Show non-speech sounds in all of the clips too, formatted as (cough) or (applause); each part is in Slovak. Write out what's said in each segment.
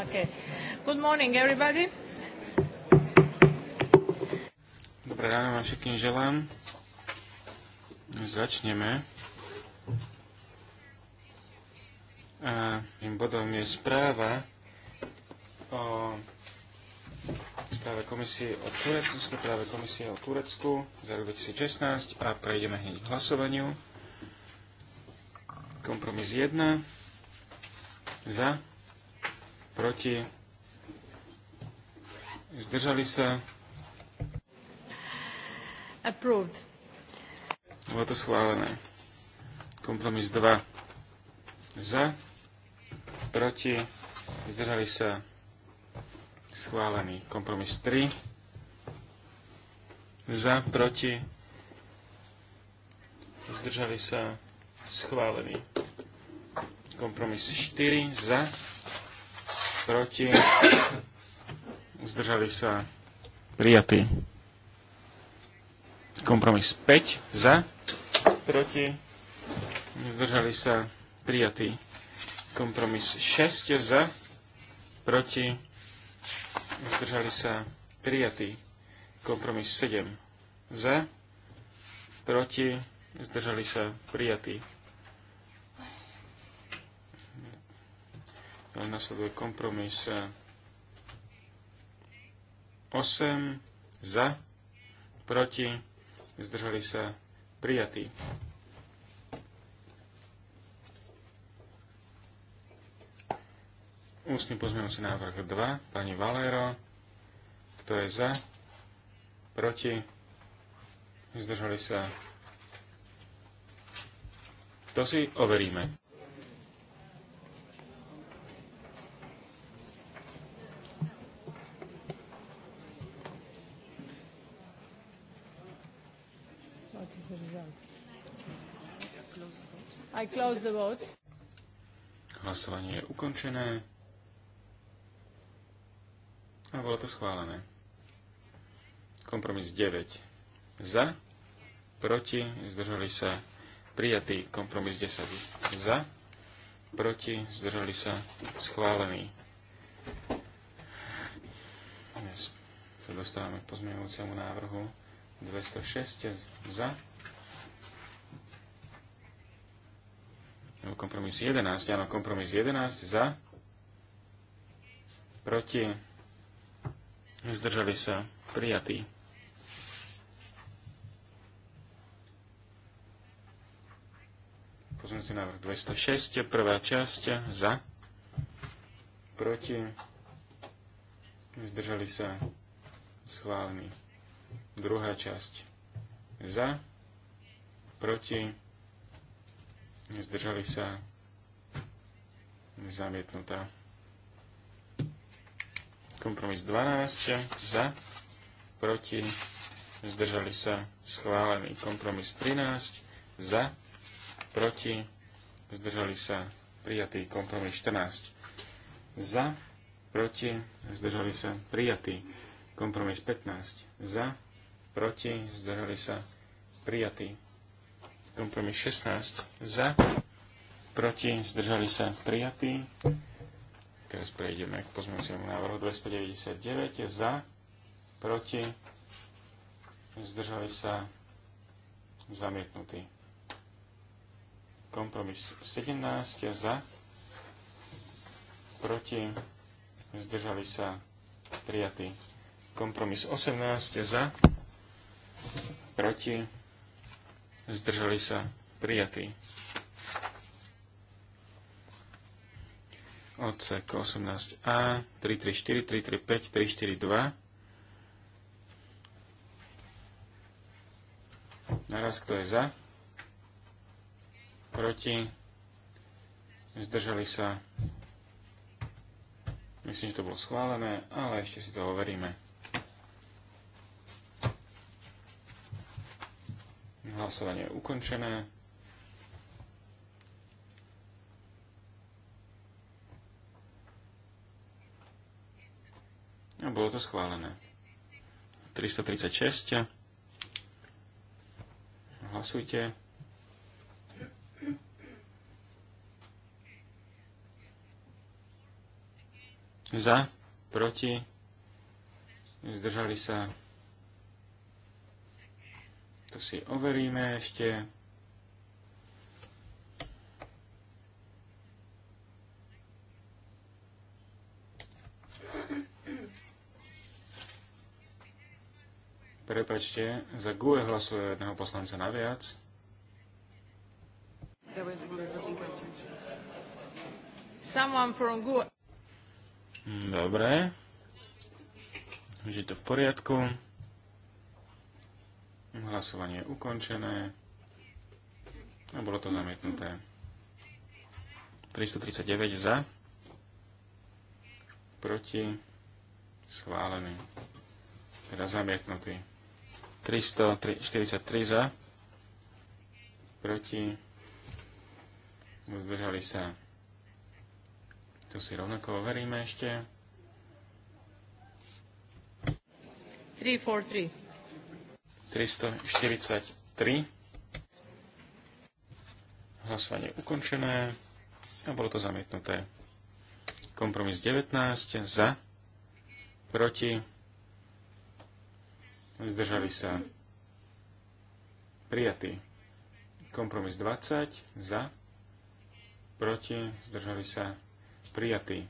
Okay. Good morning, everybody. Dobré ráno vám všetkým želám. Začneme. A tým bodom je správa o správe komisie o Turecku, práve komisie o Turecku za rok 2016 a prejdeme hneď k hlasovaniu. Kompromis 1. Za proti, zdržali sa. Approved. Bolo to schválené. Kompromis 2 za, proti, zdržali sa. Schválený. Kompromis 3 za, proti, zdržali sa. Schválený. Kompromis 4 za, proti, zdržali sa prijatí. Kompromis 5 za, proti, zdržali sa prijatí. Kompromis 6 za, proti, zdržali sa prijatí. Kompromis 7 za, proti, zdržali sa prijatí Nasleduje kompromis 8 e, za, proti, zdržali sa prijatí. Ústny pozmeňujúci návrh 2, pani Valero, kto je za, proti, zdržali sa. To si overíme. I close the vote. Hlasovanie je ukončené. A bolo to schválené. Kompromis 9. Za, proti, zdržali sa prijatý. Kompromis 10. Za, proti, zdržali sa schválený. Dnes sa dostávame k pozmeňujúcemu návrhu 206 za, kompromis 11, áno, kompromis 11 za, proti, zdržali sa, prijatí. Pozmeňujúci návrh 206, prvá časť, za, proti, zdržali sa, schválený. Druhá časť, za, proti, zdržali sa, zamietnutá. Kompromis 12, za, proti, zdržali sa, schválený. Kompromis 13, za, proti, zdržali sa, prijatý. Kompromis 14, za, proti, zdržali sa, prijatý. Kompromis 15, za, proti, zdržali sa, prijatý Kompromis 16 za, proti, zdržali sa prijatí. Teraz prejdeme k pozmeňujúcemu návrhu 299 za, proti, zdržali sa zamietnutí. Kompromis 17 za, proti, zdržali sa prijatí. Kompromis 18 za, proti, zdržali sa prijatí. Odsek 18a, 334, 335, 342. Naraz kto je za? Proti? Zdržali sa? Myslím, že to bolo schválené, ale ešte si to overíme. Hlasovanie je ukončené. A bolo to schválené. 336. Hlasujte. Za, proti, zdržali sa to si overíme ešte. Prepačte, za GUE hlasuje jedného poslanca naviac. Dobre. Už je to v poriadku. Hlasovanie je ukončené. A bolo to zamietnuté. 339 za. Proti. Schválený. Teda zamietnutý. 343 za. Proti. Zdržali sa. Tu si rovnako overíme ešte. 343. 343. Hlasovanie ukončené a bolo to zamietnuté. Kompromis 19 za, proti, zdržali sa prijatý. Kompromis 20 za, proti, zdržali sa prijatý.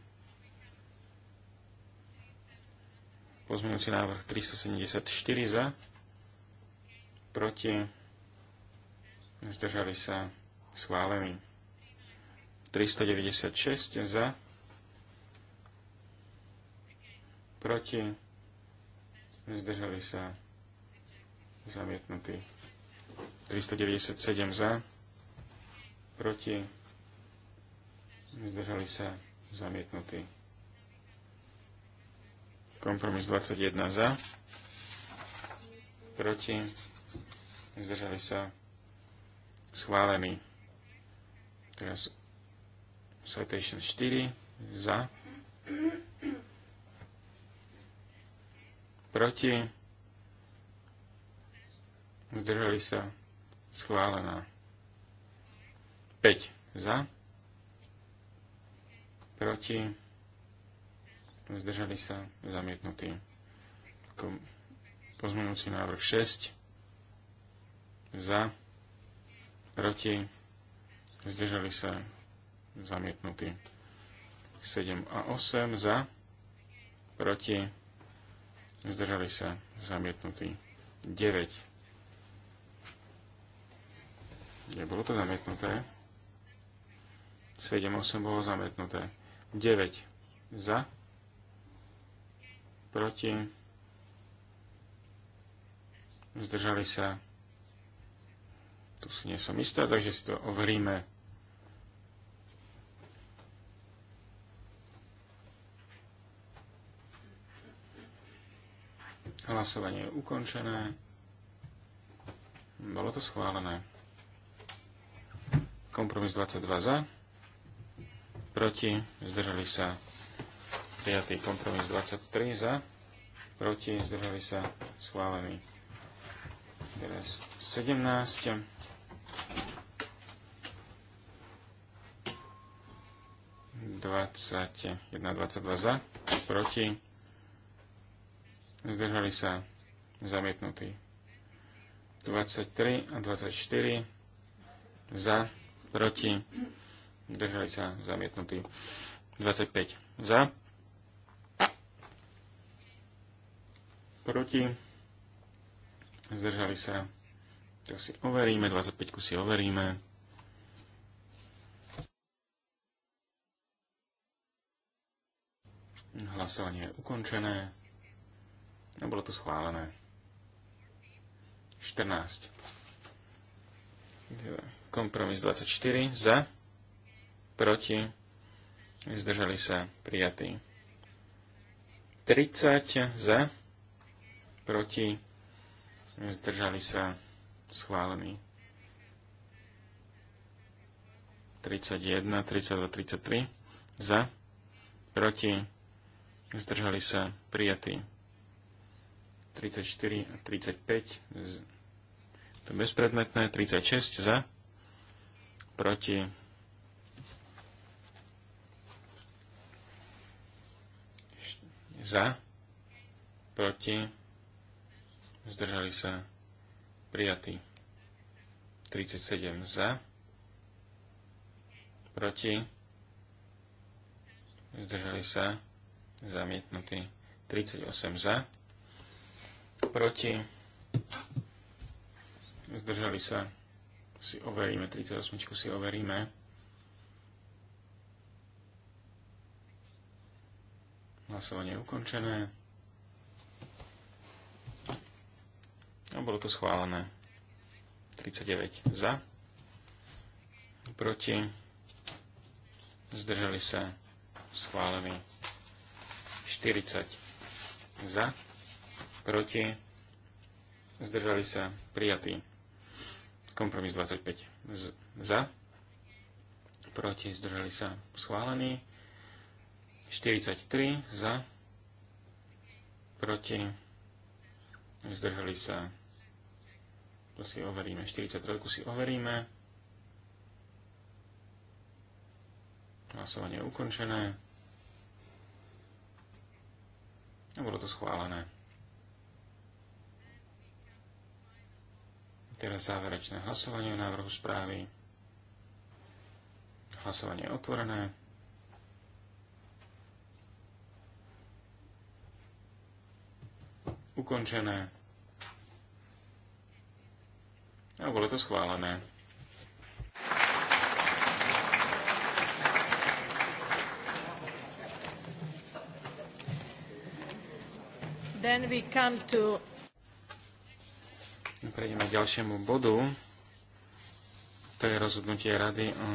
Pozmenujúci návrh 374 za, proti, zdržali sa schválení. 396 za, proti, zdržali sa zamietnutí. 397 za, proti, zdržali sa zamietnutí. Kompromis 21 za, proti, Nezdržali sa, schválení. Teraz citation 4, za, proti, zdržali sa, schválená. 5 za, proti, zdržali sa, zamietnutý. Pozmenujúci návrh 6 za, proti, zdržali sa zamietnutí. 7 a 8 za, proti, zdržali sa zamietnutí. 9. Nebolo to zamietnuté. 7, 8 bolo zamietnuté. 9 za, proti, zdržali sa tu si nie som istá, takže si to overíme. Hlasovanie je ukončené. Bolo to schválené. Kompromis 22 za. Proti. Zdržali sa. Prijatý kompromis 23 za. Proti. Zdržali sa. Schválený. Teraz 17 21, 22 za, proti, zdržali sa zamietnutí. 23 a 24 za, proti, zdržali sa zamietnutí. 25 za, proti, zdržali sa, to si overíme, 25 si overíme. Hlasovanie je ukončené. A bolo to schválené. 14. Kompromis 24 za, proti, zdržali sa prijatí. 30 za, proti, zdržali sa schválení. 31, 32, 33 za, proti, zdržali sa prijatí. 34 a 35 z, to bezpredmetné, 36 za, proti za, proti, zdržali sa prijatí. 37 za, proti, zdržali sa prijatí zamietnutý 38 za, proti, zdržali sa, si overíme, 38 si overíme. Hlasovanie ukončené. A bolo to schválené. 39 za, proti, zdržali sa, schválený 40 za, proti, zdržali sa prijatí. Kompromis 25 za, proti, zdržali sa schválení. 43 za, proti, zdržali sa, to si overíme, 43 si overíme. Hlasovanie je ukončené. A bolo to schválené. Teraz záverečné hlasovanie o návrhu správy. Hlasovanie je otvorené. Ukončené. A bolo to schválené. Then we come to... Prejdeme k ďalšiemu bodu. To je rozhodnutie Rady o, e,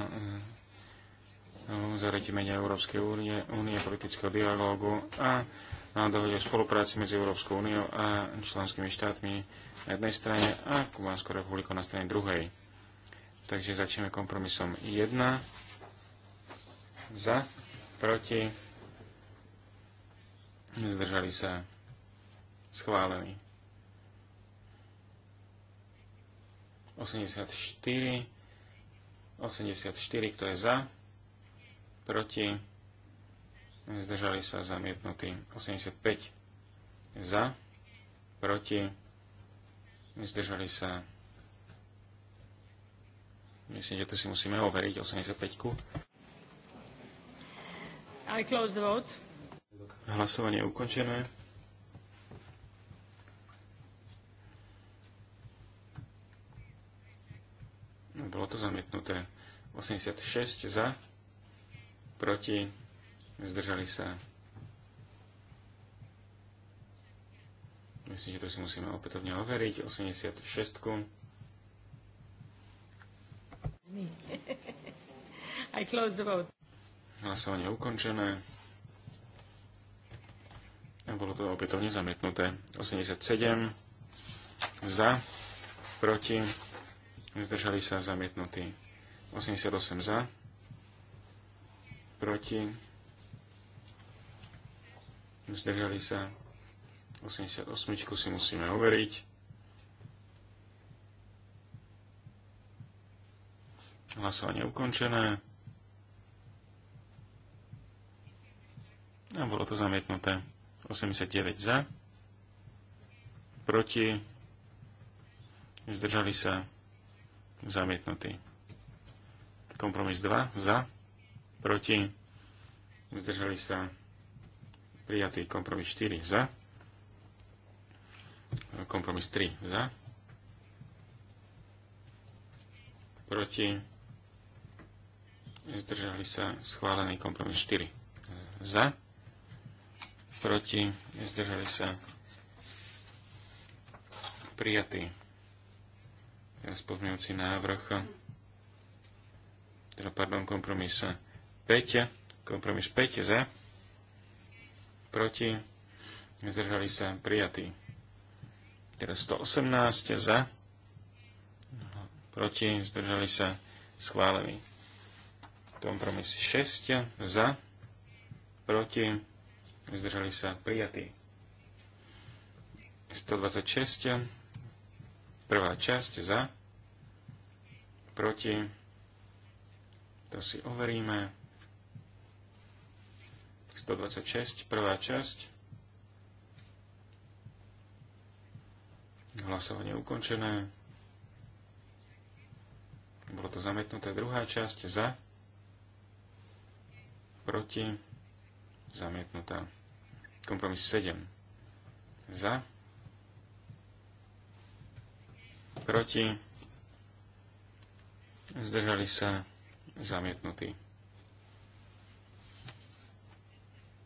o zaredimenia Európskej únie, únie politického dialógu a na dohode o spolupráci medzi Európskou úniou a členskými štátmi na jednej strane a Kubánskou republikou na strane druhej. Takže začneme kompromisom 1 za, proti, zdržali sa schválený. 84, 84, kto je za, proti, zdržali sa zamietnutí. 85 za, proti, zdržali sa. Myslím, že to si musíme overiť, 85 ku. Hlasovanie je ukončené. Bolo to zamietnuté. 86 za, proti, zdržali sa. Myslím, že to si musíme opätovne overiť. 86. I close the vote. Hlasovanie ukončené. A bolo to opätovne zamietnuté. 87 za, proti, zdržali sa zamietnutí. 88 za, proti, zdržali sa. 88 si musíme overiť. Hlasovanie ukončené. A bolo to zamietnuté. 89 za, proti, zdržali sa zamietnutý. Kompromis 2 za, proti, zdržali sa prijatý kompromis 4 za, kompromis 3 za, proti, zdržali sa schválený kompromis 4 za, proti, zdržali sa prijatý Teraz pozmeňujúci návrh, teda pardon, kompromis 5, kompromis 5 za, proti, zdržali sa prijatí. Teraz 118 za, proti, zdržali sa schválení. Kompromis 6 za, proti, zdržali sa prijatí. 126 Prvá časť za, proti, to si overíme. 126, prvá časť. Hlasovanie ukončené. Bolo to zametnuté. Druhá časť za, proti, zamietnutá. Kompromis 7. Za, proti, zdržali sa zamietnutí.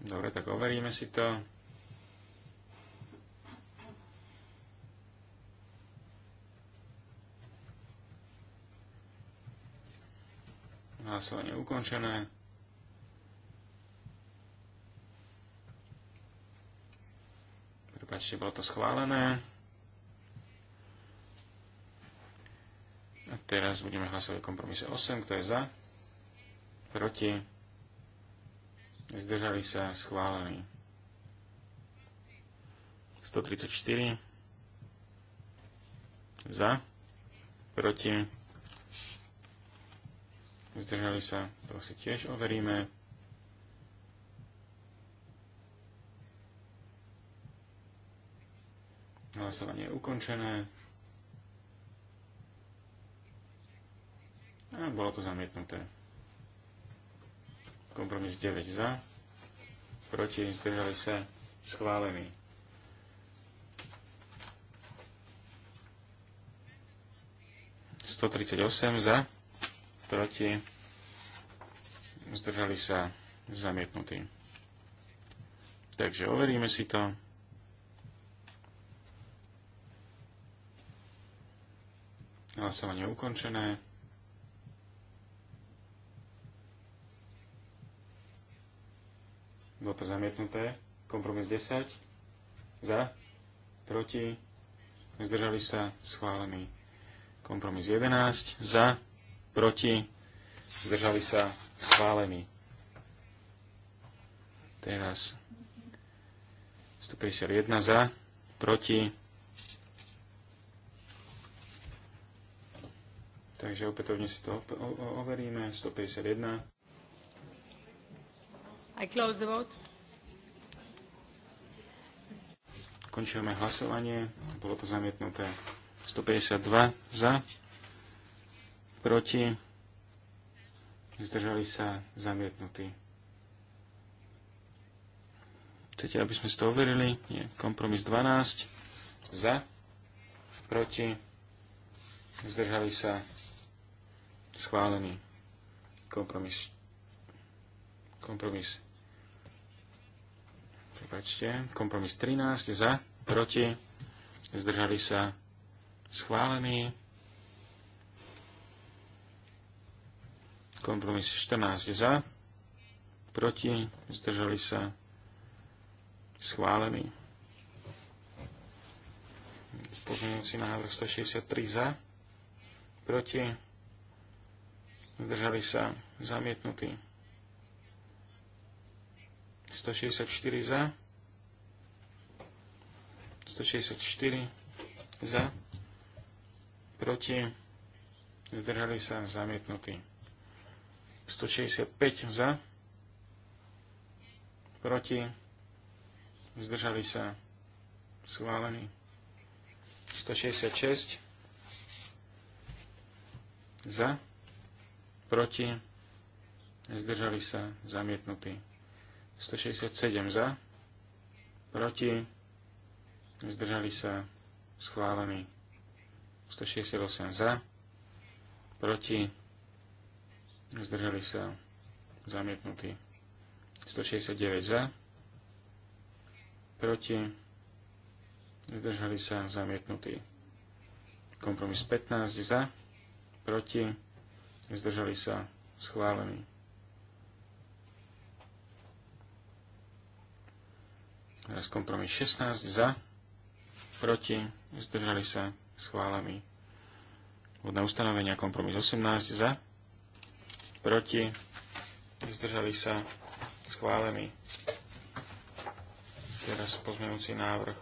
Dobre, tak overíme si to. Hlasovanie ukončené. Prepačte, bolo to schválené. A teraz budeme hlasovať o kompromise 8, kto je za, proti, zdržali sa schválení. 134 za, proti, zdržali sa, to si tiež overíme. Hlasovanie je ukončené. A bolo to zamietnuté. Kompromis 9 za, proti zdržali sa schválený. 138 za, proti zdržali sa zamietnutí. Takže overíme si to. Hlasovanie ukončené. Bolo to zamietnuté. Kompromis 10. Za. Proti. Zdržali sa. Schválený. Kompromis 11. Za. Proti. Zdržali sa. Schválený. Teraz 151 za. Proti. Takže opätovne si to overíme. 151. I close the vote. hlasovanie. Bolo to zamietnuté 152 za, proti, zdržali sa zamietnutí. Chcete, aby sme si to overili? Nie. Kompromis 12 za, proti, zdržali sa schválený kompromis. Kompromis Prepačte. Kompromis 13 za, proti, zdržali sa schválený. Kompromis 14 za, proti, zdržali sa schválený. si návrh 163 za, proti, zdržali sa zamietnutí. 164 za. 164 za. Proti. Zdržali sa zamietnutí. 165 za. Proti. Zdržali sa schválení. 166 za. Proti. Zdržali sa zamietnutí. 167 za, proti, zdržali sa schválení 168 za, proti, zdržali sa zamietnutí 169 za, proti, zdržali sa zamietnutí. Kompromis 15 za, proti, zdržali sa schválení. Teraz kompromis 16 za, proti, zdržali sa, chválami. Vodné ustanovenia kompromis 18 za, proti, zdržali sa, chválami. Teraz pozmeňujúci návrh.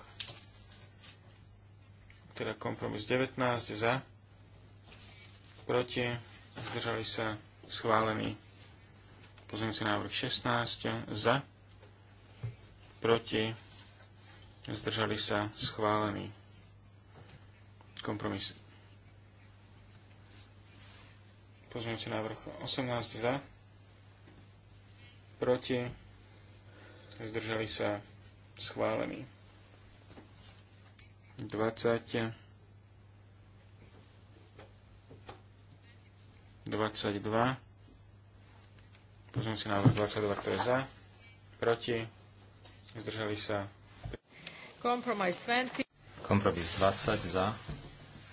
Teda kompromis 19 za, proti, zdržali sa, schválený. Pozmeňujúci návrh 16 za, proti, zdržali sa schválený kompromis. Pozmeňujúci návrh 18 za, proti, zdržali sa schválený. 20, 22, pozmeňujúci návrh 22, kto je za, proti, zdržali sa. Kompromis 20. Kompromis 20 za,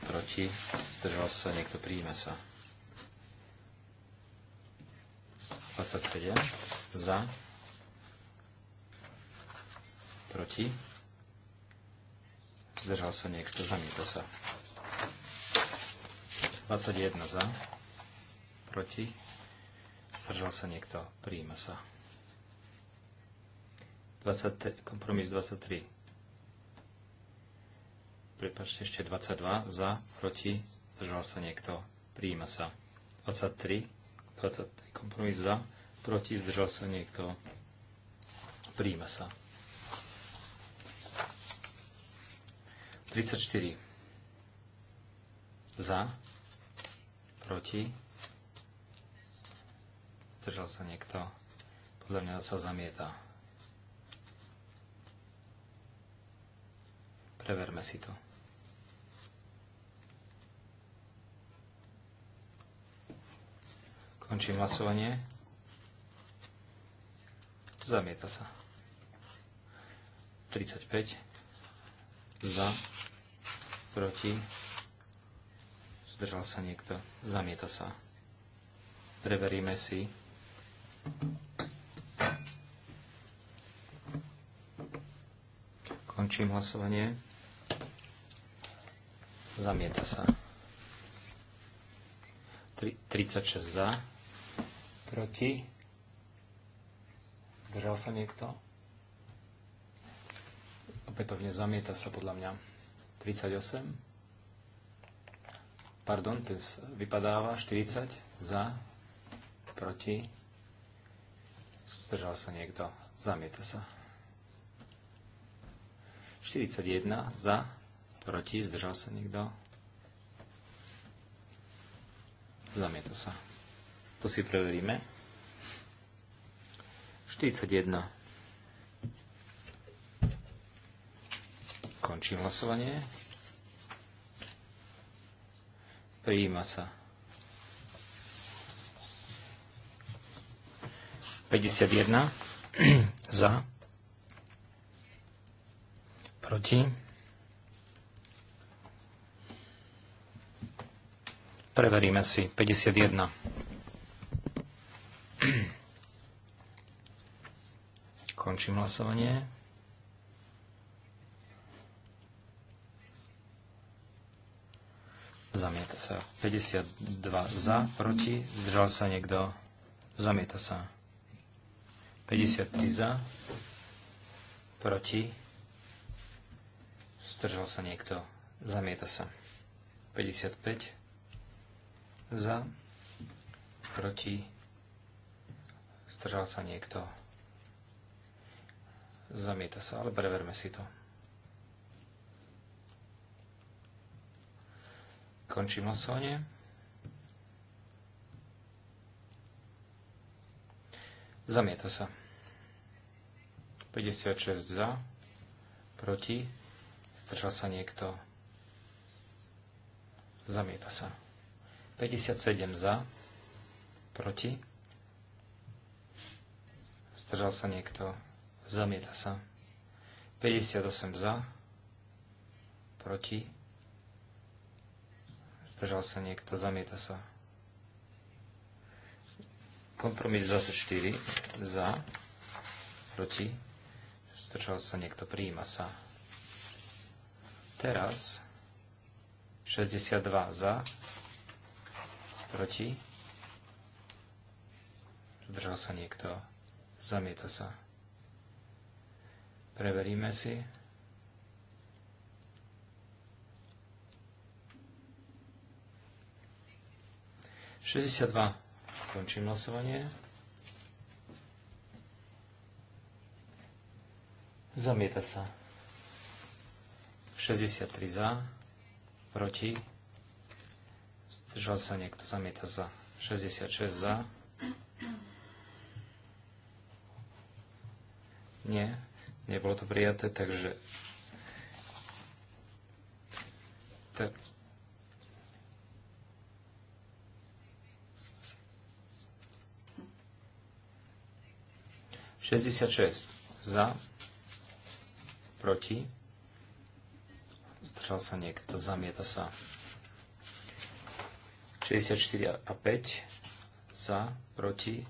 proti, zdržal sa, niekto príjme sa. 27 za, proti, zdržal sa niekto, zamieta sa. 21 za, proti, zdržal sa niekto, príjme sa. 20, kompromis 23. Prepačte, ešte 22. Za, proti, zdržal sa niekto, prijíma sa. 23. 23. Kompromis za, proti, zdržal sa niekto, prijíma sa. 34. Za, proti, zdržal sa niekto, podľa mňa sa zamieta. Preverme si to. Končím hlasovanie. Zamieta sa. 35 za, proti, zdržal sa niekto, zamieta sa. Preveríme si. Končím hlasovanie. Zamieta sa. 36 za. Proti. Zdržal sa niekto? Opätovne zamieta sa podľa mňa. 38. Pardon, ten vypadáva. 40 za. Proti. Zdržal sa niekto. Zamieta sa. 41 za Proti? Zdržal sa niekto? Zamieta sa. To si preveríme. 41. Končím hlasovanie. Prijíma sa. 51 (clears throat) za proti Preveríme si. 51. Končím hlasovanie. Zamieta sa. 52 za, proti. Zdržal sa niekto. Zamieta sa. 53 za, proti. Zdržal sa niekto. Zamieta sa. 55 za. Proti. Zdržal sa niekto. Zamieta sa, ale preverme si to. Končím hlasovanie. Zamieta sa. 56 za, proti, zdržal sa niekto. Zamieta sa. 57 za, proti. Zdržal sa niekto, zamieta sa. 58 za, proti. Zdržal sa niekto, zamieta sa. Kompromis 24 za, proti. Zdržal sa niekto, prijíma sa. Teraz 62 za, Proti? Zdržal sa niekto? Zamieta sa. Preveríme si. Šesťdesiat dva. Skončím hlasovanie. Zamieta sa. tri za, proti Zdržal sa niekto, zamieta za. 66 za. Nie, nebolo to prijaté, takže... Tak, Šesťdesiatšesť za, proti, zdržal sa niekto, zamieta sa. 64 a 5 za, proti.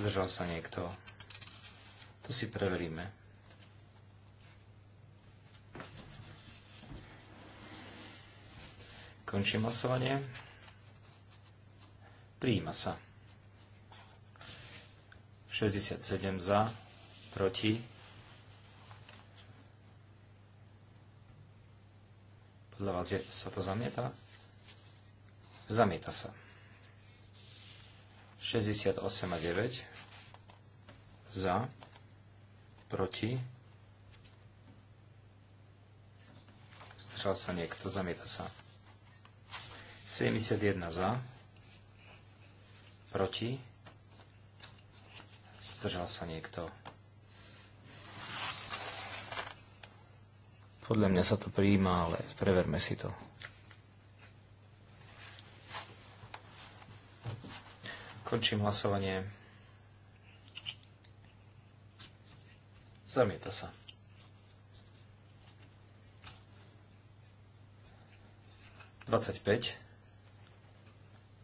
Zdržal sa niekto. To si preveríme. Končím hlasovanie. Prijíma sa. 67 za, proti. Podľa vás je, sa to zamieta? Zamieta sa. 68 a 9 za, proti, zdržal sa niekto, zamieta sa. 71 za, proti, zdržal sa niekto. Podľa mňa sa to prijíma, ale preverme si to. Končím hlasovanie. Zamieta sa. Dvadsaťpäť.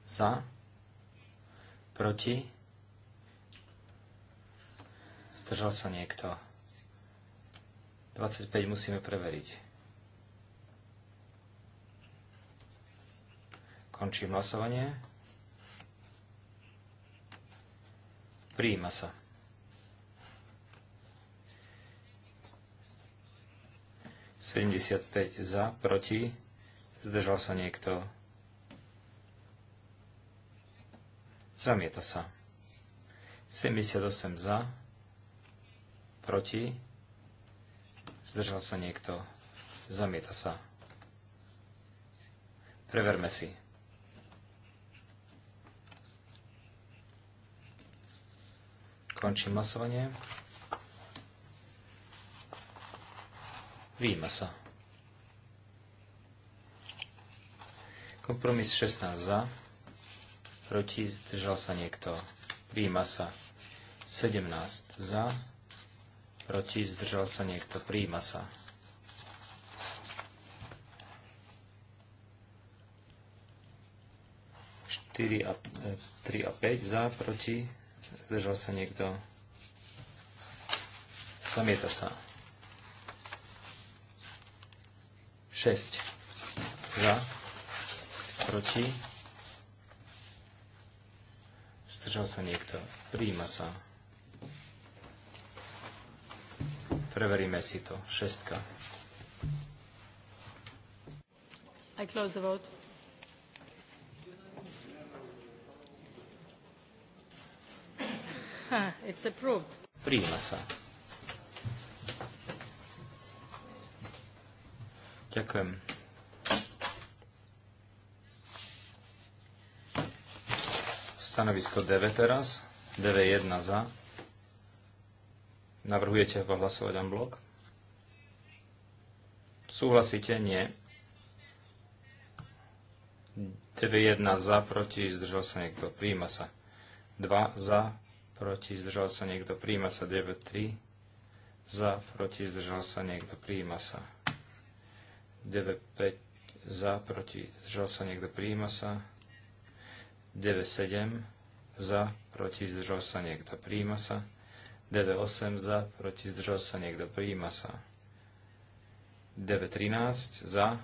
Za. Proti. Zdržal sa niekto. 25 musíme preveriť. Končím hlasovanie. Prijíma sa. Sedemdesiat päť za, proti. Zdržal sa niekto. Zamieta sa. 78 za, proti, zdržal sa niekto, zamieta sa. Preverme si. Končím masovanie Výjima sa. Kompromis 16 za. Proti zdržal sa niekto. Príjima sa. 17 za. Proti zdržal sa niekto. Príjima sa. a, 3 e, a 5 za, proti Zdržal sa niekto? Zamieta sa. 6 za, proti, zdržal sa niekto, príjima sa. Preveríme si to. Šestka. I close the vote. Ha, it's approved. sa. Ďakujem. Stanovisko 9 teraz. 9.1 za. Navrhujete ako hlasovať en blok? Súhlasíte? Nie. 9.1 za, proti, zdržal sa niekto. Príjima sa. 2 za, proti, zdržal sa niekto, príjma sa 9.3, za, proti, zdržal sa niekto, príjma sa 9.5, za, proti, zdržal sa niekto, príjma sa 9.7, za, proti, zdržal sa niekto, príjma sa 9.8, za, proti, zdržal sa niekto, príjma sa 9.13, za,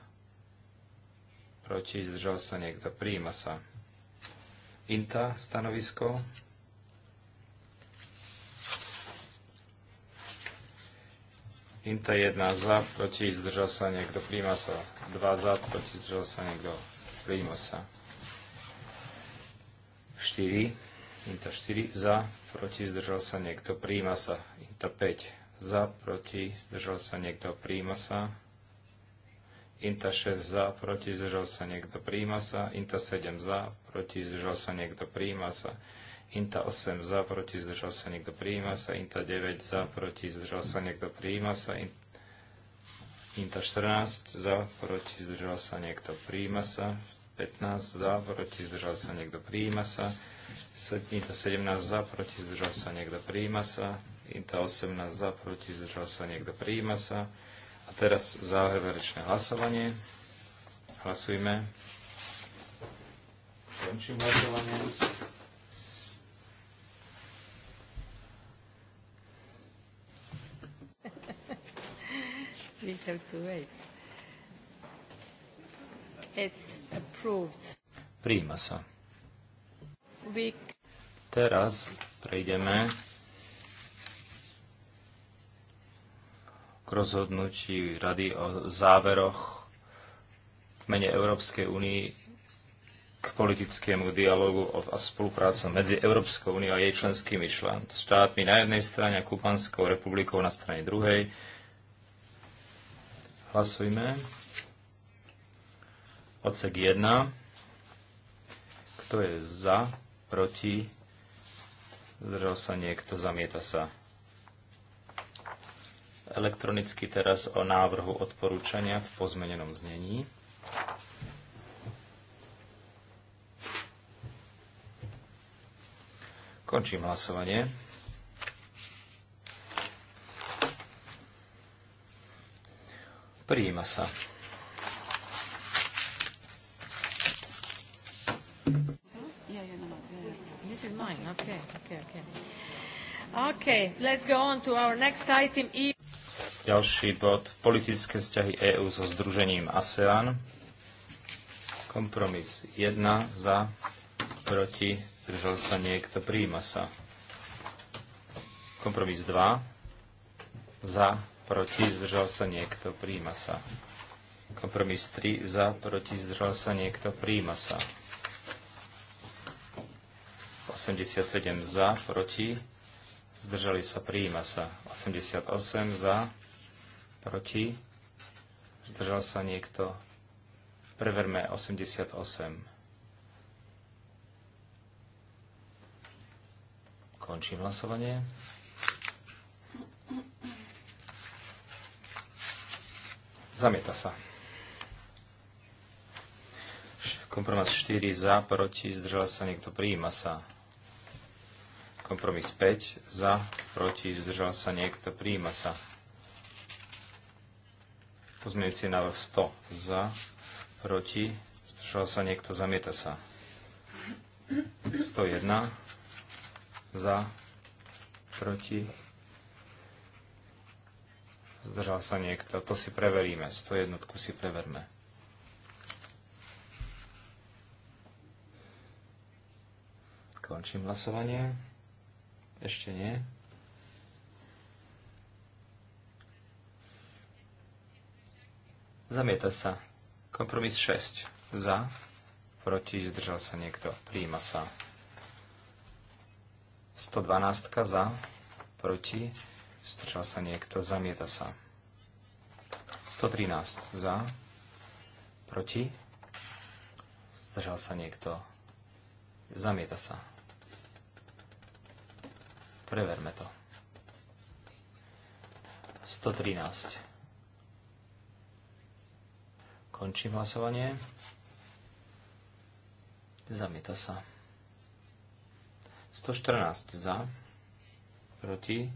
proti, zdržal sa niekto, príjma sa. Inta stanovisko. Inta 1 za, proti, zdržal sa niekto, príjma sa. 2 za, proti, zdržal sa niekto, príjma sa. 4, Inta 4 za, proti, zdržal sa niekto, príjma sa. Inta 5 za, proti, zdržal sa niekto, príjma sa. Inta 6 za, proti, zdržal sa niekto, príjma sa. Inta 7 za, proti, zdržal sa niekto, príjma sa. Inta 8 za, proti, zdržal sa niekto, prijíma sa. Inta 9 za, proti, zdržal sa niekto, prijíma sa. Inta 14 za, proti, zdržal sa niekto, prijíma sa. 15 za, proti, zdržal sa niekto, prijíma sa. Inta 17 za, proti, zdržal sa niekto, prijíma sa. Inta 18 za, proti, zdržal sa niekto, prijíma sa. A teraz záverečné hlasovanie. Hlasujme. Končím hlasovanie. Príjima sa. Teraz prejdeme k rozhodnutí Rady o záveroch v mene Európskej únii k politickému dialogu a spoluprácu medzi Európskou úniou a jej členskými štátmi na jednej strane a Kubanskou republikou na strane druhej, Hlasujme. Odsek 1. Kto je za? Proti? Zdržal sa niekto? Zamieta sa. Elektronicky teraz o návrhu odporúčania v pozmenenom znení. Končím hlasovanie. Prijíma sa. E- Ďalší bod. Politické vzťahy EÚ so združením ASEAN. Kompromis 1 za, proti, držal sa niekto, prijíma sa. Kompromis 2 za, proti, zdržal sa niekto, príjma sa. Kompromis 3 za, proti, zdržal sa niekto, príjma sa. 87 za, proti, zdržali sa, príjma sa. 88 za, proti, zdržal sa niekto. Preverme 88. Končím hlasovanie. Zamieta sa. Kompromis 4 za, proti, zdržal sa niekto, prijíma sa. Kompromis 5 za, proti, zdržal sa niekto, prijíma sa. Pozmeňujúci návrh 100 za, proti, zdržal sa niekto, zamieta sa. 101 za, proti, Zdržal sa niekto. To si preveríme. 101 si preverme. Končím hlasovanie. Ešte nie. Zamieta sa. Kompromis 6. Za. Proti. Zdržal sa niekto. Príjima sa. 112 za. Proti Strčal sa niekto? Zamieta sa. 113 za. Proti? Zdržal sa niekto? Zamieta sa. Preverme to. 113. Končím hlasovanie. Zamieta sa. 114 za. Proti?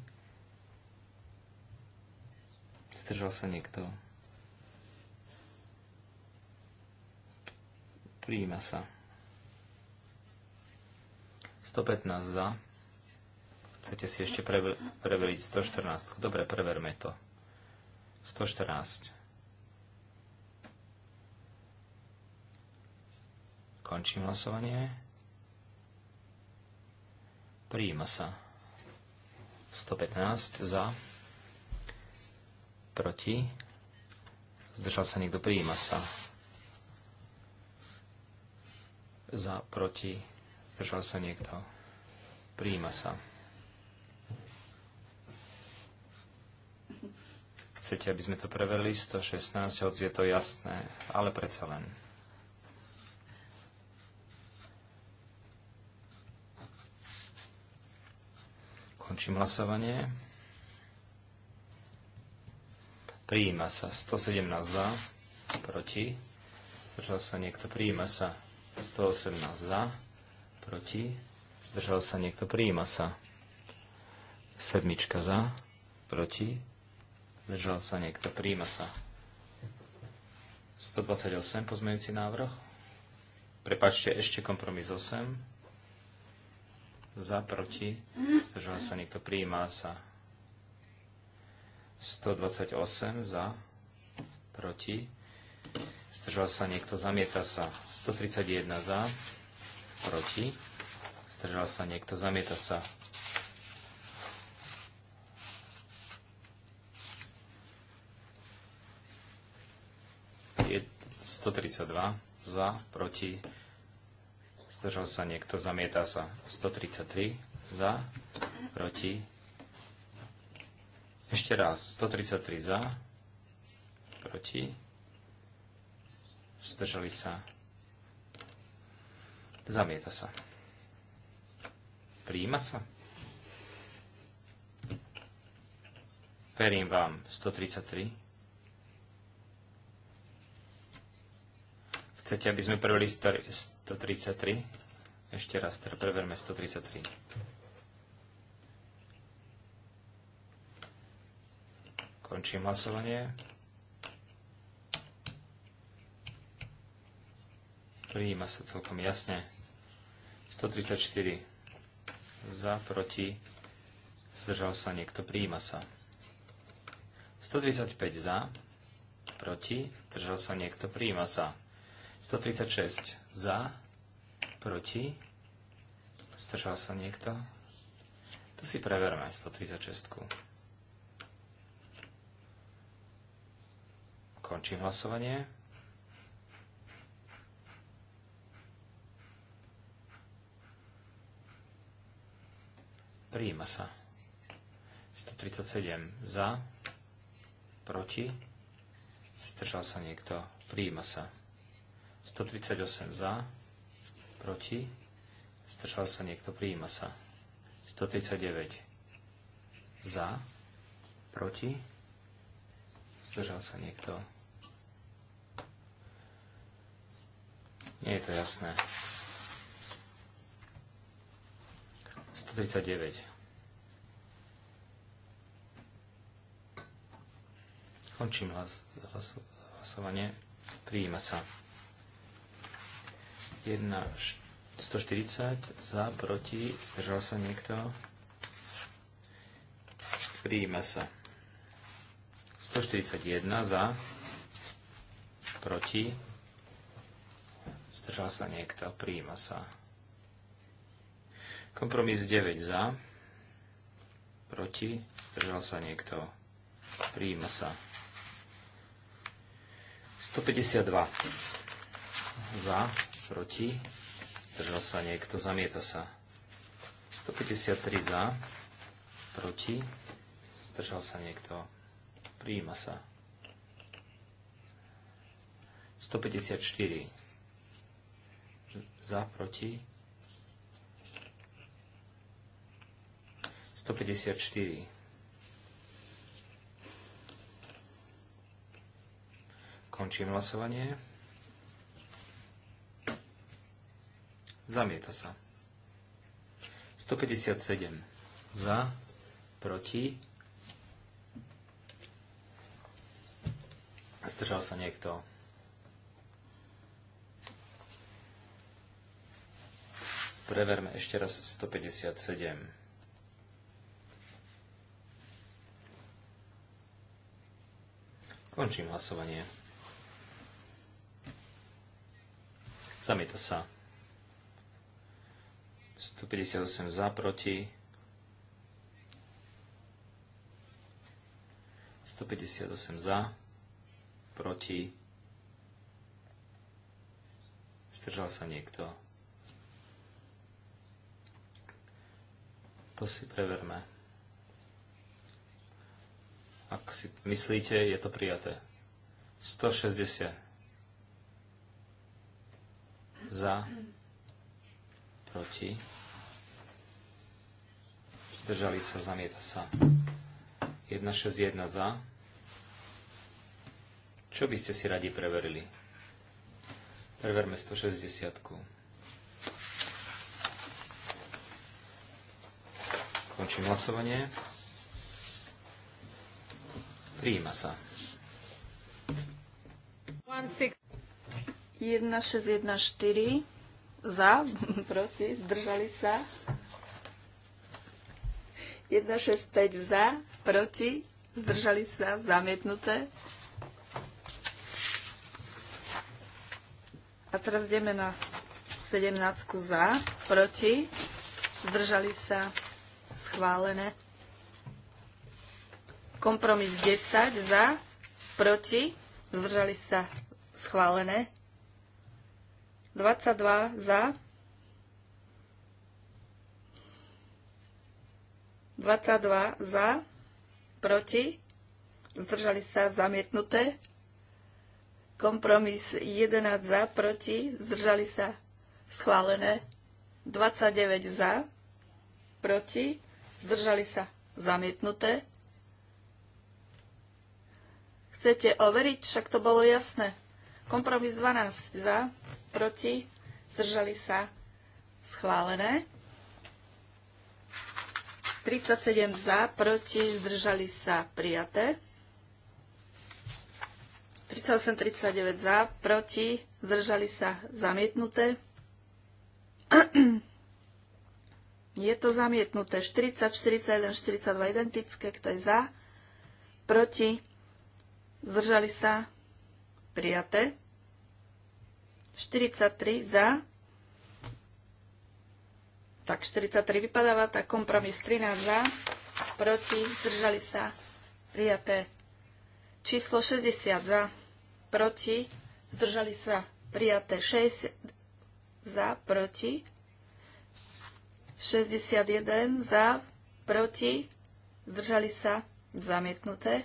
Zdržal sa niekto? Prijíma sa. 115 za. Chcete si ešte prever- preveriť 114. Dobre, preverme to. 114. Končím hlasovanie. Prijíma sa. 115 za proti, zdržal sa niekto, prijíma sa. Za, proti, zdržal sa niekto, prijíma sa. Chcete, aby sme to preverili? 116, hoci je to jasné, ale predsa len. Končím hlasovanie. Prijíma sa. 117 za. Proti. Zdržal sa niekto. Prijíma sa. 118 za. Proti. Zdržal sa niekto. Prijíma sa. Sedmička za. Proti. Zdržal sa niekto. Prijíma sa. 128 pozmeňujúci návrh. Prepačte, ešte kompromis 8. Za, proti. Zdržal sa niekto. Prijíma sa. 128 za, proti, zdržal sa niekto, zamieta sa. 131 za, proti, zdržal sa niekto, zamieta sa. 132 za, proti, zdržal sa niekto, zamieta sa. 133 za, proti, ešte raz, 133 za, proti, zdržali sa, zamieta sa. Príjima sa? Verím vám, 133. Chcete, aby sme prvili 133? Ešte raz, teda preverme 133. Končím hlasovanie. Prijíma sa celkom jasne. 134 za, proti, zdržal sa niekto, prijíma sa. 135 za, proti, zdržal sa niekto, prijíma sa. 136 za, proti, zdržal sa niekto. Tu si preverme 136. Končím hlasovanie. Prijíma sa. 137 za, proti, zdržal sa niekto, prijíma sa. 138 za, proti, zdržal sa niekto, prijíma sa. 139 za, proti, zdržal sa niekto, Nie je to jasné. 139. Končím hlas, hlas, hlasovanie. Prijíma sa. 1, 140 za, proti, držal sa niekto. Prijíma sa. 141 za, proti, Zdržal sa niekto? prijíma sa. Kompromis 9 za. Proti? Zdržal sa niekto? prijíma sa. 152 za. Proti? Zdržal sa niekto? Zamieta sa. 153 za. Proti? Zdržal sa niekto? prijíma sa. 154 za, proti. 154. Končím hlasovanie. Zamieta sa. 157 za, proti. Zdržal sa niekto. Preverme ešte raz 157. Končím hlasovanie. Zamieta sa. 158 za, proti. 158 za, proti. Zdržal sa niekto. To si preverme. Ak si myslíte, je to prijaté. 160 za, proti, zdržali sa, zamieta sa. 161 za. Čo by ste si radi preverili? Preverme 160. -ku. Končím hlasovanie. Prijíma sa. 1614 za, (laughs) proti, zdržali sa. 165 za, proti, zdržali sa, zamietnuté. A teraz ideme na 17 za, proti, zdržali sa, schválené. Kompromis 10 za, proti, zdržali sa schválené. 22 za, 22 za, proti, zdržali sa zamietnuté. Kompromis 11 za, proti, zdržali sa schválené. 29 za, proti, Zdržali sa? Zamietnuté. Chcete overiť? Však to bolo jasné. Kompromis 12 za, proti, zdržali sa, schválené. 37 za, proti, zdržali sa, prijaté. 38, 39 za, proti, zdržali sa, zamietnuté. (clears throat) Je to zamietnuté. 40, 41, 42 identické. Kto je za? Proti? Zdržali sa? Prijaté. 43 za. Tak 43 vypadáva, tak kompromis 13 za. Proti? Zdržali sa? Prijaté. Číslo 60 za. Proti? Zdržali sa? Prijaté. 60 za. Proti? 61 za, proti, zdržali sa, zamietnuté.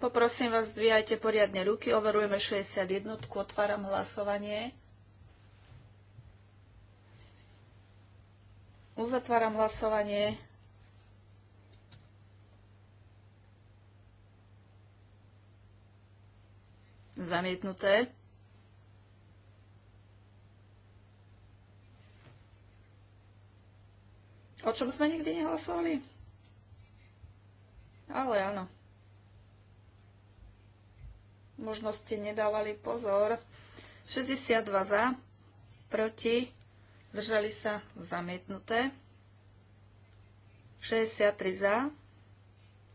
Poprosím vás, zdvíjajte poriadne ruky, overujeme 61, otváram hlasovanie. Uzatváram hlasovanie. Zamietnuté. O čom sme nikdy nehlasovali? Ale áno. Možno ste nedávali pozor. 62 za, proti, zdržali sa zamietnuté. 63 za,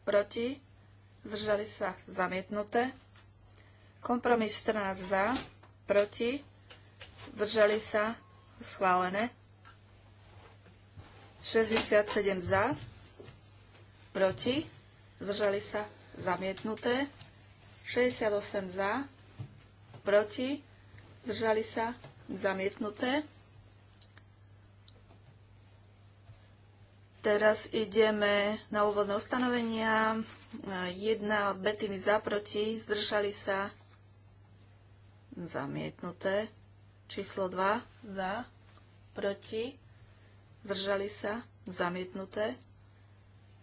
proti, zdržali sa zamietnuté. Kompromis 14 za, proti, zdržali sa schválené. 67 za, proti, zdržali sa zamietnuté, 68 za, proti, zdržali sa zamietnuté. Teraz ideme na úvodné ustanovenia. Jedna od Betiny za, proti, zdržali sa zamietnuté. Číslo 2 za, proti, zdržali sa, zamietnuté.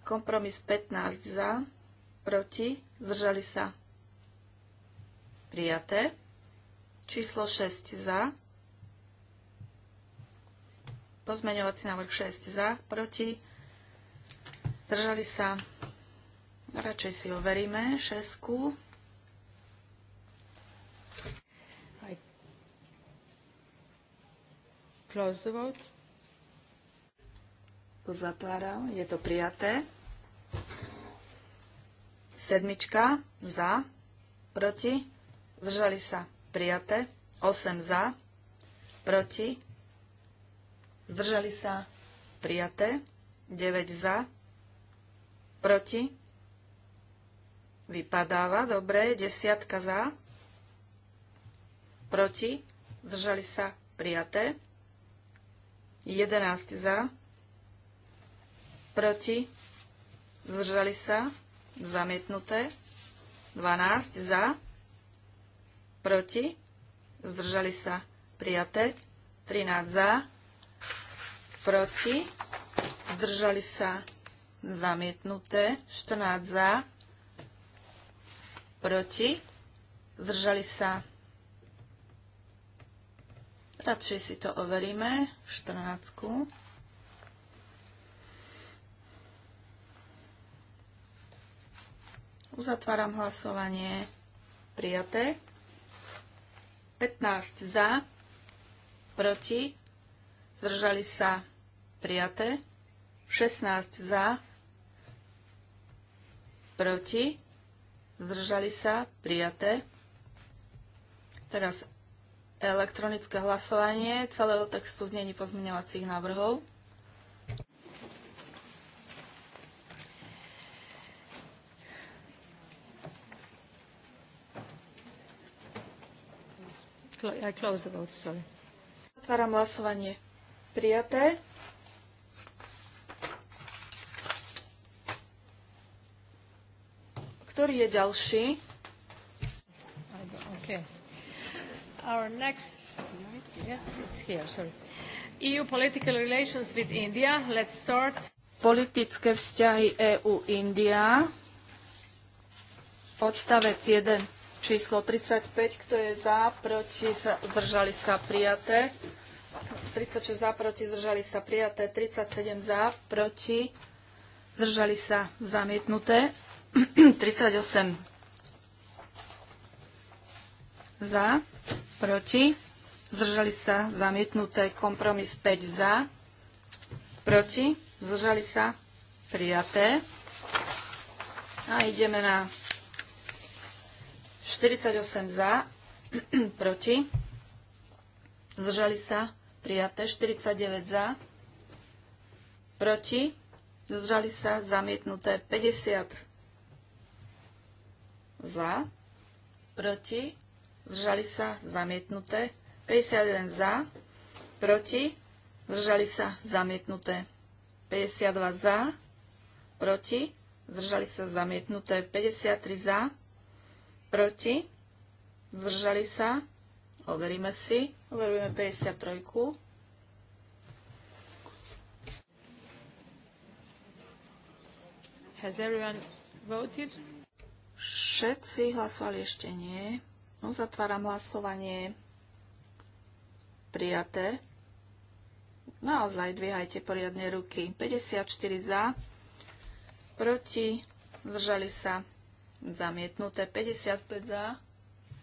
Kompromis 15 za, proti, zdržali sa, prijaté. Číslo 6 za, pozmeňovací návrh 6 za, proti, zdržali sa, radšej si overíme, 6 -ku. Close the vote. Uzatváram. Je to prijaté. Sedmička za, proti, zdržali sa prijaté. 8 za, proti, zdržali sa prijaté. 9 za, proti, vypadáva, dobre, desiatka za, proti, zdržali sa prijaté. jedenásť za, proti, zdržali sa, zamietnuté, 12 za, proti, zdržali sa, prijaté, 13 za, proti, zdržali sa, zamietnuté, 14 za, proti, zdržali sa, radšej si to overíme, 14. -ku. Uzatváram hlasovanie. Prijaté. 15 za, proti, zdržali sa prijaté. 16 za, proti, zdržali sa prijaté. Teraz elektronické hlasovanie celého textu znení pozmeňovacích návrhov. I close the vote, sorry. Otváram hlasovanie. Prijaté. Ktorý je ďalší? Okay. Our next... Yes, it's here, sorry. EU political relations with India. Let's start. Politické vzťahy EU-India. Odstavec 1 Číslo 35, kto je za, proti, zdržali sa prijaté. 36 za, proti, zdržali sa prijaté. 37 za, proti, zdržali sa zamietnuté. 38 (clears throat) za, proti, zdržali sa zamietnuté. Kompromis 5 za, proti, zdržali sa prijaté. A ideme na 48 za, (clears throat) proti, zdržali sa, prijaté. 49 za, proti, zdržali sa, zamietnuté. 50 za, proti, zdržali sa, zamietnuté. 51 za, proti, zdržali sa, zamietnuté. 52 za, proti, zdržali sa, zamietnuté. 53 za, proti, zdržali sa, overíme si, overujeme 53. Has everyone voted? Všetci hlasovali ešte nie. Uzatváram hlasovanie. Prijaté. Naozaj dvíhajte poriadne ruky. 54 za, proti, zdržali sa zamietnuté 55 za,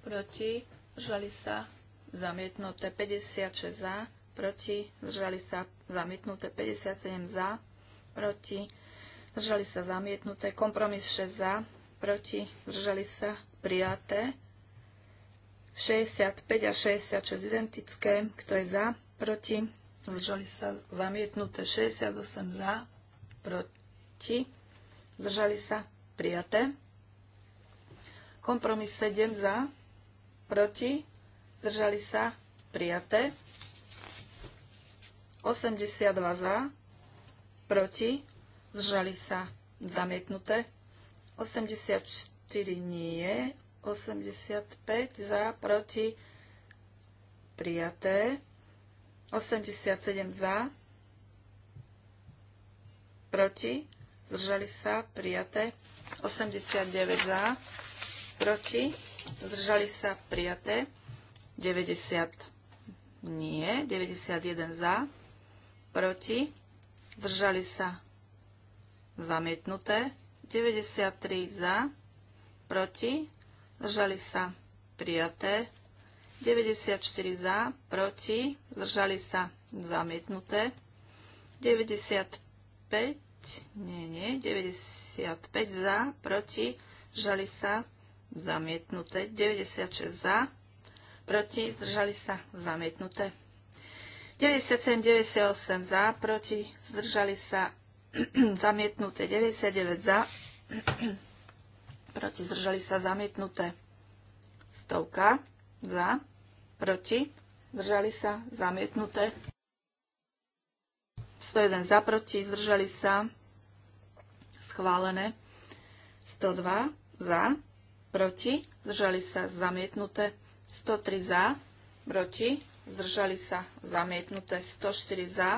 proti, zdržali sa, zamietnuté 56 za, proti, zdržali sa, zamietnuté 57 za, proti, zdržali sa, zamietnuté, kompromis 6 za, proti, zdržali sa, prijaté, 65 a 66 identické, kto je za, proti, zdržali sa, zamietnuté 68 za, proti, zdržali sa, prijaté. Kompromis 7 za, proti, zdržali sa, prijaté. 82 za, proti, zdržali sa, zamietnuté. 84 nie, 85 za, proti, prijaté. 87 za, proti, zdržali sa, prijaté. 89 za, proti, zdržali sa prijaté, 90 nie, 91 za, proti, zdržali sa zamietnuté, 93 za, proti, zdržali sa prijaté, 94 za, proti, zdržali sa zamietnuté, 95, nie, nie, 95 za, proti, zdržali sa prijaté, zamietnuté. 96 za, proti, zdržali sa, zamietnuté. 97, 98 za, proti, zdržali sa, (clears throat) zamietnuté. 99 za, (clears throat) proti, zdržali sa, zamietnuté. Stovka za, proti, zdržali sa, zamietnuté. 101 za, proti, zdržali sa, schválené. 102 za, proti, zdržali sa zamietnuté 103 za, proti, zdržali sa zamietnuté 104 za,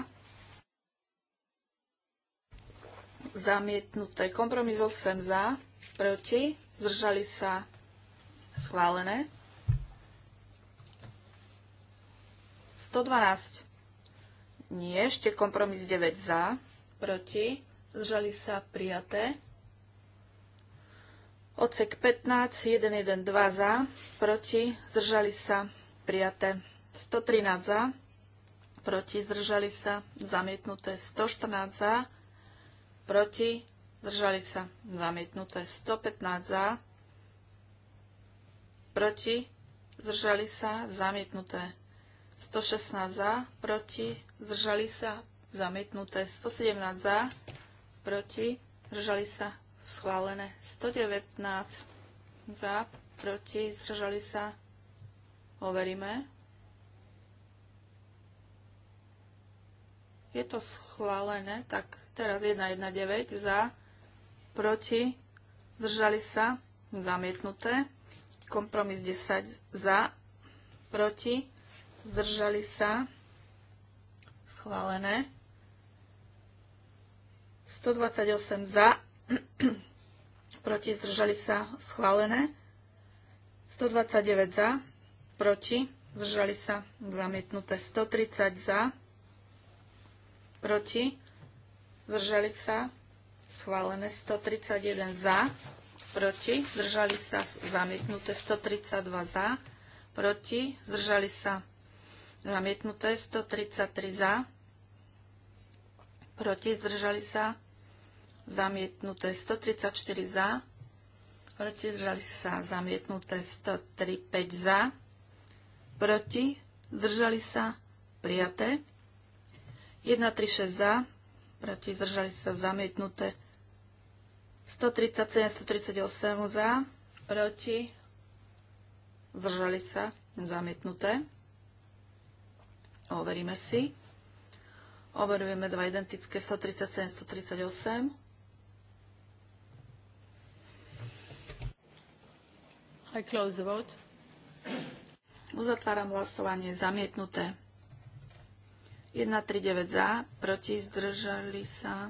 zamietnuté kompromis 8 za, proti, zdržali sa schválené 112 nie, ešte kompromis 9 za, proti, zdržali sa prijaté Odsek 15, 112 za, proti, zdržali sa, prijaté. 113 za, proti, zdržali sa, zamietnuté. 114 za, proti, zdržali sa, zamietnuté. 115 za, proti, zdržali sa, zamietnuté. 116 za, proti, zdržali sa, zamietnuté. 117 za, proti, zdržali sa, schválené. 119 za, proti, zdržali sa, overíme. Je to schválené, tak teraz 119 za, proti, zdržali sa, zamietnuté. Kompromis 10 za, proti, zdržali sa, schválené. 128 za, (clears throat) proti, zdržali sa, schválené. 129 za, proti, zdržali sa, zamietnuté. 130 za, proti, zdržali sa, schválené. 131 za, proti, zdržali sa, zamietnuté. 132 za, proti, zdržali sa, zamietnuté. 133 za, proti, zdržali sa, zamietnuté 134 za, proti zdržali sa zamietnuté 135 za, proti zdržali sa prijaté 136 za, proti zdržali sa zamietnuté 137, 138 za, proti zdržali sa zamietnuté. Overíme si. Overujeme dva identické 137, 138. I close the vote. Uzatváram hlasovanie zamietnuté. 139 za, proti zdržali sa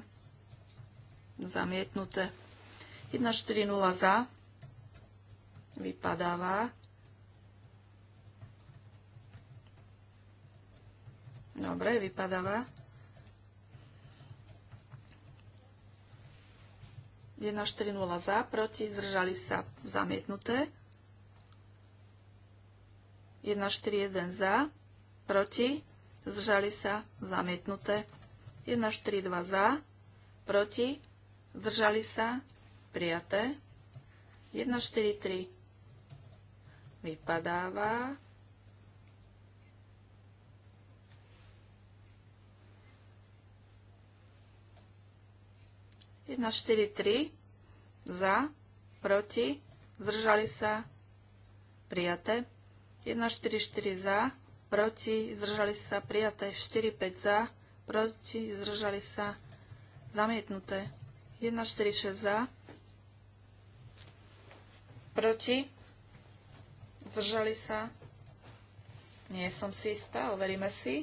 zamietnuté. 140 za vypadáva. Dobre, vypadáva. 1,4,0 za, proti, zdržali sa zamietnuté. 141 za, proti, zdržali sa, zamietnuté. 142 za, proti, zdržali sa, prijaté. 143 vypadáva. 1, 4, Za, proti, zdržali sa, prijaté. 1,44 za, proti, zdržali sa prijaté 4,5 za, proti, zdržali sa zamietnuté 1,46 za, proti, zdržali sa, nie som si istá, overíme si.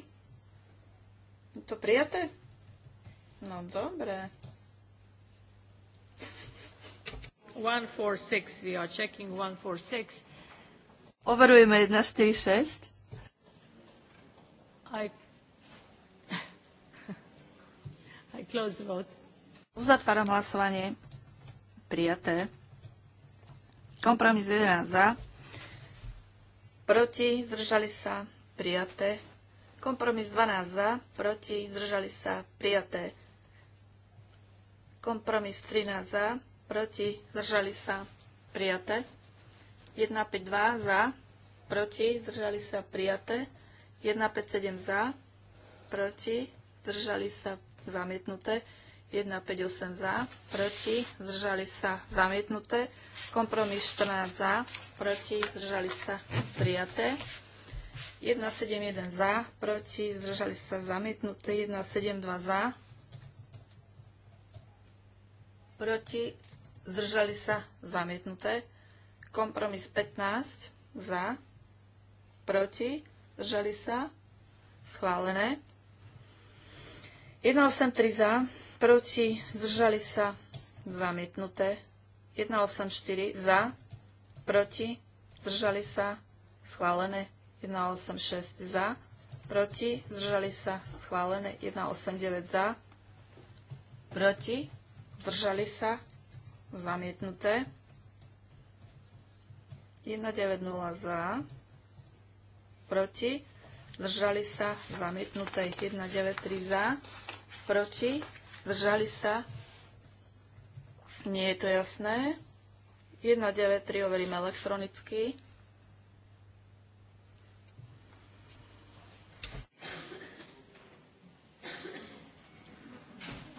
Je to prijaté? No dobre. 146, we are checking 146. Overujeme 1, 4, 6. I... I close the vote. Uzatváram hlasovanie. Prijaté. Kompromis 11 za. Proti, zdržali sa, prijaté. Kompromis 12 za, proti, zdržali sa, prijaté. Kompromis 13 za, proti, zdržali sa, prijaté. 152 za, proti, zdržali sa prijaté. 157 za, proti, zdržali sa zamietnuté. 158 za, proti, zdržali sa zamietnuté. Kompromis 14 za, proti, zdržali sa prijaté. 171 za, proti, zdržali sa zamietnuté. 172 za, proti, zdržali sa zamietnuté. Kompromis 15 za, proti, zdržali sa, schválené. 183 za, proti, zdržali sa, zamietnuté. 184 za, proti, zdržali sa, schválené. 186 za, proti, zdržali sa, schválené. 189 za, proti, zdržali sa, zamietnuté. 190 za, proti, držali sa zamietnuté 193 za, proti, držali sa, nie je to jasné, 193 overíme elektronicky.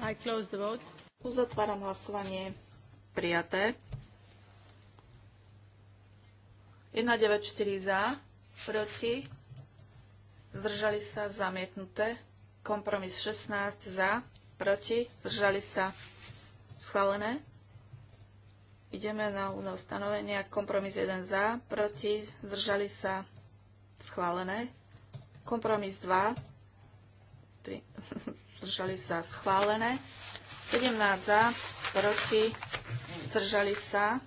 I close the vote. Uzatváram hlasovanie. Prijaté. 194 za, proti, zdržali sa, zamietnuté. Kompromis 16 za, proti, zdržali sa, schválené. Ideme na úno stanovenia. Kompromis 1 za, proti, zdržali sa, schválené. Kompromis 2, 3, (laughs) zdržali sa, schválené. 17 za, proti, zdržali sa,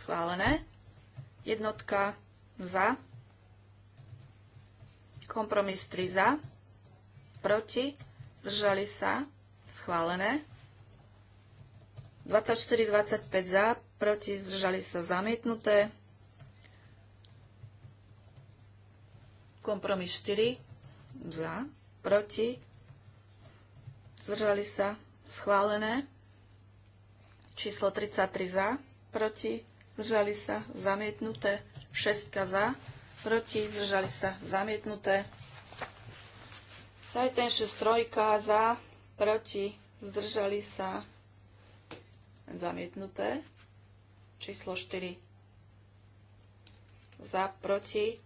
schválené. Jednotka za. Kompromis 3 za. Proti. Zdržali sa. Schválené. 24-25 za. Proti. Zdržali sa. Zamietnuté. Kompromis 4 za. Proti. Zdržali sa. Schválené. Číslo 33 za. Proti zdržali sa, zamietnuté. 6 za, proti, zdržali sa, zamietnuté. Sajten 6 trojka za, proti, zdržali sa, zamietnuté. Číslo 4 za, proti,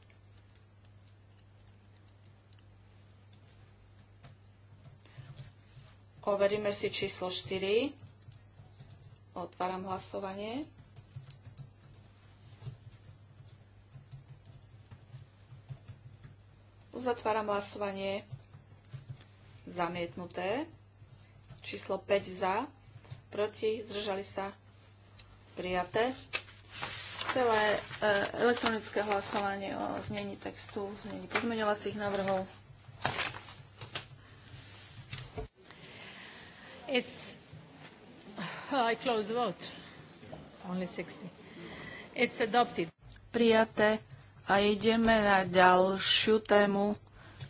Overíme si číslo 4. Otváram hlasovanie. Uzatváram hlasovanie. Zamietnuté. Číslo 5 za. Proti. Zdržali sa. Prijaté. Celé e, elektronické hlasovanie o znení textu, znení pozmeňovacích návrhov. It's I closed the vote. Only 60. It's adopted. Prijaté a ideme na ďalšiu tému.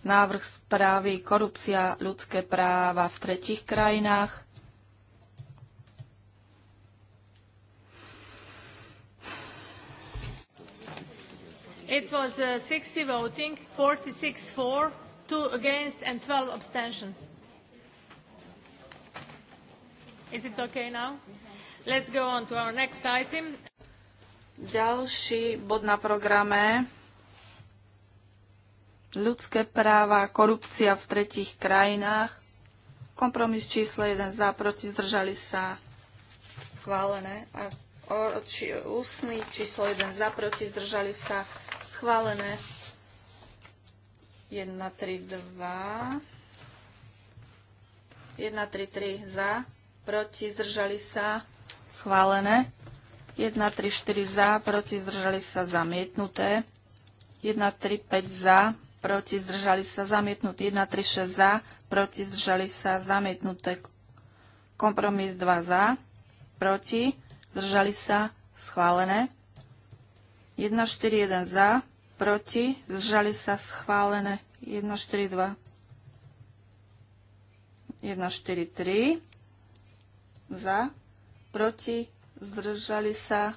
Návrh správy Korupcia, ľudské práva v tretich krajinách. It was 60 uh, voting, 46 for, 2 against and 12 abstentions. Is it okay now? Let's go on to our next item. Ďalší bod na programe ľudské práva, korupcia v tretích krajinách. Kompromis číslo 1 za, proti, zdržali sa schválené. A či, úsny číslo 1 za, proti, zdržali sa schválené. 1, 3, 2. 1, 3, 3 za, proti, zdržali sa schválené. 1, 3, 4 za, proti zdržali sa zamietnuté. 1, 3, 5 za, proti zdržali sa zamietnuté. 1, 3, 6 za, proti zdržali sa zamietnuté. Kompromis 2 za, proti zdržali sa schválené. 1, 4, 1 za, proti zdržali sa schválené. 1, 4, 2. 1, 4, 3 za, proti zdržali sa,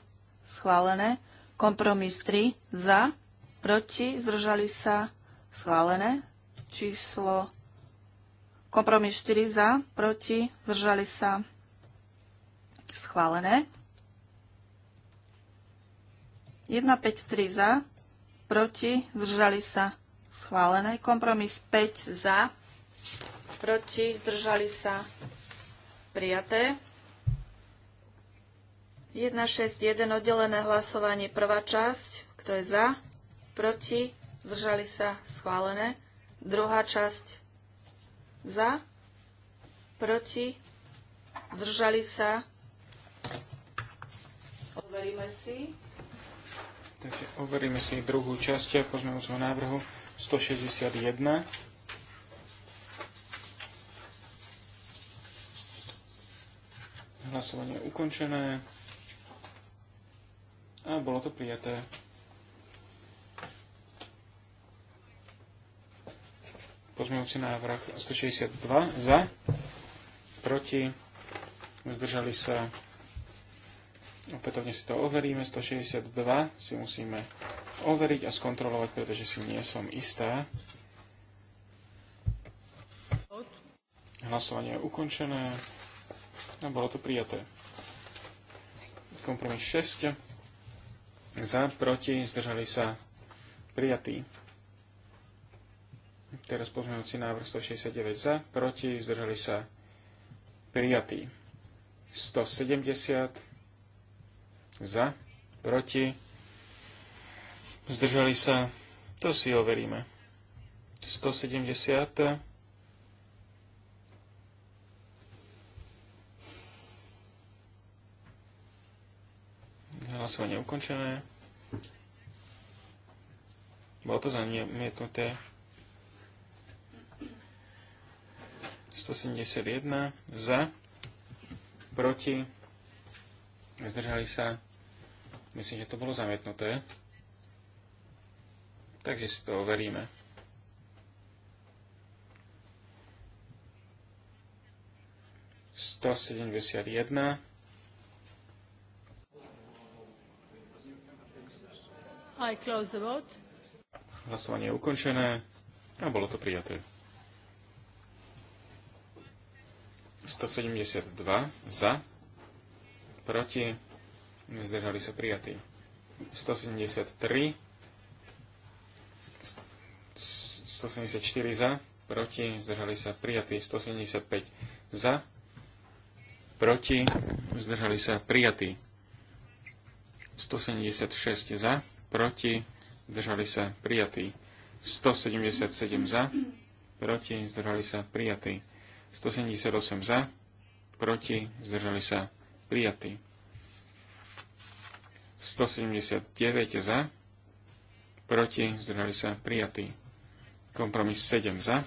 schválené. Kompromis 3 za, proti, zdržali sa, schválené. Číslo kompromis 4 za, proti, zdržali sa, schválené. 1, 5, 3 za, proti, zdržali sa, schválené. Kompromis 5 za, proti, zdržali sa, prijaté. 161 oddelené hlasovanie, prvá časť, kto je za, proti, zdržali sa, schválené. Druhá časť, za, proti, zdržali sa. Overíme si. Takže overíme si druhú časť pozmeňujúceho návrhu 161. Hlasovanie ukončené. A bolo to prijaté. Pozmeňujúci návrh 162 za, proti, zdržali sa, opätovne si to overíme, 162 si musíme overiť a skontrolovať, pretože si nie som istá. Hlasovanie je ukončené a bolo to prijaté. Kompromis 6 za, proti, zdržali sa prijatí. Teraz pozmeňujúci návrh 169 za, proti, zdržali sa prijatí. 170 za, proti, zdržali sa, to si overíme. 170 Hlasovanie ukončené. Bolo to zamietnuté. 171 za, proti, zdržali sa. Myslím, že to bolo zamietnuté. Takže si to overíme. Sto jedna. I close the vote. Hlasovanie je ukončené a bolo to prijaté. 172 za, proti, zdržali sa prijatí. 173, 174 za, proti, zdržali sa prijatí. 175 za, proti, zdržali sa prijatí. 176 za, proti, zdržali sa prijatí. 177 za, proti, zdržali sa prijatí. 178 za, proti, zdržali sa prijatí. 179 za, proti, zdržali sa prijatí. Kompromis 7 za,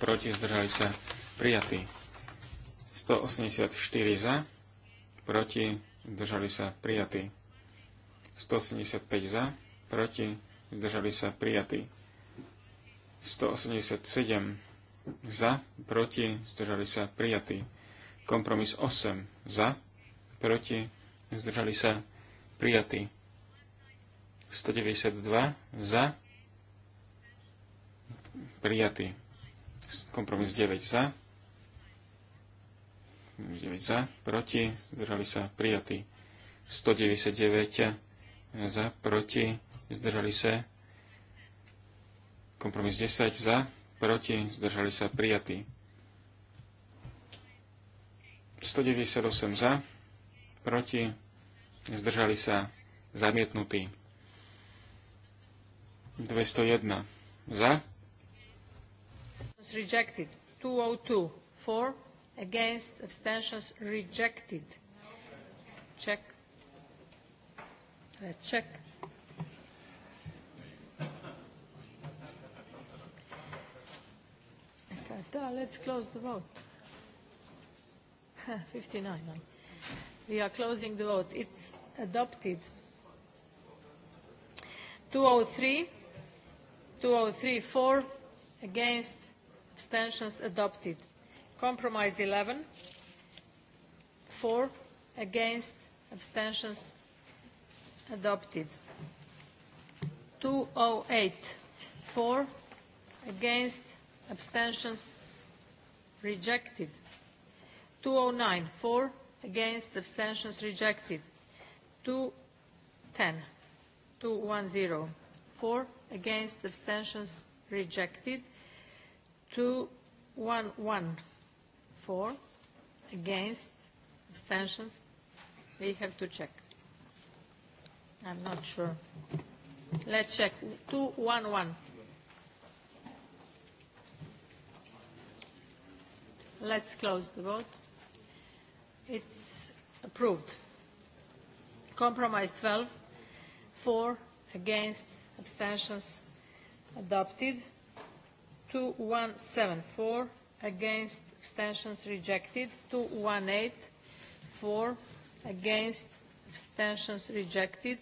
proti, zdržali sa prijatí. 184 za, proti, zdržali sa prijatí. 175 za, proti, zdržali sa prijatí. 187 za, proti, zdržali sa prijatí. Kompromis 8 za, proti, zdržali sa prijatí. 192 za, prijatí. Kompromis 9 za, 9 za, proti, zdržali sa prijatí. 199 za, proti, zdržali sa. Kompromis 10 za, proti, zdržali sa prijatý. 198 za, proti, zdržali sa zamietnutý. 201 za. Rejected. 202 for, against, abstentions rejected. Check Check. Let's close the vote. 59. (laughs) We are closing the vote. It's adopted. 203, 203 for, against, abstentions adopted. Compromise 11, for, against, abstentions adopted. 208 for, against, abstentions, rejected. 209 for, against, abstentions, rejected. 210, 210 for, against, abstentions, rejected. 211 for, against, abstentions, we have to check. I'm not sure. Let's check. Two one one. Let's close the vote. It's approved. Compromise 12, for, against, abstentions, adopted. Two one seven four against, abstentions, rejected. Two one eight four against, abstentions rejected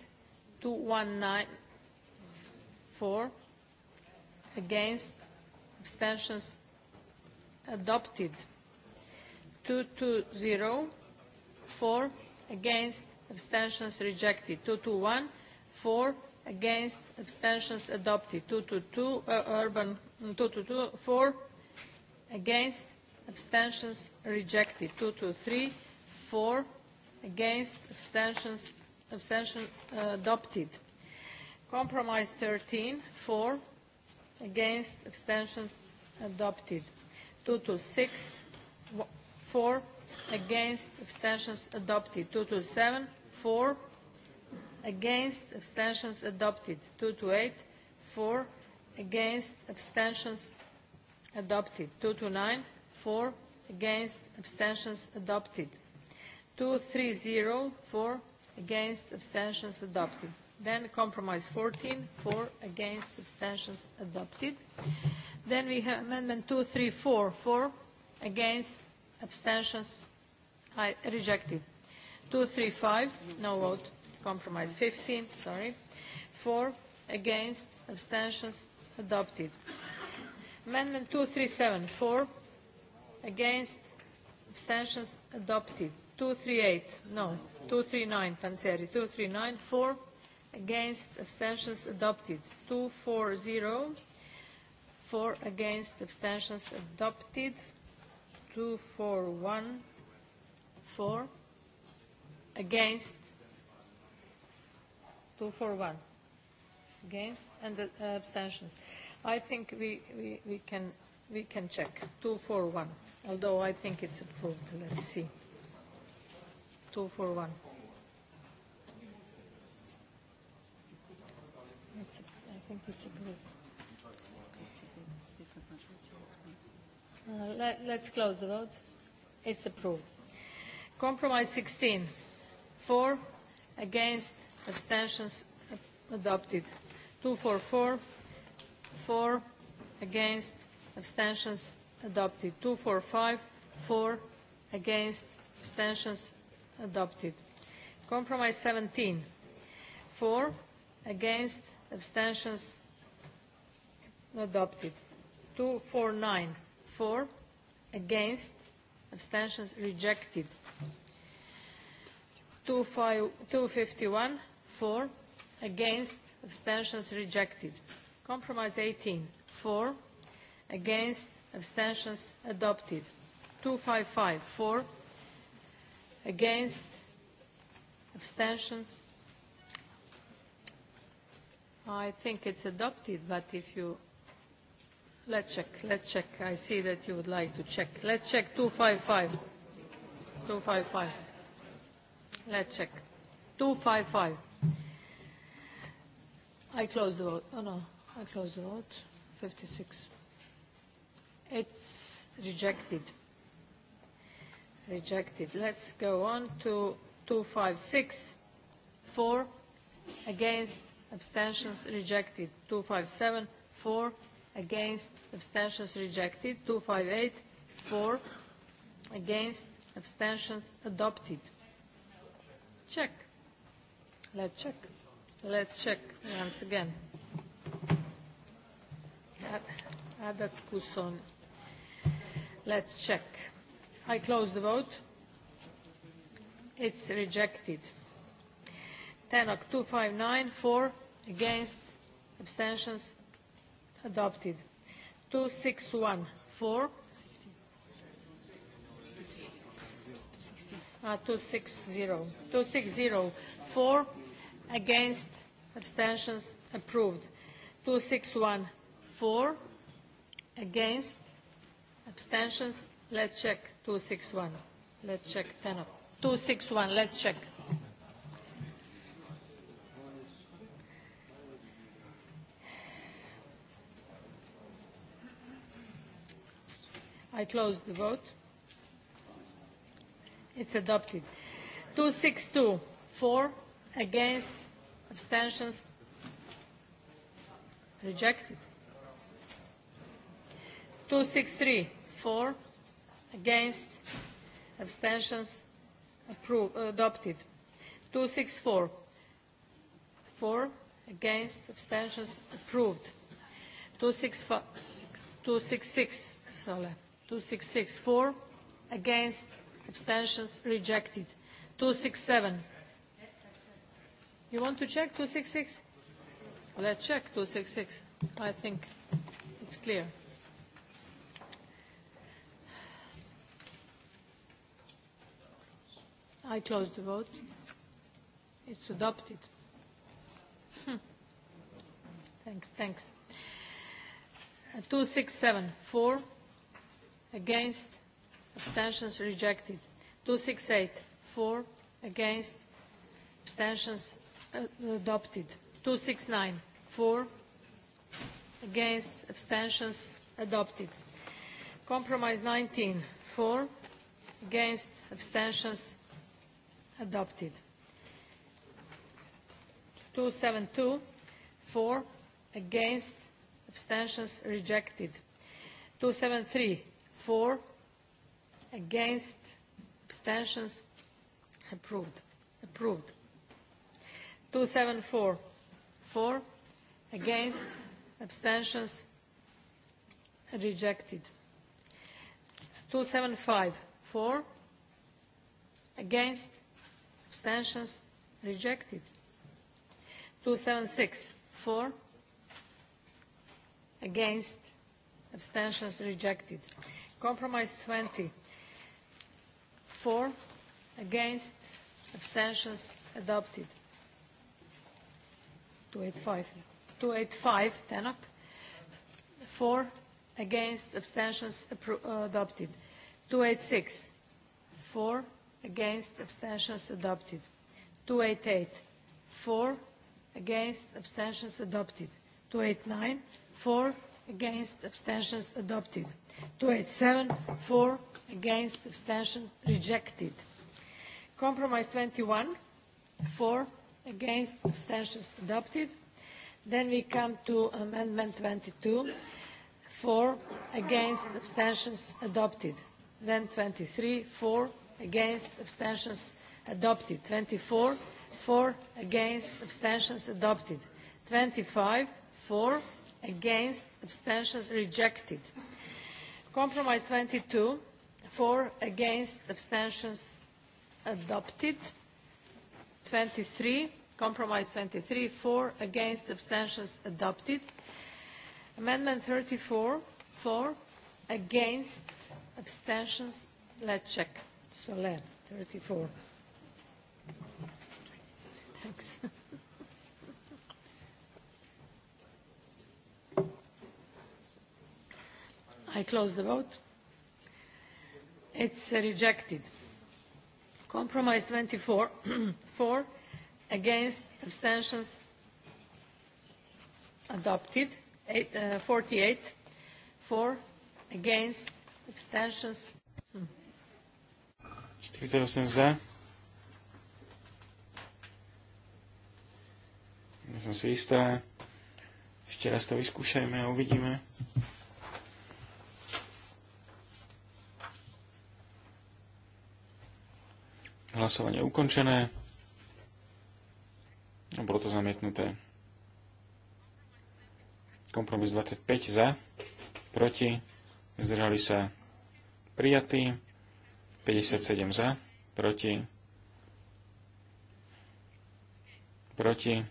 2194 against abstentions adopted 2204 against abstentions rejected 2214 against abstentions adopted 222 uh, urban 222 against abstentions rejected 223 against abstentions abstention uh, adopted compromise 13 Four. against abstentions adopted 2 to 6 four. against abstentions adopted 2 to 7 Four. against abstentions adopted 2 to 8 Four. against abstentions adopted 2 to 9 Four. against abstentions adopted 230 for, against, abstentions adopted. Then compromise 14 for, against, abstentions adopted. Then we have amendment 234 for, against, abstentions I, rejected. 235, no vote. Compromise 15, sorry. For, against, abstentions adopted. Amendment 237 for, against, abstentions adopted. 238, no, 239, Panseri, 239, for, against, abstentions adopted. 240, for, against, abstentions adopted. 241, for, against, 241, against, and uh, abstentions. I think we, we, we, can, we can check. 241, although I think it's approved. Let's see. 241. It's, I think it's agreed. Uh, let, let's close the vote. It's approved. Compromise 16. Four against, abstentions adopted. 244. Four against, abstentions adopted. 245. Four against, abstentions adopted. Compromise 17. For, against, abstentions, adopted. 249. For, against, abstentions, rejected. 251. Four. against, abstentions, rejected. Compromise 18. Four. against, abstentions, adopted. 255. Four. Against? Abstentions? I think it's adopted, but if you... Let's check, let's check. I see that you would like to check. Let's check 255. 255. Let's check. 255. I close the vote. Oh, no. I close the vote. 56. It's rejected. Rejected. Let's go on to 256. For, against, abstentions rejected. 257. For, against, abstentions rejected. 258. For, against, abstentions adopted. Check. Let's check. Let's check once again. Adat Kuson. Let's check. I close the vote. It's rejected. 10 259 for, against, abstentions, adopted. 261 for, uh, 260, 260 against, abstentions, approved. 2614 for, against, abstentions, let's check. Let's check. Let's check. I close the vote. It's adopted. 262. four. against, abstentions, rejected. 263. four against abstentions approved adopted 264 for against abstentions approved 266 266 for against abstentions rejected 267 you want to check 266 let's check 266 i think it's clear I close the vote. It's adopted. Hmm. Thanks, thanks. Uh, 267, for, against, abstentions rejected. 268, for, against, abstentions uh, adopted. 269, for, against, abstentions adopted. Compromise 19, for, against, abstentions adopted two seven two for against abstentions rejected two seven three against abstentions approved approved two seven four against abstentions rejected two seven against abstentions rejected 276 for against abstentions rejected compromise 20 for against abstentions adopted 285 285 Tannock for against abstentions uh, adopted 286 for against abstentions adopted 288 for against abstentions adopted 289 for against abstentions adopted 287 for against abstentions rejected compromise 21 for against abstentions adopted then we come to amendment 22 for against abstentions adopted then 23 for against abstentions adopted twenty four for against abstentions adopted twenty five for against abstentions rejected compromise twenty two for against abstentions adopted twenty three compromise twenty three for against abstentions adopted amendment thirty four for against abstentions let's check i close the vote. It's rejected. Compromise 24, (clears throat) for, against, abstentions, adopted. Eight, uh, 48, for, against, abstentions, 48 za. Ja som si istá. Ešte raz to vyskúšajme a uvidíme. Hlasovanie ukončené. A bolo to zamietnuté. Kompromis 25 za, proti, zdržali sa prijatí. 57 za, proti, proti,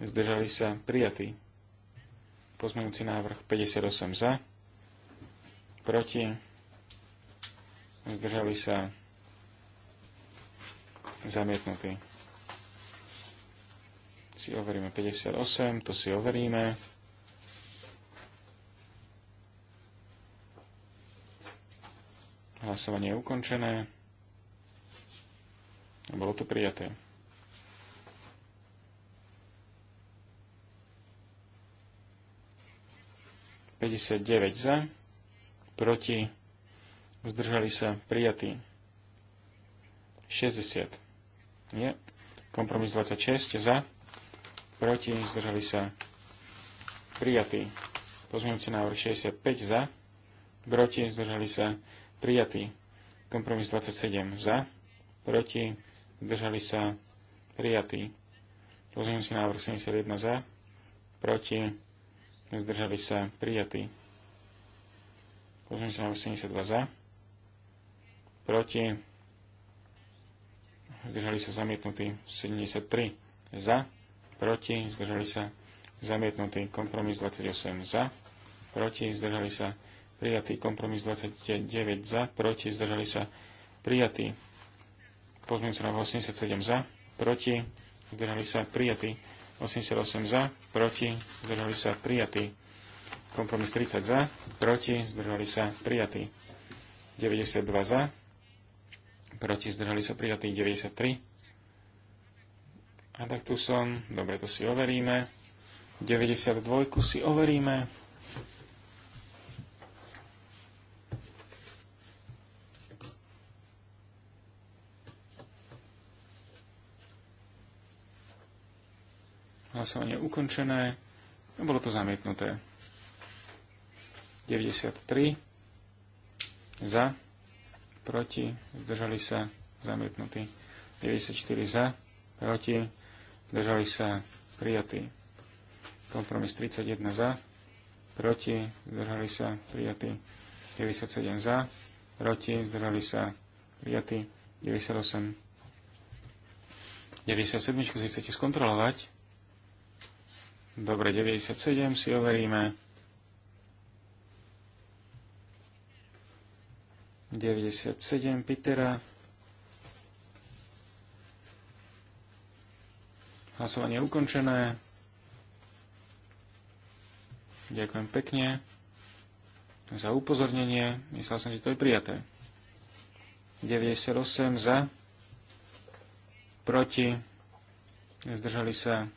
zdržali sa prijatí. pozmenujúci návrh 58 za, proti, zdržali sa zamietnutí. Si overíme 58, to si overíme. Hlasovanie je ukončené. Bolo to prijaté. za, proti, zdržali sa, prijatí. 60. Nie. Kompromis 26 za, proti, zdržali sa, prijatí. Pozmeňujúci návrh 65 za, proti, zdržali sa, prijatí prijatý. Kompromis 27 za, proti, zdržali sa, prijatý. si návrh 71 za, proti, zdržali sa, prijatý. si návrh 72 za, proti, zdržali sa, zamietnutý. 73 za, proti, zdržali sa, zamietnutý. Kompromis 28 za, proti, zdržali sa, prijatý. Kompromis 29 za, proti, zdržali sa prijatý. Pozmeňujúci na 87 za, proti, zdržali sa prijatý. 88 za, proti, zdržali sa prijatý. Kompromis 30 za, proti, zdržali sa prijatý. 92 za, proti, zdržali sa prijatý. 93 a tak tu som, dobre, to si overíme. 92 si overíme. Hlasovanie ukončené. A bolo to zamietnuté. 93 za, proti, zdržali sa, zamietnutí. 94 za, proti, zdržali sa, prijatí. Kompromis 31 za, proti, zdržali sa, prijatí. 97 za, proti, zdržali sa, prijatí. 98. 97 si chcete skontrolovať? Dobre, 97 si overíme. 97 Pitera. Hlasovanie ukončené. Ďakujem pekne za upozornenie. Myslel som, že to je prijaté. 98 za, proti, zdržali sa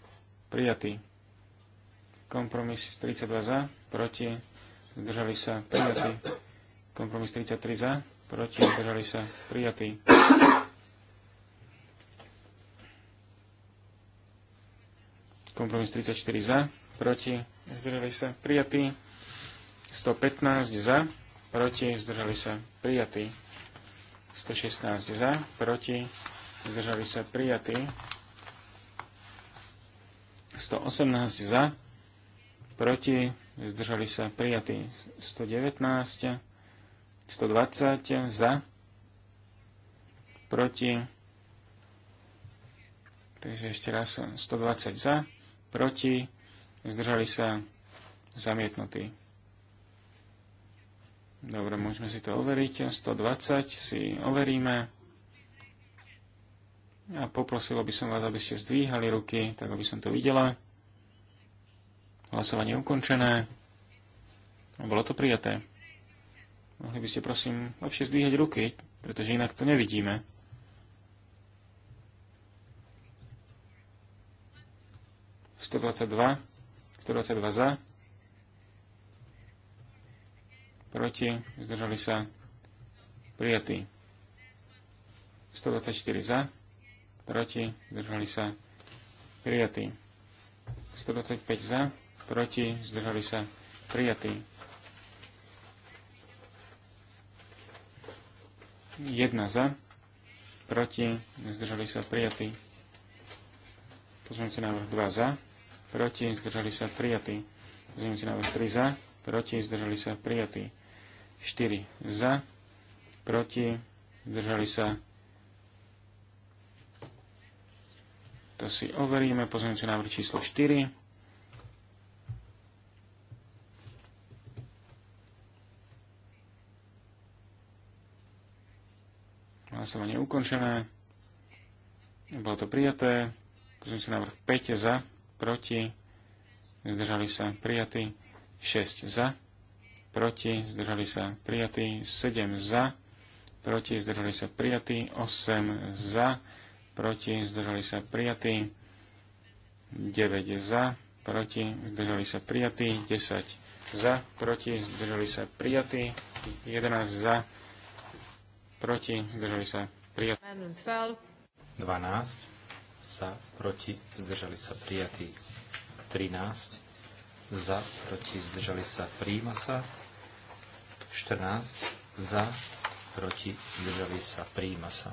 prijatý. Kompromis 32 za, proti, zdržali sa prijatí. Kompromis 33 za, proti, zdržali sa prijatí. Kompromis 34 za, proti, zdržali sa prijatí. 115 za, proti, zdržali sa prijatí. 116 za, proti, zdržali sa prijatí. 118 za, proti, zdržali sa prijatí 119, 120 za, proti, takže ešte raz 120 za, proti, zdržali sa zamietnutí. Dobre, môžeme si to overiť. 120 si overíme. A poprosilo by som vás, aby ste zdvíhali ruky, tak aby som to videla. Hlasovanie ukončené. Bolo to prijaté. Mohli by ste prosím lepšie zdvíhať ruky, pretože inak to nevidíme. Sto dva. 122 za, proti, zdržali sa, prijatí. 124 za, proti, zdržali sa, prijatí. 125 za, proti, zdržali sa prijatí. 1 za, proti, zdržali sa prijatí. Pozmeňujúci návrh 2 za, proti, zdržali sa prijatí. Pozmeňujúci návrh 3 za, proti, zdržali sa prijatí. 4 za, proti, zdržali sa to si overíme, pozmeňujúci návrh číslo 4. Hlasovanie je ukončené. Bolo to prijaté. Pozrieme sa návrh 5 za, proti, zdržali sa prijatí. 6 za, proti, zdržali sa prijatí. 7 za, proti, zdržali sa prijatí. 8 za, proti, zdržali sa prijatí. 9 za, proti, zdržali sa prijatí. 10 za, proti, zdržali sa prijatí. 11 za, proti, zdržali sa prijatí. 12 za, proti, zdržali sa prijatí. 13 za, proti, zdržali sa, príjma sa. 14 za, proti, zdržali sa, príjma sa.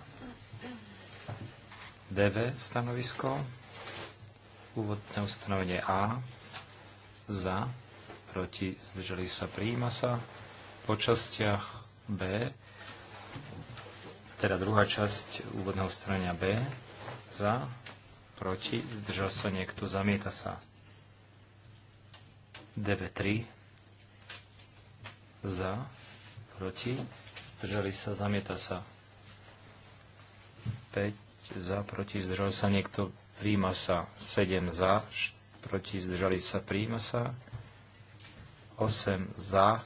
DV stanovisko, úvodné ustanovenie A, za, proti, zdržali sa, príjma sa. Po častiach B, teda druhá časť úvodného strania B. Za, proti, zdržal sa niekto, zamieta sa. DB3. Za, proti, zdržali sa, zamieta sa. 5 za, proti, zdržal sa niekto, príjma sa. 7 za, proti, zdržali sa, príjma sa. 8 za,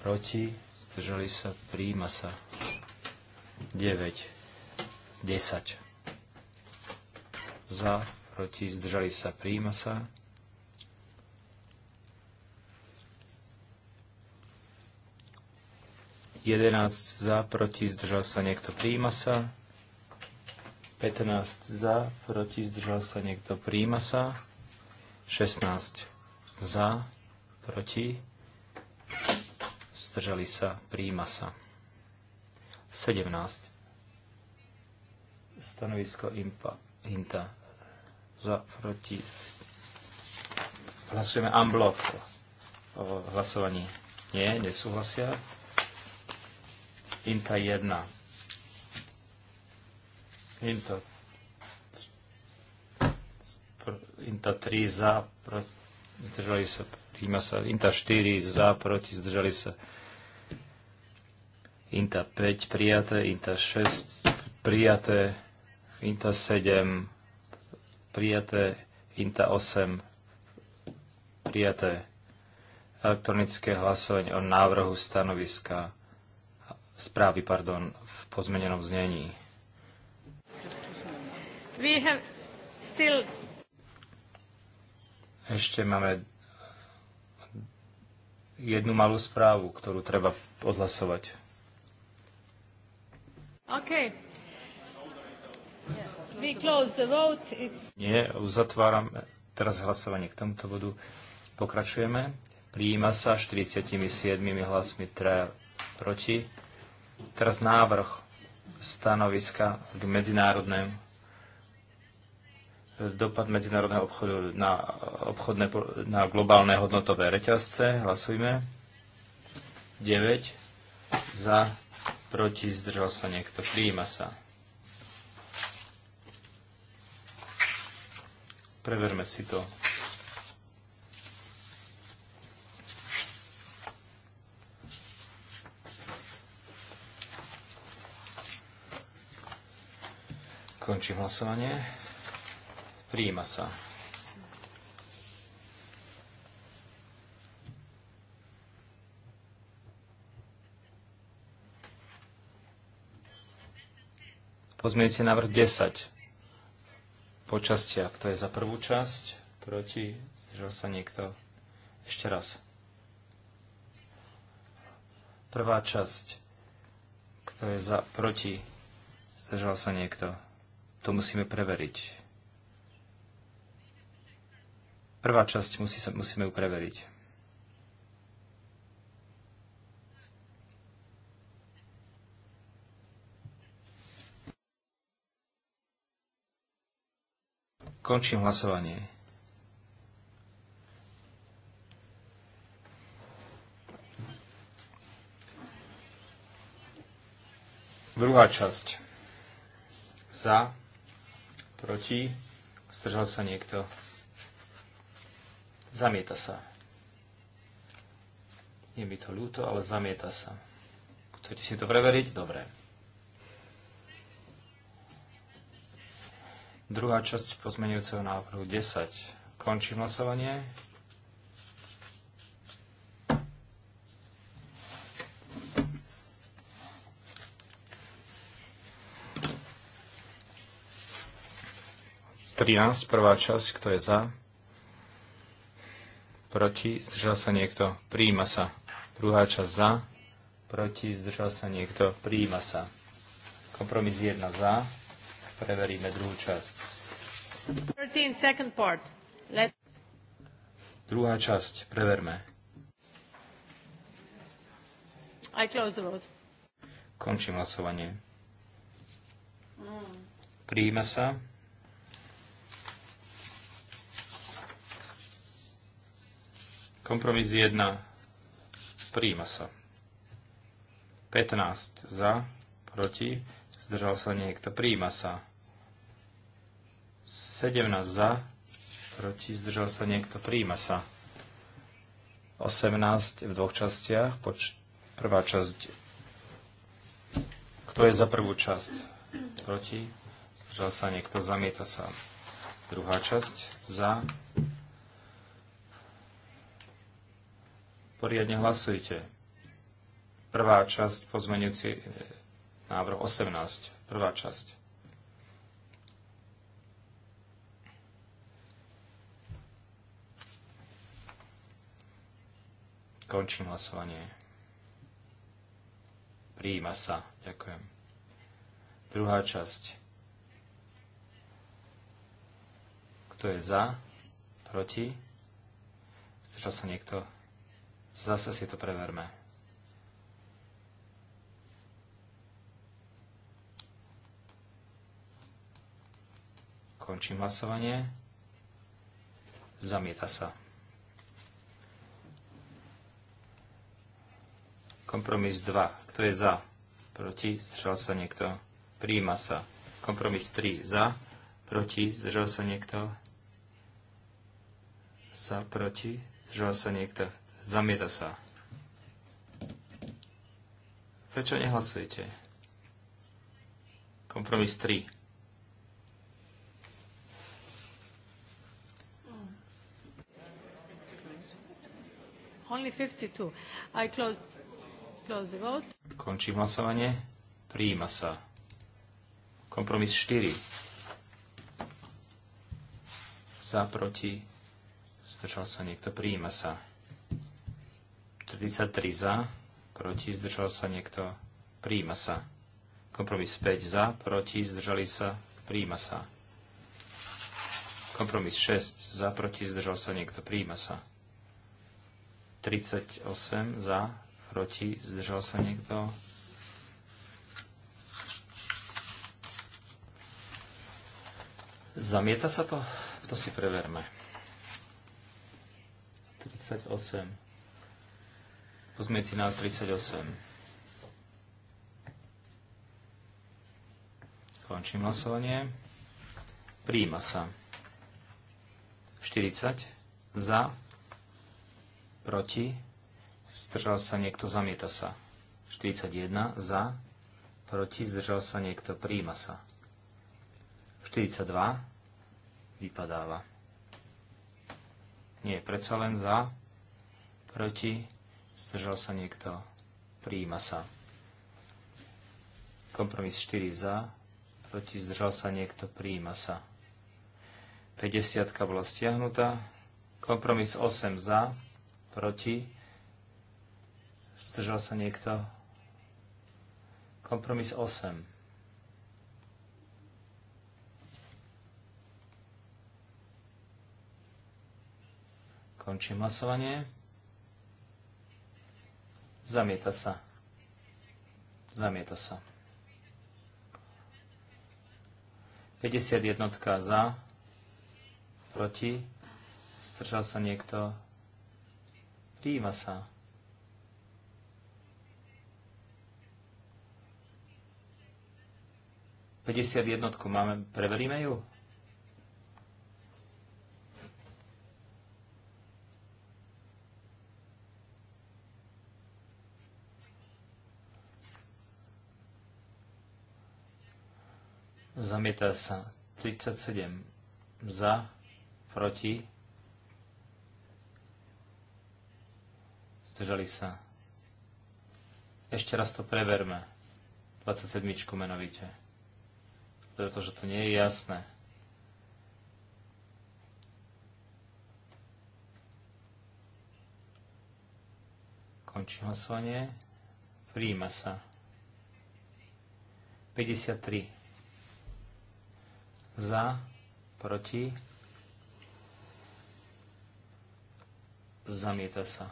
proti, zdržali sa, príjma sa. 9, 10. Za, proti, zdržali sa, príjma sa. Jedenáct za, proti, zdržal sa niekto, príjma sa. 15 za, proti, zdržal sa niekto, príjma sa. 16 za, proti, zdržali sa, príjma sa. 17. Stanovisko IMPA, INTA za proti. Hlasujeme unblock o hlasovaní. Nie, nesúhlasia. INTA 1. INTA INTA 3 za, proti, zdržali sa, INTA 4 za, proti, zdržali sa, Inta 5 prijaté, Inta 6 prijaté, Inta 7 prijaté, Inta 8 prijaté. Elektronické hlasovanie o návrhu stanoviska správy, pardon, v pozmenenom znení. Still... Ešte máme jednu malú správu, ktorú treba odhlasovať. Okay. We close the vote. It's... Nie, uzatváram teraz hlasovanie k tomuto bodu. Pokračujeme. Prijíma sa 47 hlasmi 3 proti. Teraz návrh stanoviska k medzinárodnému dopad medzinárodného obchodu na, obchodné, na globálne hodnotové reťazce. Hlasujme. 9 za proti, zdržal sa niekto, prijíma sa. Preverme si to. Končím hlasovanie. Prijíma sa. Pozmienujúci návrh 10. Po častiach. To je za prvú časť. Proti. Zdržal sa niekto. Ešte raz. Prvá časť. Kto je za, proti? Zdržal sa niekto. To musíme preveriť. Prvá časť musí sa, musíme ju preveriť. Končím hlasovanie. Druhá časť. Za, proti, zdržal sa niekto. Zamieta sa. Je mi to ľúto, ale zamieta sa. Chcete si to preveriť? Dobre. Druhá časť pozmenujúceho návrhu 10. Končím hlasovanie. Trinásť, prvá časť, kto je za? Proti, zdržal sa niekto, príjima sa. Druhá časť za, proti, zdržal sa niekto, príjima sa. Kompromis 1 za, preveríme druhú časť. 13, part. Let... Druhá časť, preverme. I close the vote. Končím hlasovanie. Mm. Príjima sa. Kompromis 1. Príjima sa. 15 za, proti zdržal sa niekto, Príjma sa. 17 za, proti, zdržal sa niekto, Príjma sa. 18 v dvoch častiach, poč- prvá časť. Kto je za prvú časť? Proti, zdržal sa niekto, zamieta sa. Druhá časť, za. Poriadne hlasujte. Prvá časť pozmenujúci Návrh 18, prvá časť. Končím hlasovanie. Príjima sa. Ďakujem. Druhá časť. Kto je za? Proti? Začal sa niekto? Zase si to preverme. Končím hlasovanie. Zamieta sa. Kompromis 2. Kto je za? Proti? Zdržal sa niekto? Príjima sa. Kompromis 3. Za? Proti? Zdržal sa niekto? Za? Proti? Zdržal sa niekto? Zamieta sa. Prečo nehlasujete? Kompromis 3. Only 52. I close, close the vote. Končím hlasovanie. Prijíma sa. Kompromis 4. Za, proti. Zdržal sa niekto. Prijíma sa. 33 za, proti. Zdržal sa niekto. Prijíma sa. Kompromis 5 za, proti. Zdržali sa. Prijíma sa. Kompromis 6 za, proti. Zdržal sa niekto. Prijíma sa. 38 za, proti, zdržal sa niekto. Zamieta sa to? To si preverme. 38. Pozmieť si na 38. Končím hlasovanie. Príjima sa. 40 za, proti, zdržal sa niekto, zamieta sa. 41 za, proti, zdržal sa niekto, príjima sa. 42 vypadáva. Nie, predsa len za, proti, zdržal sa niekto, príjima sa. Kompromis 4 za, proti, zdržal sa niekto, príjima sa. 50 bola stiahnutá, kompromis 8 za, proti, zdržal sa niekto, kompromis 8. Končím hlasovanie. Zamieta sa. Zamieta sa. 51 za, proti, stržal sa niekto, Prijíma sa. Päťdesiat jednotku máme, preveríme ju? Zamieta sa. 37 za, proti, Zdržali sa. Ešte raz to preverme. 27. menovite. Pretože to nie je jasné. Končí hlasovanie. Príjima sa. 53. Za, proti, zamieta sa.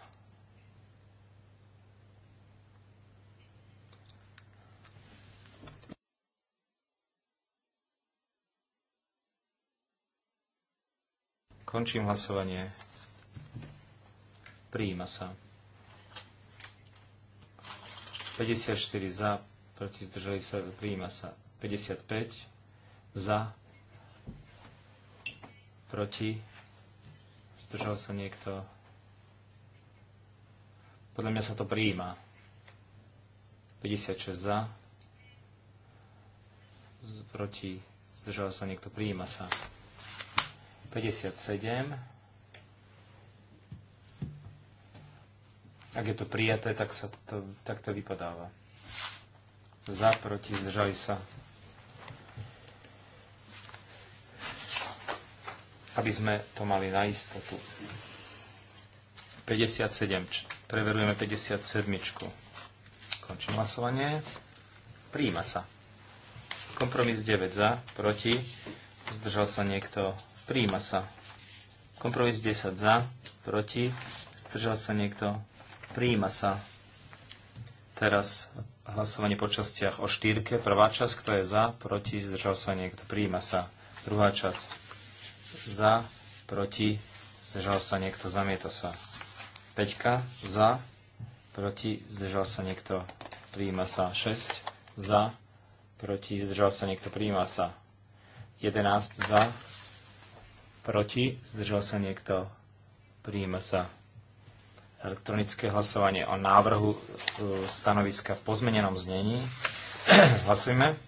Končím hlasovanie. Prijíma sa. 54 za, proti zdržali sa, prijíma sa. 55 za, proti, zdržal sa niekto. Podľa mňa sa to prijíma. 56 za, proti, zdržal sa niekto, prijíma sa. 57. Ak je to prijaté, tak, sa to, tak to vypadáva. Za, proti, zdržali sa. Aby sme to mali na istotu. 57. Preverujeme 57. Končím hlasovanie. Príjima sa. Kompromis 9 za, proti. Zdržal sa niekto Príjima sa. Kompromis 10 za, proti, zdržal sa niekto, príjima sa. Teraz hlasovanie po častiach o štýrke. Prvá časť, kto je za, proti, zdržal sa niekto, príjima sa. Druhá časť, za, proti, zdržal sa niekto, zamieta sa. Peťka, za, proti, zdržal sa niekto, príjima sa. 6, za, proti, zdržal sa niekto, príjima sa. 11 za, Proti? Zdržal sa niekto? Prijíma sa elektronické hlasovanie o návrhu e, stanoviska v pozmenenom znení. (clears throat) Hlasujme.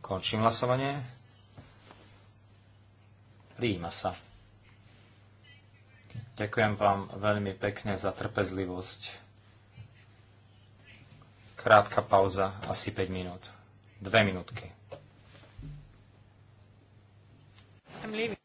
Končím hlasovanie. Príjima sa. Ďakujem vám veľmi pekne za trpezlivosť. Krátka pauza, asi 5 minút. Dve minútky. I'm leaving.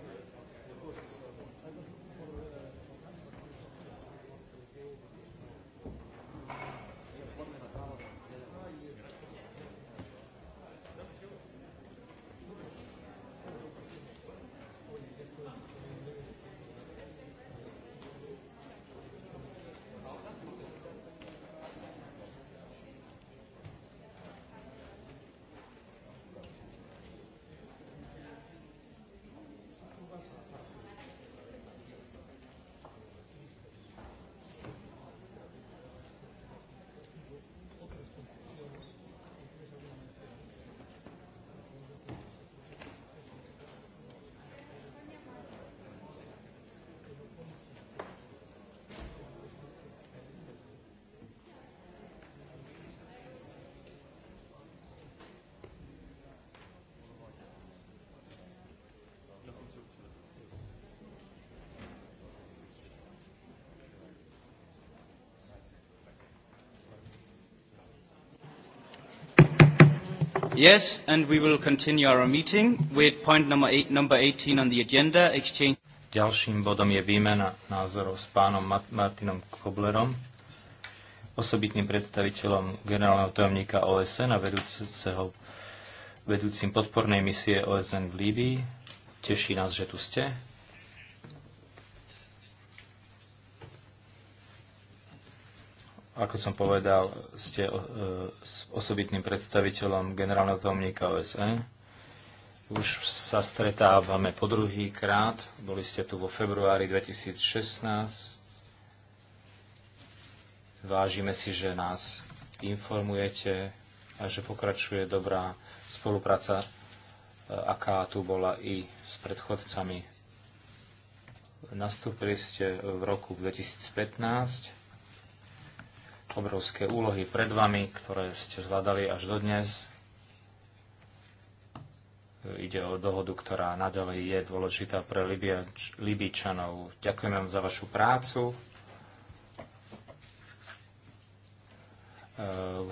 Yes, and we will continue our meeting with point number, eight, number 18 on the agenda, exchange... Ďalším bodom je výmena názorov s pánom Mat- Martinom Koblerom, osobitným predstaviteľom generálneho tajomníka OSN a vedúceho, vedúcim podpornej misie OSN v Líbii. Teší nás, že tu ste. Ako som povedal, ste e, osobitným predstaviteľom generálneho tajomníka OSN. Už sa stretávame po druhý krát. Boli ste tu vo februári 2016. Vážime si, že nás informujete a že pokračuje dobrá spolupráca, e, aká tu bola i s predchodcami. Nastúpili ste v roku 2015 obrovské úlohy pred vami, ktoré ste zvládali až do dnes. Ide o dohodu, ktorá naďalej je dôležitá pre Libiač, Libičanov. Ďakujem vám za vašu prácu. E,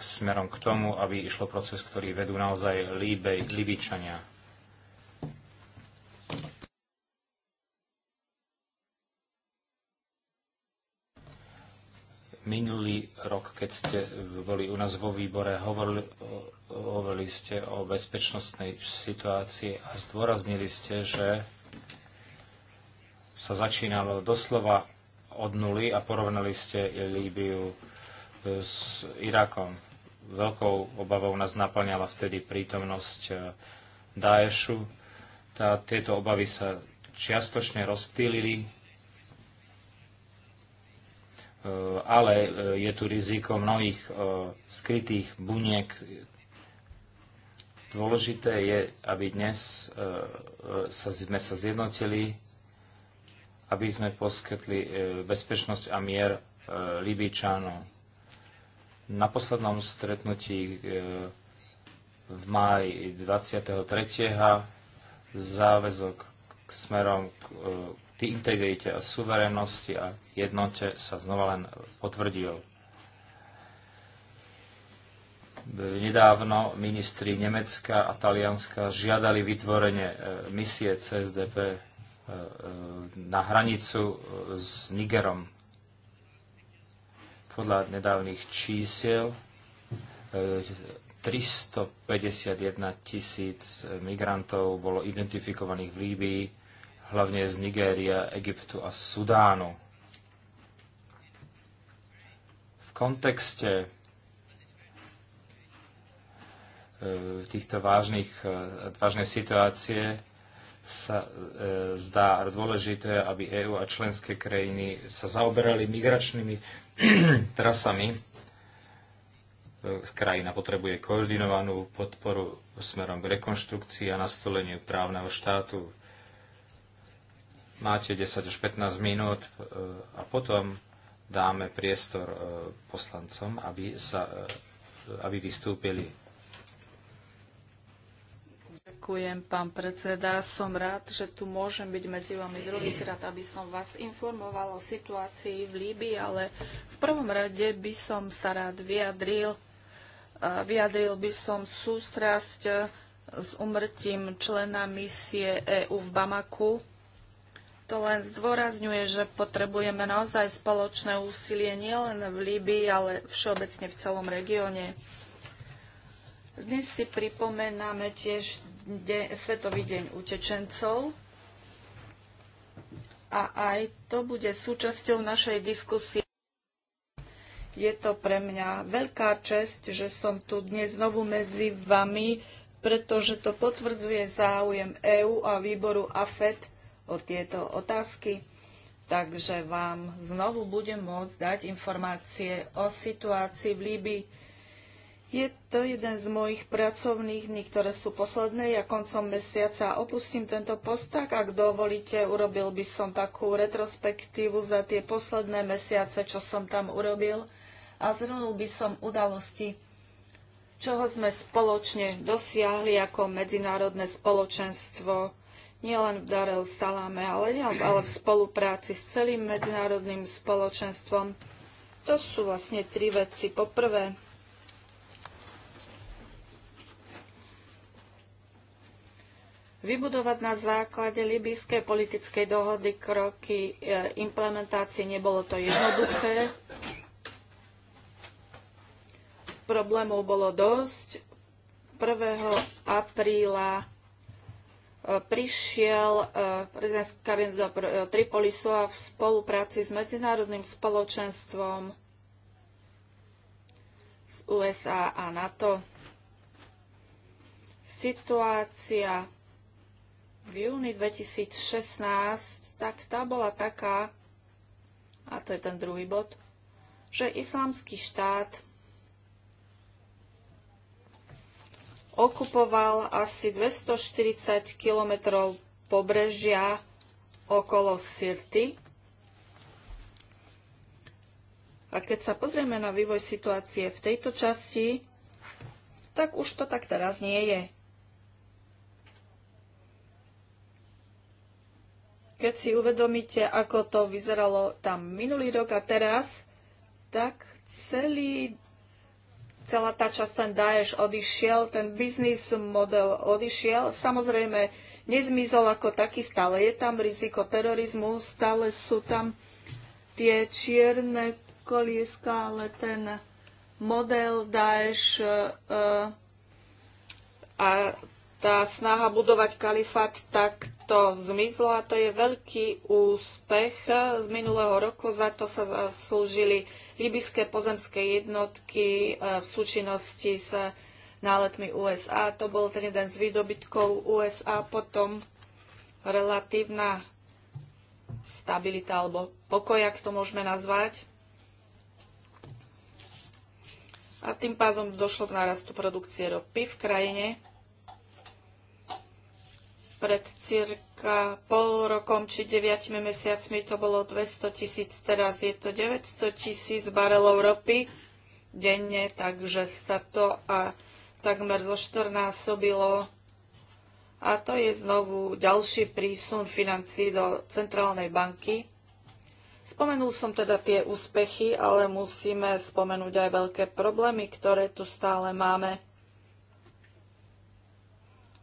smerom k tomu, aby išlo proces, ktorý vedú naozaj Líbej, Libičania. Minulý rok, keď ste eh, boli u nás vo výbore, hovorili, hovorili ste o bezpečnostnej situácii a zdôraznili ste, že sa začínalo doslova od nuly a porovnali ste Líbiu eh, s Irakom. Veľkou obavou nás naplňala vtedy prítomnosť eh, Daešu. tieto obavy sa čiastočne rozptýlili Eh, ale eh, je tu riziko mnohých eh, skrytých buniek. Dôležité je, aby dnes sme sa zjednotili, aby sme poskytli bezpečnosť a mier Libyčanov. Na poslednom stretnutí v máji 23. záväzok k smerom k ty integrite a suverenosti a jednote sa znova len potvrdil. Nedávno ministri Nemecka a Talianska žiadali vytvorenie e, misie CSDP e, e, na hranicu s Nigerom. Podľa nedávnych čísiel 351 tisíc migrantov bolo identifikovaných v Líbii, hlavne z Nigéria, Egyptu a Sudánu. V kontexte e, týchto vážnych, e, vážnej situácie sa e, zdá dôležité, aby EÚ a členské krajiny sa zaoberali migračnými (clears throat) trasami. E, krajina potrebuje koordinovanú podporu smerom k rekonštrukcii a nastoleniu právneho štátu. Máte 10 až 15 minút e, a potom dáme priestor e, poslancom, aby, sa, e, aby vystúpili. Ďakujem, pán predseda. Som rád, že tu môžem byť medzi vami druhýkrát, aby som vás informoval o situácii v Líbii, ale v prvom rade by som sa rád vyjadril. Vyjadril by som sústrasť s umrtím člena misie EÚ v Bamaku to len zdôrazňuje, že potrebujeme naozaj spoločné úsilie nielen v Líbii, ale všeobecne v celom regióne. Dnes si pripomíname tiež de- Svetový deň utečencov a aj to bude súčasťou našej diskusie. Je to pre mňa veľká česť, že som tu dnes znovu medzi vami, pretože to potvrdzuje záujem EÚ a výboru AFET o tieto otázky. Takže vám znovu budem môcť dať informácie o situácii v Líbii. Je to jeden z mojich pracovných dní, ktoré sú posledné. Ja koncom mesiaca opustím tento post, tak ak dovolíte, urobil by som takú retrospektívu za tie posledné mesiace, čo som tam urobil a zhrnul by som udalosti, čoho sme spoločne dosiahli ako medzinárodné spoločenstvo nielen v Dar el Salame, ale, ale v spolupráci s celým medzinárodným spoločenstvom. To sú vlastne tri veci. Poprvé, vybudovať na základe libyskej politickej dohody kroky e, implementácie. Nebolo to jednoduché. Problémov bolo dosť. 1. apríla E, prišiel e, prezident Kabin do e, Tripolisu a v spolupráci s medzinárodným spoločenstvom z USA a NATO. Situácia v júni 2016, tak tá bola taká, a to je ten druhý bod, že islamský štát okupoval asi 240 kilometrov pobrežia okolo Sirty. A keď sa pozrieme na vývoj situácie v tejto časti, tak už to tak teraz nie je. Keď si uvedomíte, ako to vyzeralo tam minulý rok a teraz, tak celý celá tá časť ten Daesh odišiel, ten biznis model odišiel. Samozrejme, nezmizol ako taký, stále je tam riziko terorizmu, stále sú tam tie čierne kolieska, ale ten model Daesh uh, a tá snaha budovať kalifát takto a To je veľký úspech z minulého roku, za to sa zaslúžili libyské pozemské jednotky e, v súčinnosti s náletmi USA. To bol ten jeden z výdobytkov USA. Potom relatívna stabilita alebo pokoj, ak to môžeme nazvať. A tým pádom došlo k nárastu produkcie ropy v krajine. Pred cirka pol rokom či 9 mesiacmi to bolo 200 tisíc, teraz je to 900 tisíc barelov ropy denne, takže sa to a takmer zo A to je znovu ďalší prísun financí do centrálnej banky. Spomenul som teda tie úspechy, ale musíme spomenúť aj veľké problémy, ktoré tu stále máme.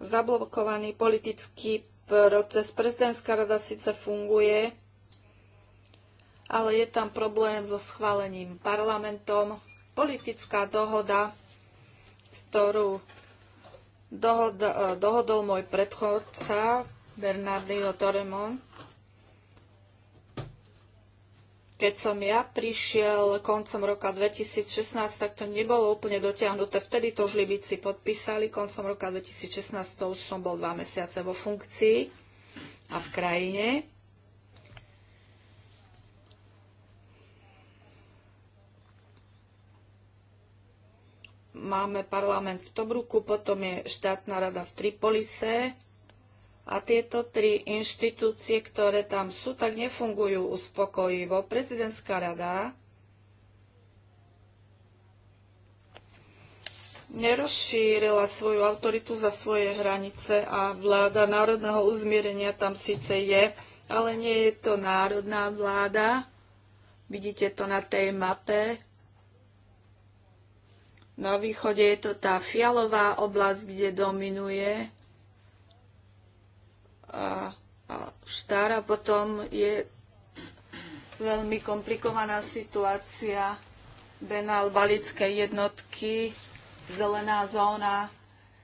Zablokovaný politický proces. Prezidentská rada síce funguje, ale je tam problém so schválením parlamentom. Politická dohoda, z ktorú dohod, dohodol môj predchodca Bernardino Toremon, keď som ja prišiel koncom roka 2016, tak to nebolo úplne dotiahnuté. Vtedy to už Libici podpísali. Koncom roka 2016 to už som bol dva mesiace vo funkcii a v krajine. máme parlament v Tobruku, potom je štátna rada v Tripolise a tieto tri inštitúcie, ktoré tam sú, tak nefungujú uspokojivo. Prezidentská rada nerozšírila svoju autoritu za svoje hranice a vláda národného uzmierenia tam síce je, ale nie je to národná vláda. Vidíte to na tej mape. Na východe je to tá fialová oblasť, kde dominuje štár a potom je veľmi komplikovaná situácia Benal balickej jednotky, zelená zóna,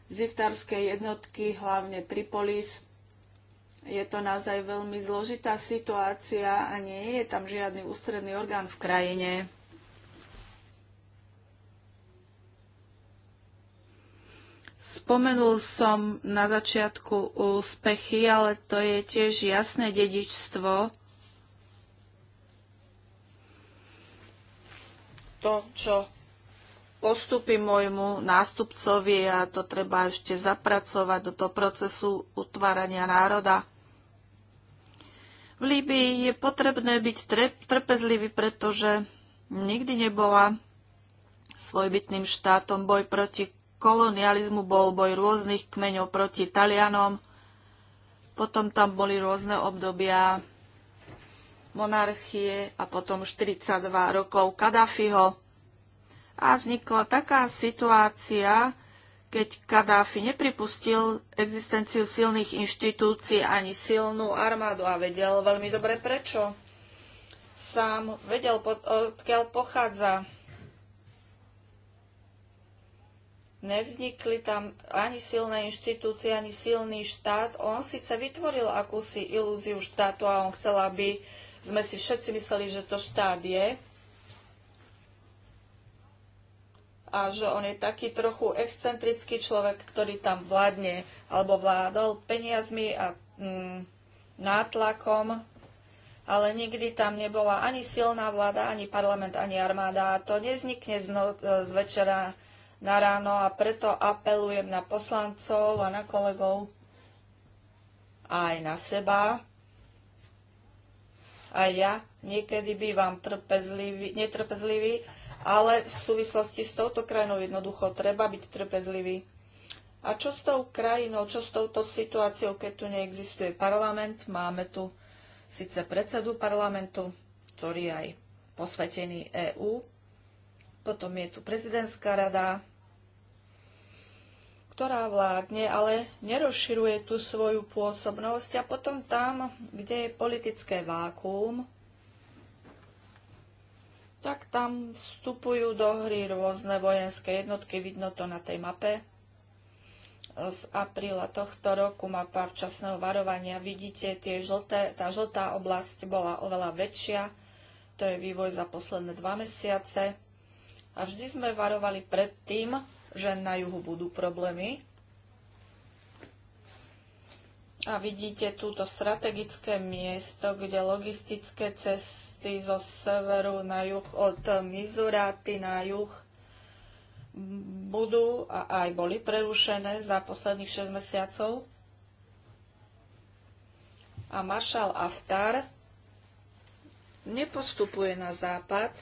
ziftarské jednotky, hlavne Tripolis. Je to naozaj veľmi zložitá situácia a nie je tam žiadny ústredný orgán v krajine. Spomenul som na začiatku úspechy, ale to je tiež jasné dedičstvo. To, čo postupí môjmu nástupcovi a to treba ešte zapracovať do toho procesu utvárania národa. V Líbii je potrebné byť trpezlivý, pretože nikdy nebola svojbytným štátom boj proti kolonializmu bol boj rôznych kmeňov proti Talianom. Potom tam boli rôzne obdobia monarchie a potom 42 rokov Kadáfiho. A vznikla taká situácia, keď Kadáfi nepripustil existenciu silných inštitúcií ani silnú armádu a vedel veľmi dobre prečo. Sám vedel, odkiaľ pochádza Nevznikli tam ani silné inštitúcie, ani silný štát. On síce vytvoril akúsi ilúziu štátu a on chcel, aby sme si všetci mysleli, že to štát je a že on je taký trochu excentrický človek, ktorý tam vládne alebo vládol peniazmi a mm, nátlakom, ale nikdy tam nebola ani silná vláda, ani parlament, ani armáda. A to neznikne z, no- z večera na ráno a preto apelujem na poslancov a na kolegov a aj na seba. A ja niekedy bývam trpezlivý, netrpezlivý, ale v súvislosti s touto krajinou jednoducho treba byť trpezlivý. A čo s tou krajinou, čo s touto situáciou, keď tu neexistuje parlament? Máme tu síce predsedu parlamentu, ktorý aj posvetený EÚ. Potom je tu prezidentská rada, ktorá vládne, ale nerozširuje tú svoju pôsobnosť a potom tam, kde je politické vákuum, tak tam vstupujú do hry rôzne vojenské jednotky, vidno to na tej mape. Z apríla tohto roku mapa včasného varovania, vidíte, tie žlté, tá žltá oblasť bola oveľa väčšia, to je vývoj za posledné dva mesiace. A vždy sme varovali pred tým, že na juhu budú problémy. A vidíte túto strategické miesto, kde logistické cesty zo severu na juh od Mizuráty na juh budú a aj boli prerušené za posledných 6 mesiacov. A maršal Aftar nepostupuje na západ,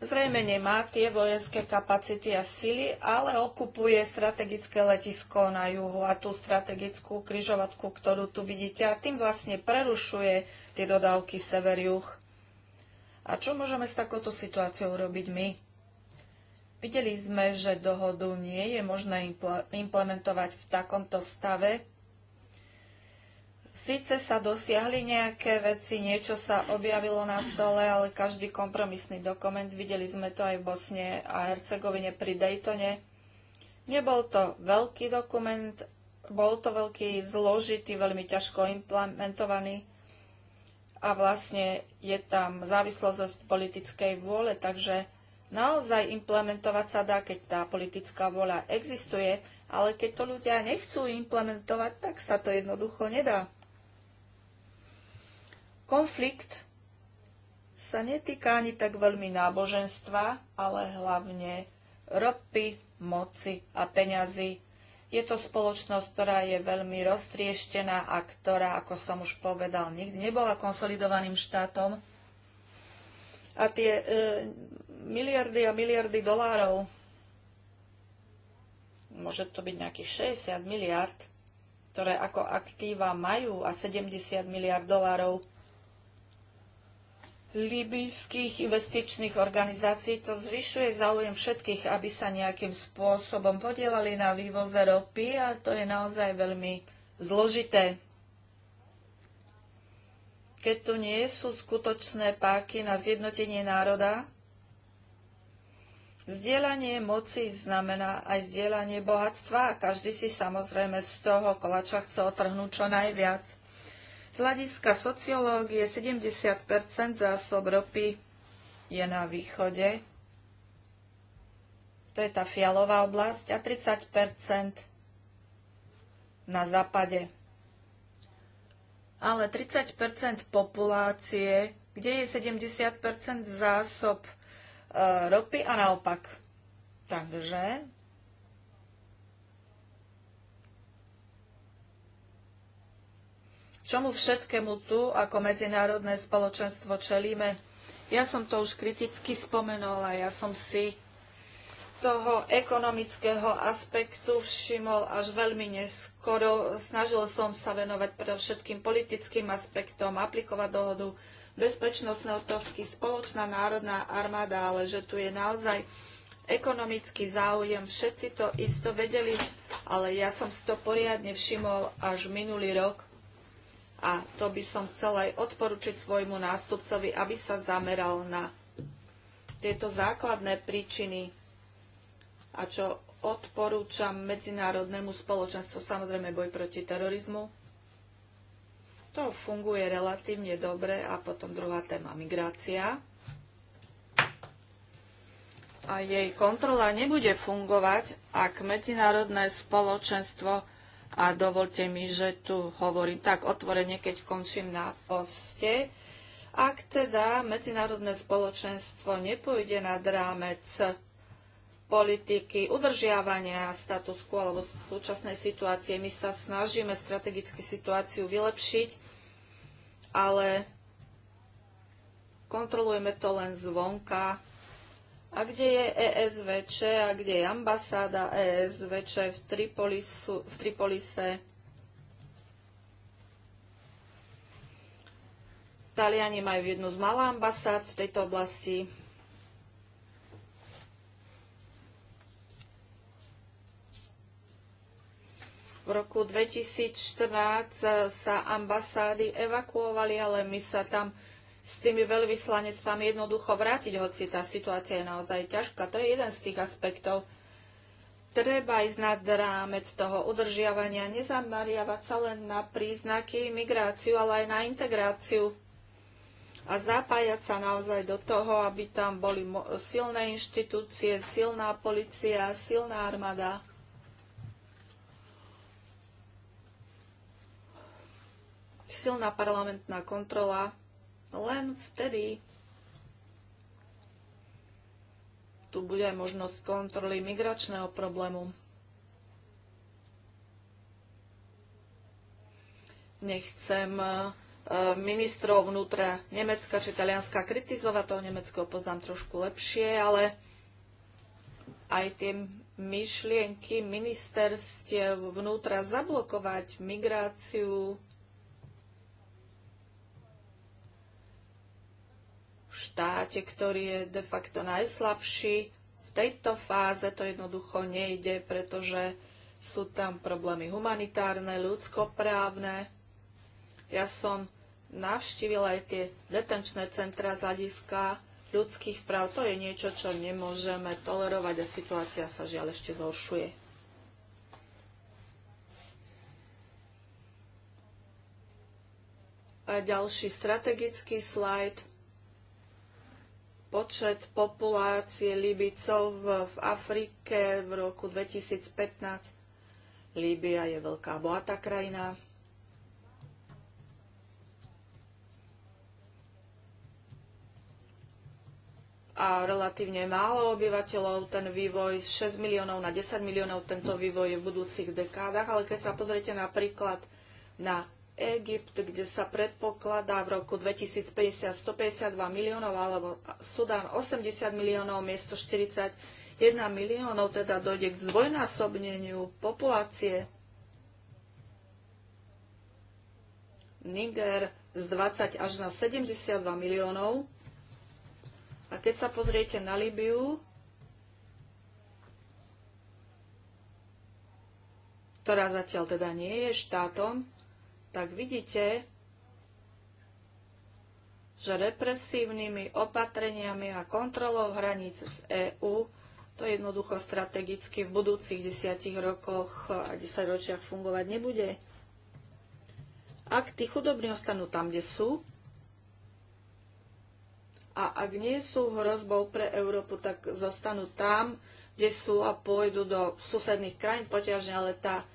Zrejme nemá tie vojenské kapacity a sily, ale okupuje strategické letisko na juhu a tú strategickú kryžovatku, ktorú tu vidíte, a tým vlastne prerušuje tie dodávky sever-juh. A čo môžeme s takouto situáciou robiť my? Videli sme, že dohodu nie je možné implementovať v takomto stave, Síce sa dosiahli nejaké veci, niečo sa objavilo na stole, ale každý kompromisný dokument, videli sme to aj v Bosne a Hercegovine pri Daytone, nebol to veľký dokument, bol to veľký, zložitý, veľmi ťažko implementovaný a vlastne je tam závislosť politickej vôle, takže naozaj implementovať sa dá, keď tá politická vôľa existuje, ale keď to ľudia nechcú implementovať, tak sa to jednoducho nedá. Konflikt sa netýka ani tak veľmi náboženstva, ale hlavne ropy, moci a peňazí. Je to spoločnosť, ktorá je veľmi roztrieštená a ktorá, ako som už povedal, nikdy nebola konsolidovaným štátom. A tie e, miliardy a miliardy dolárov, môže to byť nejakých 60 miliard, ktoré ako aktíva majú a 70 miliard dolárov, libyjských investičných organizácií. To zvyšuje záujem všetkých, aby sa nejakým spôsobom podielali na vývoze ropy a to je naozaj veľmi zložité. Keď tu nie sú skutočné páky na zjednotenie národa, Zdieľanie moci znamená aj zdieľanie bohatstva a každý si samozrejme z toho kolača chce otrhnúť čo najviac hľadiska sociológie 70 zásob ropy je na východe, to je tá fialová oblasť, a 30 na západe. Ale 30 populácie, kde je 70 zásob e, ropy a naopak. Takže čomu všetkému tu ako medzinárodné spoločenstvo čelíme. Ja som to už kriticky spomenula, ja som si toho ekonomického aspektu všimol až veľmi neskoro. Snažil som sa venovať všetkým politickým aspektom, aplikovať dohodu bezpečnostné otázky, spoločná národná armáda, ale že tu je naozaj ekonomický záujem. Všetci to isto vedeli, ale ja som si to poriadne všimol až minulý rok, a to by som chcela aj odporučiť svojmu nástupcovi, aby sa zameral na tieto základné príčiny a čo odporúčam medzinárodnému spoločenstvu, samozrejme boj proti terorizmu. To funguje relatívne dobre a potom druhá téma migrácia a jej kontrola nebude fungovať, ak medzinárodné spoločenstvo a dovolte mi, že tu hovorím tak otvorene, keď končím na poste. Ak teda medzinárodné spoločenstvo nepôjde na drámec politiky udržiavania status quo alebo súčasnej situácie. My sa snažíme strategicky situáciu vylepšiť, ale kontrolujeme to len zvonka a kde je ESVČ a kde je ambasáda ESVČ v, Tripolisu, v Tripolise? Taliani majú jednu z malých ambasád v tejto oblasti. V roku 2014 sa ambasády evakuovali, ale my sa tam s tými veľvyslanectvami jednoducho vrátiť, hoci tá situácia je naozaj ťažká. To je jeden z tých aspektov. Treba ísť nad rámec toho udržiavania, nezamariavať sa len na príznaky migráciu, ale aj na integráciu a zapájať sa naozaj do toho, aby tam boli silné inštitúcie, silná policia, silná armáda. silná parlamentná kontrola len vtedy tu bude aj možnosť kontroly migračného problému. Nechcem e, ministrov vnútra Nemecka či Talianska kritizovať, toho Nemeckého poznám trošku lepšie, ale aj tie myšlienky ministerstiev vnútra zablokovať migráciu v štáte, ktorý je de facto najslabší. V tejto fáze to jednoducho nejde, pretože sú tam problémy humanitárne, ľudskoprávne. Ja som navštívila aj tie detenčné centra z hľadiska ľudských práv. To je niečo, čo nemôžeme tolerovať a situácia sa žiaľ ešte zhoršuje. A ďalší strategický slajd počet populácie Libicov v Afrike v roku 2015. Líbia je veľká bohatá krajina. a relatívne málo obyvateľov, ten vývoj z 6 miliónov na 10 miliónov, tento vývoj je v budúcich dekádach, ale keď sa pozriete napríklad na Egypt, kde sa predpokladá v roku 2050 152 miliónov, alebo Sudán 80 miliónov miesto 41 miliónov, teda dojde k zdvojnásobneniu populácie. Niger z 20 až na 72 miliónov. A keď sa pozriete na Libiu, ktorá zatiaľ teda nie je štátom, tak vidíte, že represívnymi opatreniami a kontrolou hraníc z EÚ to jednoducho strategicky v budúcich desiatich rokoch a desaťročiach fungovať nebude. Ak tí chudobní ostanú tam, kde sú, a ak nie sú hrozbou pre Európu, tak zostanú tam, kde sú a pôjdu do susedných krajín poťažne, ale tá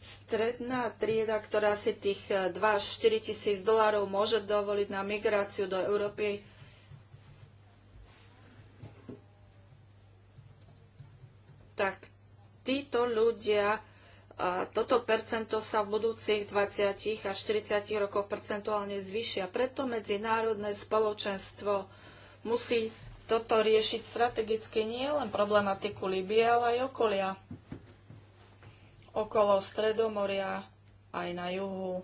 Stredná trieda, ktorá si tých 2-4 eh, tisíc dolárov môže dovoliť na migráciu do Európy, tak títo ľudia, toto percento sa v budúcich 20 až 40 rokoch percentuálne zvyšia. Preto medzinárodné spoločenstvo musí toto riešiť strategicky nie len problematiku Libie, ale aj okolia okolo Stredomoria aj na juhu.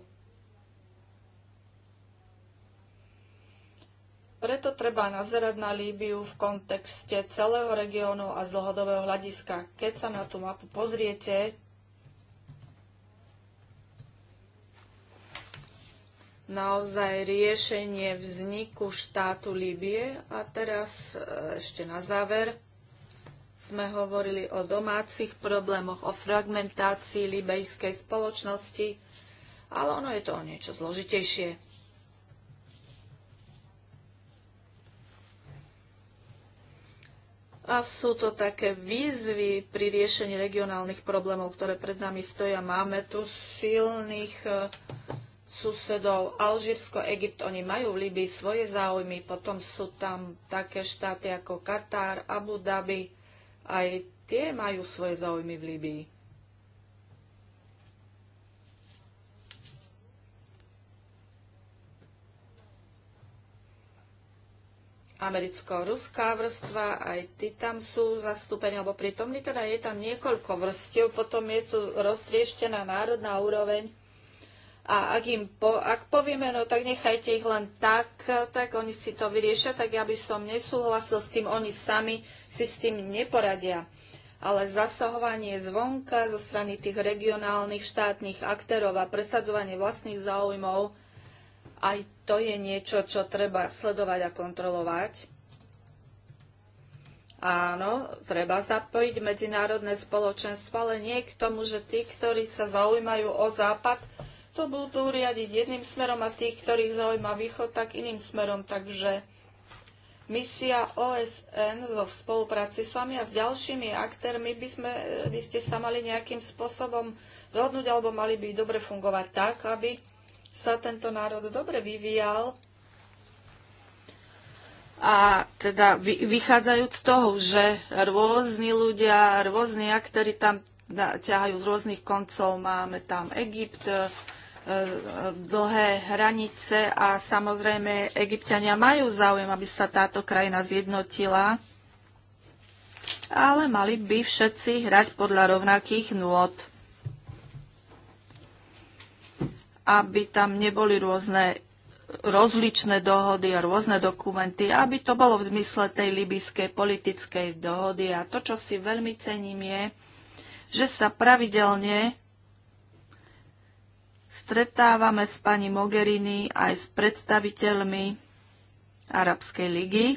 Preto treba nazerať na Líbiu v kontexte celého regiónu a z dlhodobého hľadiska. Keď sa na tú mapu pozriete, naozaj riešenie vzniku štátu Líbie. A teraz e, ešte na záver sme hovorili o domácich problémoch, o fragmentácii libejskej spoločnosti, ale ono je to o niečo zložitejšie. A sú to také výzvy pri riešení regionálnych problémov, ktoré pred nami stoja. Máme tu silných e, susedov Alžírsko, Egypt, oni majú v Libii svoje záujmy, potom sú tam také štáty ako Katar, Abu Dhabi, aj tie majú svoje záujmy v Líbii. americko-ruská vrstva, aj ty tam sú zastúpení, alebo prítomní, teda je tam niekoľko vrstiev, potom je tu roztrieštená národná úroveň a ak im po, ak povieme, no tak nechajte ich len tak, tak oni si to vyriešia, tak ja by som nesúhlasil s tým, oni sami si s tým neporadia. Ale zasahovanie zvonka zo strany tých regionálnych štátnych aktérov a presadzovanie vlastných záujmov, aj to je niečo, čo treba sledovať a kontrolovať. Áno, treba zapojiť medzinárodné spoločenstvo, ale nie k tomu, že tí, ktorí sa zaujímajú o Západ, to budú riadiť jedným smerom a tých, ktorých zaujíma východ, tak iným smerom. Takže misia OSN zo spolupráci s vami a s ďalšími aktérmi by, sme, eh, by ste sa mali nejakým spôsobom dohodnúť alebo mali by dobre fungovať tak, aby sa tento národ dobre vyvíjal a teda vychádzajúc z toho, že rôzni ľudia, rôzni aktéry tam ťahajú z rôznych koncov, máme tam Egypt, dlhé hranice a samozrejme egyptiania majú záujem, aby sa táto krajina zjednotila, ale mali by všetci hrať podľa rovnakých nôd, aby tam neboli rôzne rozličné dohody a rôzne dokumenty, aby to bolo v zmysle tej libyskej politickej dohody. A to, čo si veľmi cením, je, že sa pravidelne stretávame s pani Mogherini aj s predstaviteľmi Arabskej ligy,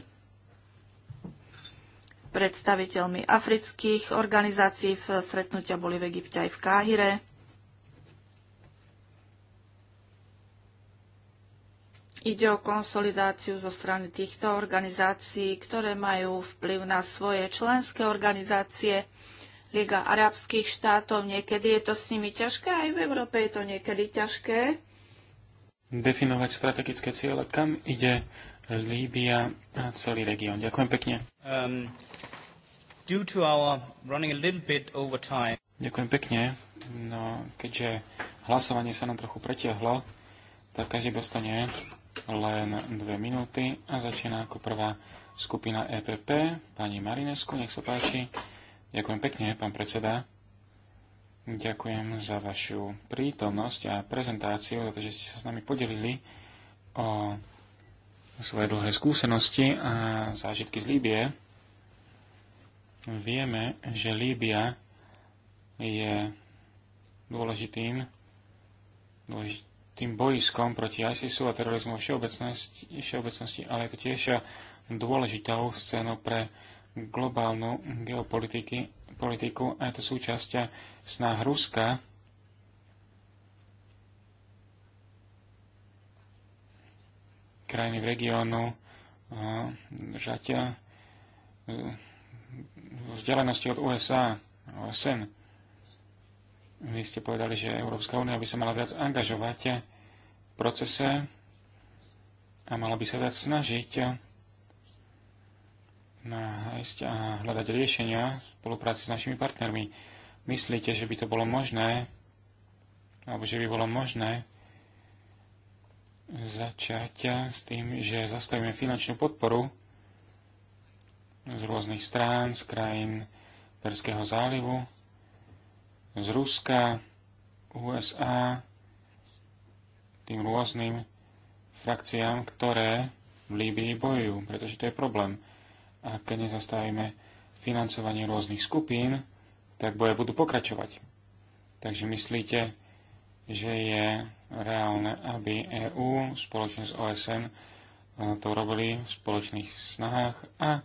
predstaviteľmi afrických organizácií. V stretnutia boli v Egypte aj v Káhire. Ide o konsolidáciu zo strany týchto organizácií, ktoré majú vplyv na svoje členské organizácie Liga arabských štátov. Niekedy je to s nimi ťažké, aj v Európe je to niekedy ťažké. Definovať strategické ciele, kam ide Líbia a celý región. Ďakujem pekne. Um, due to our a bit over time. Ďakujem pekne. No, keďže hlasovanie sa nám trochu pretiahlo, tak každý dostane len dve minúty a začína ako prvá skupina EPP. Pani Marinesku, nech sa páči. Ďakujem pekne, pán predseda. Ďakujem za vašu prítomnosť a prezentáciu, za to, že ste sa s nami podelili o svoje dlhé skúsenosti a zážitky z Líbie. Vieme, že Líbia je dôležitým, dôležitým bojiskom proti ISISu a terorizmu všeobecnosti, všeobecnosti, ale je to tiež dôležitou scénou pre globálnu geopolitiku a je to súčasť snah Ruska krajiny v regiónu žatia vzdialenosti od USA, OSN. Vy ste povedali, že Európska únia by sa mala viac angažovať v procese a mala by sa viac snažiť nájsť a hľadať riešenia v spolupráci s našimi partnermi. Myslíte, že by to bolo možné, alebo že by bolo možné začať s tým, že zastavíme finančnú podporu z rôznych strán, z krajín Perského zálivu, z Ruska, USA, tým rôznym frakciám, ktoré v Líbii bojujú, pretože to je problém ak nezastavíme financovanie rôznych skupín, tak boje budú pokračovať. Takže myslíte, že je reálne, aby EÚ spoločne s OSN e, to robili v spoločných snahách a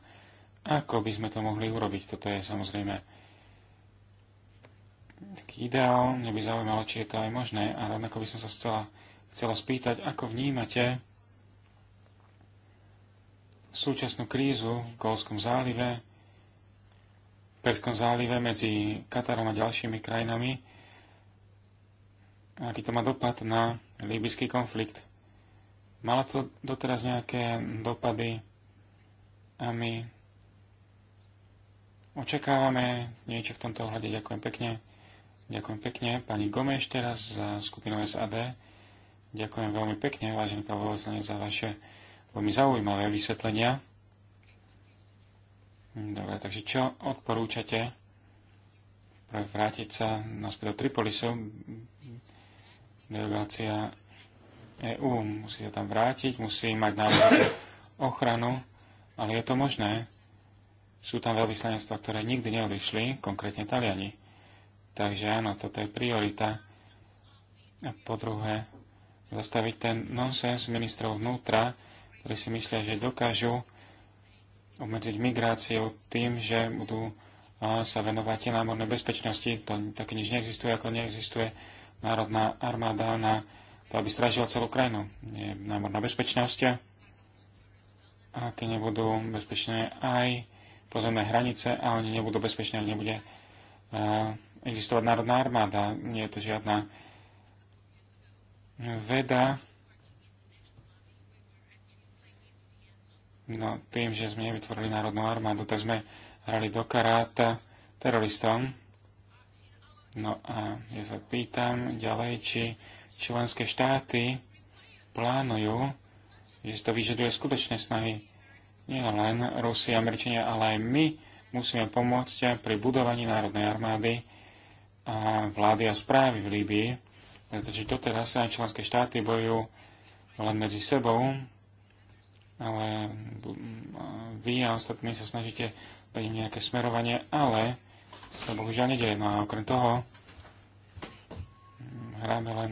ako by sme to mohli urobiť. Toto je samozrejme taký ideál. Mňa by zaujímalo, či je to aj možné. A rovnako by som sa chcela, chcela spýtať, ako vnímate súčasnú krízu v Golskom zálive, v Perskom zálive medzi Katarom a ďalšími krajinami, aký to má dopad na líbyský konflikt. Mala to doteraz nejaké dopady a my očakávame niečo v tomto ohľade. Ďakujem pekne. Ďakujem pekne pani Gome ešte raz za skupinu SAD. Ďakujem veľmi pekne, vážený pán za vaše veľmi zaujímavé vysvetlenia. Dobre, takže čo odporúčate pre vrátiť sa naspäť do Tripolisu? Delegácia EÚ musí sa tam vrátiť, musí mať náležitú ochranu, ale je to možné. Sú tam veľvyslanectvá, ktoré nikdy neodišli, konkrétne Taliani. Takže áno, toto je priorita. A po druhé, zastaviť ten nonsens ministrov vnútra, ktorí si myslia, že dokážu obmedziť migráciu tým, že budú sa venovať námornej bezpečnosti. To také nič neexistuje, ako neexistuje národná armáda na to, aby strážila celú krajinu. Je námorná bezpečnosť a keď nebudú bezpečné aj pozemné hranice a oni nebudú bezpečné, ak nebude existovať národná armáda. Nie je to žiadna veda, No, tým, že sme nevytvorili národnú armádu, tak sme hrali do karáta teroristom. No a ja sa pýtam ďalej, či členské štáty plánujú, že to vyžaduje skutočné snahy. Nie len Rusi, Američania, ale aj my musíme pomôcť pri budovaní národnej armády a vlády a správy v Líbii, pretože doteraz sa členské štáty bojujú len medzi sebou, ale mm, vy a ostatní sa snažíte dať im nejaké smerovanie, ale sa bohužiaľ nedeje. No a okrem toho mm, hráme len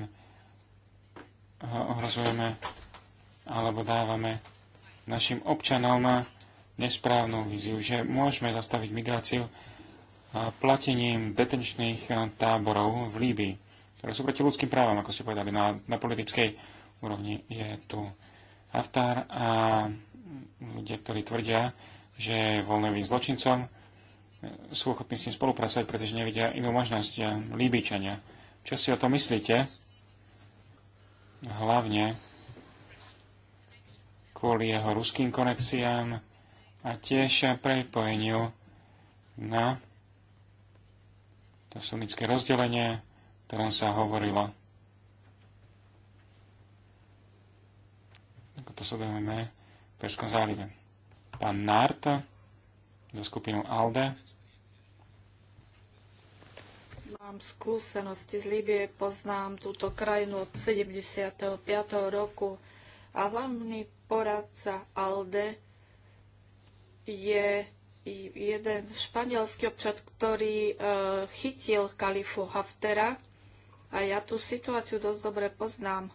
ohrozujeme alebo dávame našim občanom nesprávnu víziu, že môžeme zastaviť migráciu platením detenčných táborov v Líbii, ktoré sú proti ľudským právam, ako ste povedali, na, no na politickej úrovni je tu Haftar a ľudia, ktorí tvrdia, že je voľnovým zločincom, sú ochotní s ním spolupracovať, pretože nevidia inú možnosť Líbičania. Čo si o to myslíte? Hlavne kvôli jeho ruským konexiám a tiež prepojeniu na to sumické rozdelenie, ktorom sa hovorilo. ako to sledujeme v Perskom zálive. Pán Nárta zo skupinu ALDE. Mám skúsenosti z Líbie, poznám túto krajinu od 75. roku a hlavný poradca ALDE je jeden španielský občan, ktorý e, chytil kalifu Haftera a ja tú situáciu dosť dobre poznám.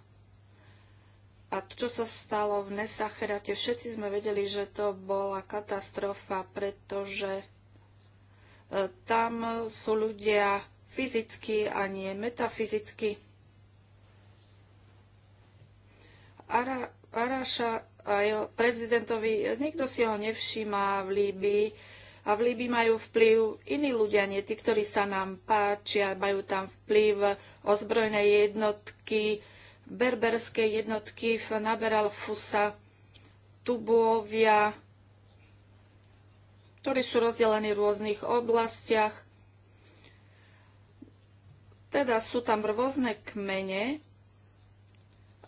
A čo sa stalo v Nesacherate, všetci sme vedeli, že to bola katastrofa, pretože e, tam sú ľudia fyzicky a nie metafyzicky. Ara, Araša a jeho prezidentovi, e, nikto si ho nevšíma v Líbii a v Líbii majú vplyv iní ľudia, nie tí, ktorí sa nám páčia, majú tam vplyv ozbrojené jednotky, berberské jednotky v Naberal Fusa, Tubovia, ktorí sú rozdelení v rôznych oblastiach. Teda sú tam rôzne kmene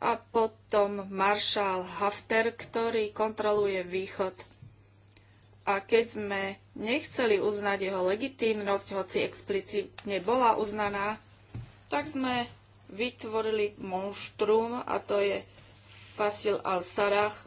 a potom maršál Hafter, ktorý kontroluje východ. A keď sme nechceli uznať jeho legitímnosť, hoci explicitne bola uznaná, tak sme vytvorili monštrum a to je Fasil al sarach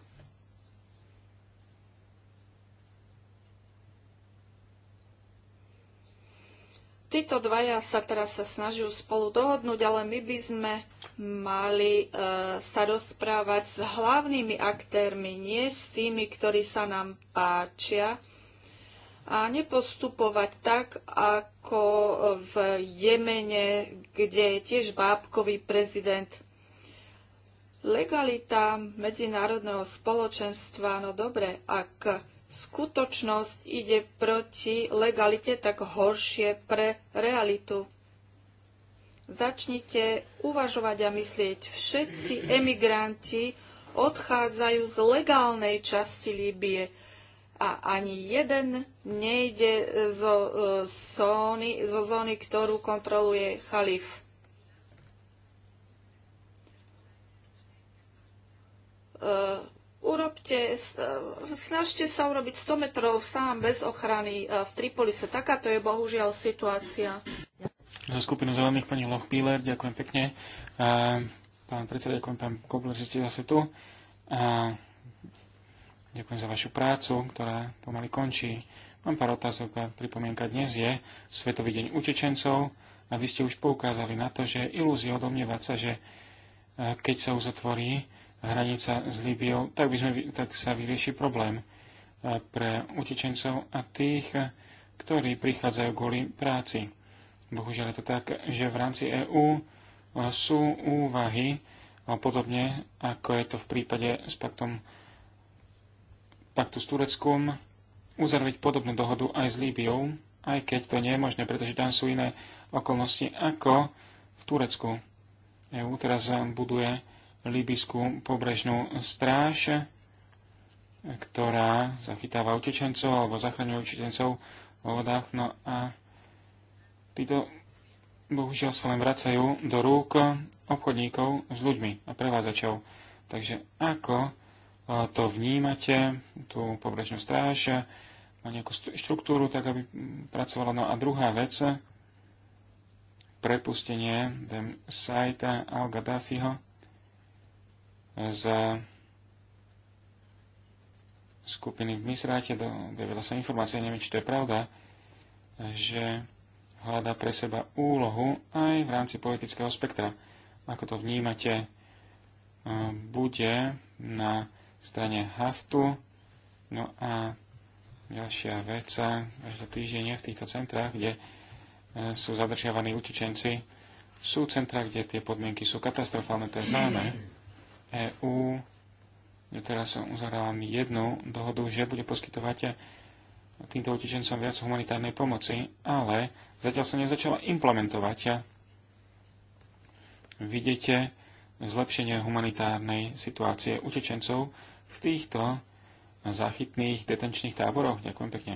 Títo dvaja sa teraz sa snažujú spolu dohodnúť, ale my by sme mali e, sa rozprávať s hlavnými aktérmi, nie s tými, ktorí sa nám páčia, a nepostupovať tak, ako v Jemene, kde je tiež bábkový prezident. Legalita medzinárodného spoločenstva, no dobre, ak skutočnosť ide proti legalite, tak horšie pre realitu. Začnite uvažovať a myslieť. Všetci emigranti odchádzajú z legálnej časti Líbie a ani jeden nejde zo, zóny, e, zo zóny, ktorú kontroluje chalif. E, urobte, e, snažte sa urobiť 100 metrov sám bez ochrany v Tripolise. Takáto je bohužiaľ situácia. Za skupinu zelených pani Lochpíler, ďakujem pekne. Pán predseda, ďakujem pán Kobler, že ste zase tu. A Ďakujem za vašu prácu, ktorá pomaly končí. Mám pár otázok a pripomienka dnes je Svetový deň utečencov a vy ste už poukázali na to, že ilúzia odomnievať sa, že e, keď sa uzatvorí hranica s Líbiou, tak, by sme, tak sa vyrieši problém e, pre utečencov a tých, ktorí prichádzajú kvôli práci. Bohužiaľ je to tak, že v rámci EÚ e, sú úvahy, podobne ako je to v prípade s paktom paktu s Tureckom uzavrieť podobnú dohodu aj s Líbiou, aj keď to nie je možné, pretože tam sú iné okolnosti ako v Turecku. EU teraz buduje líbyskú pobrežnú stráž, ktorá zachytáva utečencov alebo zachraňuje utečencov vo vodách. No a títo bohužiaľ sa len vracajú do rúk obchodníkov s ľuďmi a prevádzačov. Takže ako to vnímate, tú pobrežnú stráž, má nejakú štruktúru, tak aby pracovala. No a druhá vec, prepustenie dem Saita al-Gaddafiho z skupiny v Misráte, Dovedla sa informácia, neviem, či to je pravda, že hľadá pre seba úlohu aj v rámci politického spektra. Ako to vnímate, bude na strane Haftu. No a ďalšia vec, až do týždenia v týchto centrách, kde e, sú zadržiavaní utečenci, sú centra, kde tie podmienky sú katastrofálne, to je známe. E ja teraz som uzavrela jednu dohodu, že bude poskytovať týmto utečencom viac humanitárnej pomoci, ale zatiaľ sa nezačala implementovať. Vidíte zlepšenie humanitárnej situácie utečencov, v týchto záchytných detenčných táboroch. Ďakujem pekne.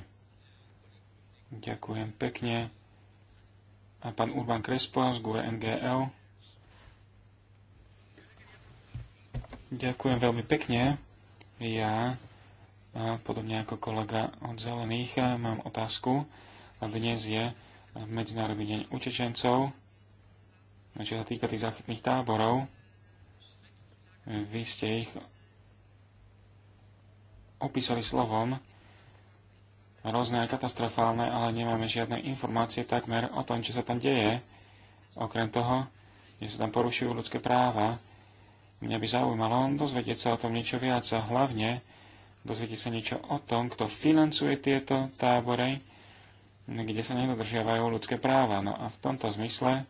Ďakujem pekne. A pán Urban Krespo z GUE NGL. Ďakujem veľmi pekne. Ja, podobne ako kolega od Zelených, mám otázku. A dnes je Medzinárodný deň učečencov. Čo sa týka tých záchytných táborov, vy ste ich opísali slovom rôzne aj katastrofálne, ale nemáme žiadne informácie takmer o tom, čo sa tam deje. Okrem toho, že sa tam porušujú ľudské práva, mňa by zaujímalo dozvedieť sa o tom niečo viac a hlavne dozvedieť sa niečo o tom, kto financuje tieto tábory, kde sa nedodržiavajú ľudské práva. No a v tomto zmysle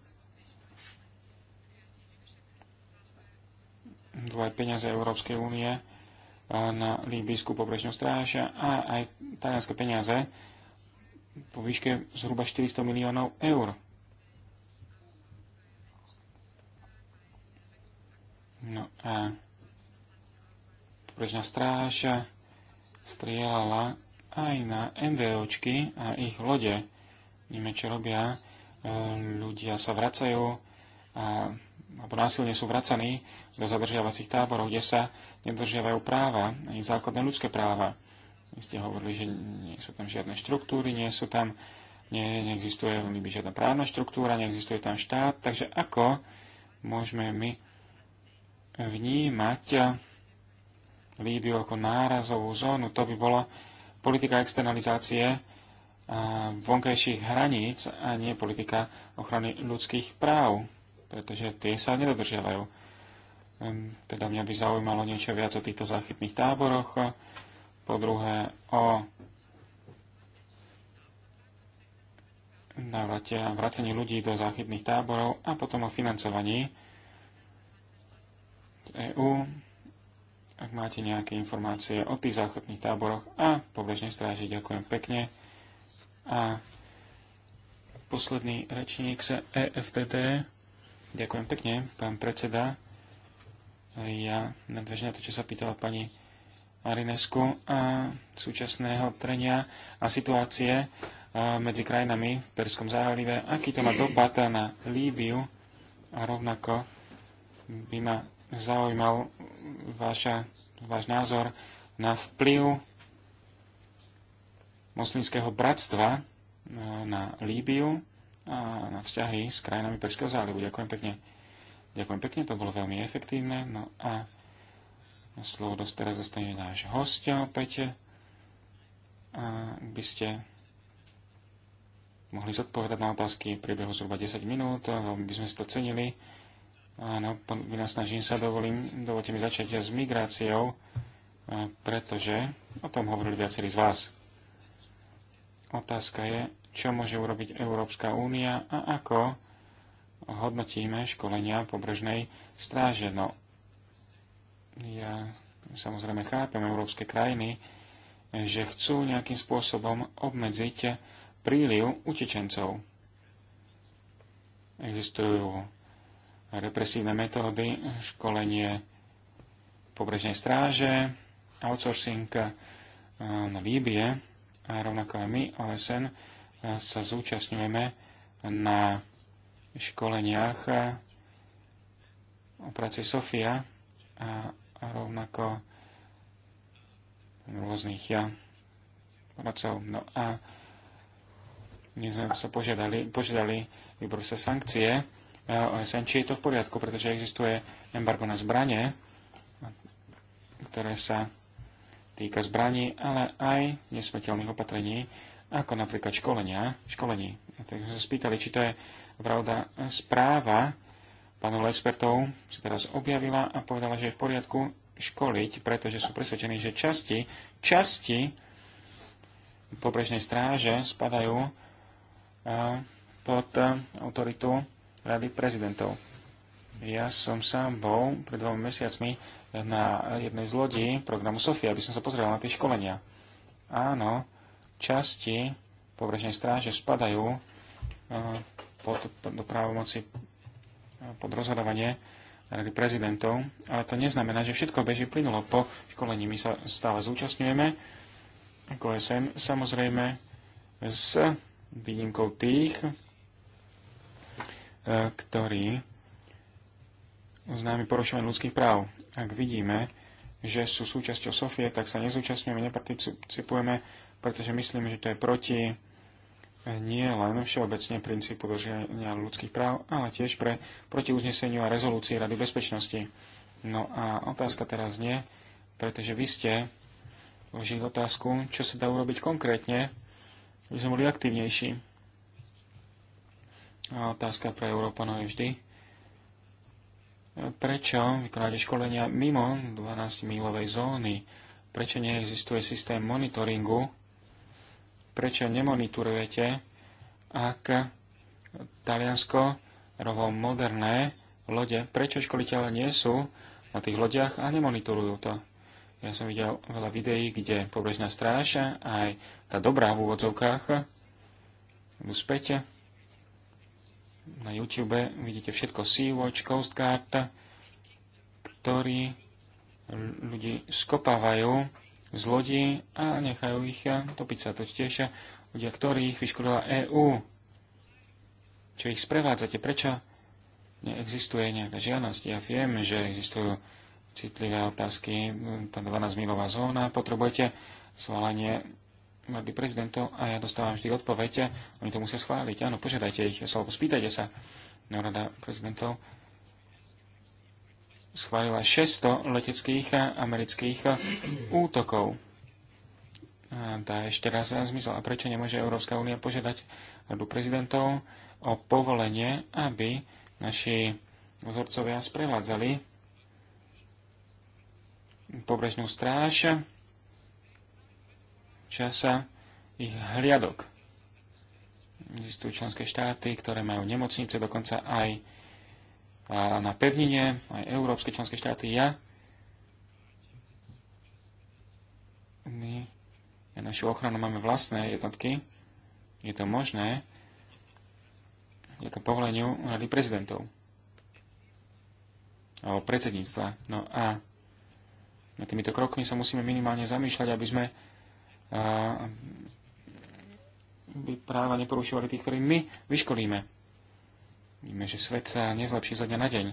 dvoje peniaze Európskej únie na líbyskú pobrežnú stráža a aj talianské peniaze po výške zhruba 400 miliónov eur. No a pobrežná stráža strieľala aj na MVOčky a ich lode. Vieme, čo robia. Ehm, ľudia sa vracajú a alebo násilne sú vracaní do zadržiavacích táborov, kde sa nedržiavajú práva, ani základné ľudské práva. Vy ste hovorili, že nie sú tam žiadne štruktúry, nie sú tam, nie, neexistuje by žiadna právna štruktúra, neexistuje tam štát, takže ako môžeme my vnímať Líbiu ako nárazovú zónu, to by bola politika externalizácie vonkajších hraníc a nie politika ochrany ľudských práv pretože tie sa nedodržiavajú. Ehm, teda mňa by zaujímalo niečo viac o týchto záchytných táboroch, po druhé o návrate a vracení ľudí do záchytných táborov a potom o financovaní z EÚ, ak máte nejaké informácie o tých záchytných táboroch a pobrežnej stráži. Ďakujem pekne. A posledný rečník sa EFTD. Ďakujem pekne, pán predseda. Ja nadväžne na to, čo sa pýtala pani Marinesku a súčasného trenia a situácie medzi krajinami v Perskom zálive, aký to má dopad na Líbiu a rovnako by ma zaujímal váša, váš názor na vplyv moslimského bratstva na Líbiu na vzťahy s krajinami Perského zálivu. Ďakujem pekne. Ďakujem pekne, to bolo veľmi efektívne. No a slovo dosť teraz zostane náš host opäť. A by ste mohli zodpovedať na otázky v priebehu zhruba 10 minút, veľmi by sme si cenili. Áno, nás snažím sa, dovolím, dovolte mi začať s migráciou, pretože o tom hovorili viacerí z vás. Otázka je, čo môže urobiť Európska únia a ako hodnotíme školenia pobrežnej stráže. No, ja samozrejme chápem európske krajiny, že chcú nejakým spôsobom obmedziť príliv utečencov. Existujú represívne metódy, školenie pobrežnej stráže, outsourcing eh, na Líbie a rovnako aj my, OSN, sa zúčastňujeme na školeniach o práci Sofia a rovnako rôznych ja, pracov. No a my sme sa požiadali, požiadali výbor sa sankcie OSN, či je to v poriadku, pretože existuje embargo na zbranie, ktoré sa týka zbraní, ale aj nesmrteľných opatrení ako napríklad školenia, školení. Takže sa spýtali, či to je pravda správa panel expertov sa teraz objavila a povedala, že je v poriadku školiť, pretože sú presvedčení, že časti, časti pobrežnej stráže spadajú eh, pod eh, autoritu Rady prezidentov. Ja som sám bol pred dvomi mesiacmi na jednej z lodí programu Sofia, aby som sa pozrel na tie školenia. Áno, časti pobrežnej stráže spadajú pod, eh, pod, do právomoci eh, pod rozhodovanie rady prezidentov, ale to neznamená, že všetko beží plynulo. Po školení my sa stále zúčastňujeme ako SN, samozrejme s výnimkou tých, eh, ktorí známi porušovanie ľudských práv. Ak vidíme, že sú súčasťou Sofie, tak sa nezúčastňujeme, neparticipujeme pretože myslím, že to je proti eh, nie len všeobecne princípu dodržiavania ľudských práv, ale tiež pre proti uzneseniu a rezolúcii Rady bezpečnosti. No a otázka teraz nie, pretože vy ste vložili otázku, čo sa dá urobiť konkrétne, aby sme boli aktívnejší. A otázka pre Európanov je vždy, prečo vykonáte školenia mimo 12-mílovej zóny, prečo neexistuje systém monitoringu prečo nemonitorujete, ak Taliansko rovo moderné lode, prečo školiteľe nie sú na tých lodiach a nemonitorujú to. Ja som videl veľa videí, kde pobrežná stráž, aj tá dobrá v úvodzovkách, v na YouTube vidíte všetko Sea-Watch, Coast Guard, ktorí ľudí skopávajú zlodí a nechajú ich eh, topiť sa. To tiež eh, ľudia, ktorých vyškodila EÚ. Čo ich sprevádzate? Prečo neexistuje nejaká žiadnosť? Ja viem, že existujú citlivé otázky, hm, tá 12-milová zóna, potrebujete svalanie rady prezidentov a ja dostávam vždy odpovede, oni to musia schváliť. Áno, požiadajte ich, alebo spýtajte sa na rada prezidentov schválila 600 leteckých amerických útokov. A tá ešte raz zmizla. A prečo nemôže Európska únia požiadať radu prezidentov o povolenie, aby naši vzorcovia sprevádzali pobrežnú stráž časa ich hliadok. Existujú členské štáty, ktoré majú nemocnice, dokonca aj a na pevnine, aj európske členské štáty, ja, my na našu ochranu máme vlastné jednotky, je to možné ako povoleniu rady prezidentov alebo predsedníctva. No a na týmito krokmi sa musíme minimálne zamýšľať, aby sme a, by práva neporušovali tých, ktorých my vyškolíme. Víme, že svet sa nezlepší zo dňa na deň.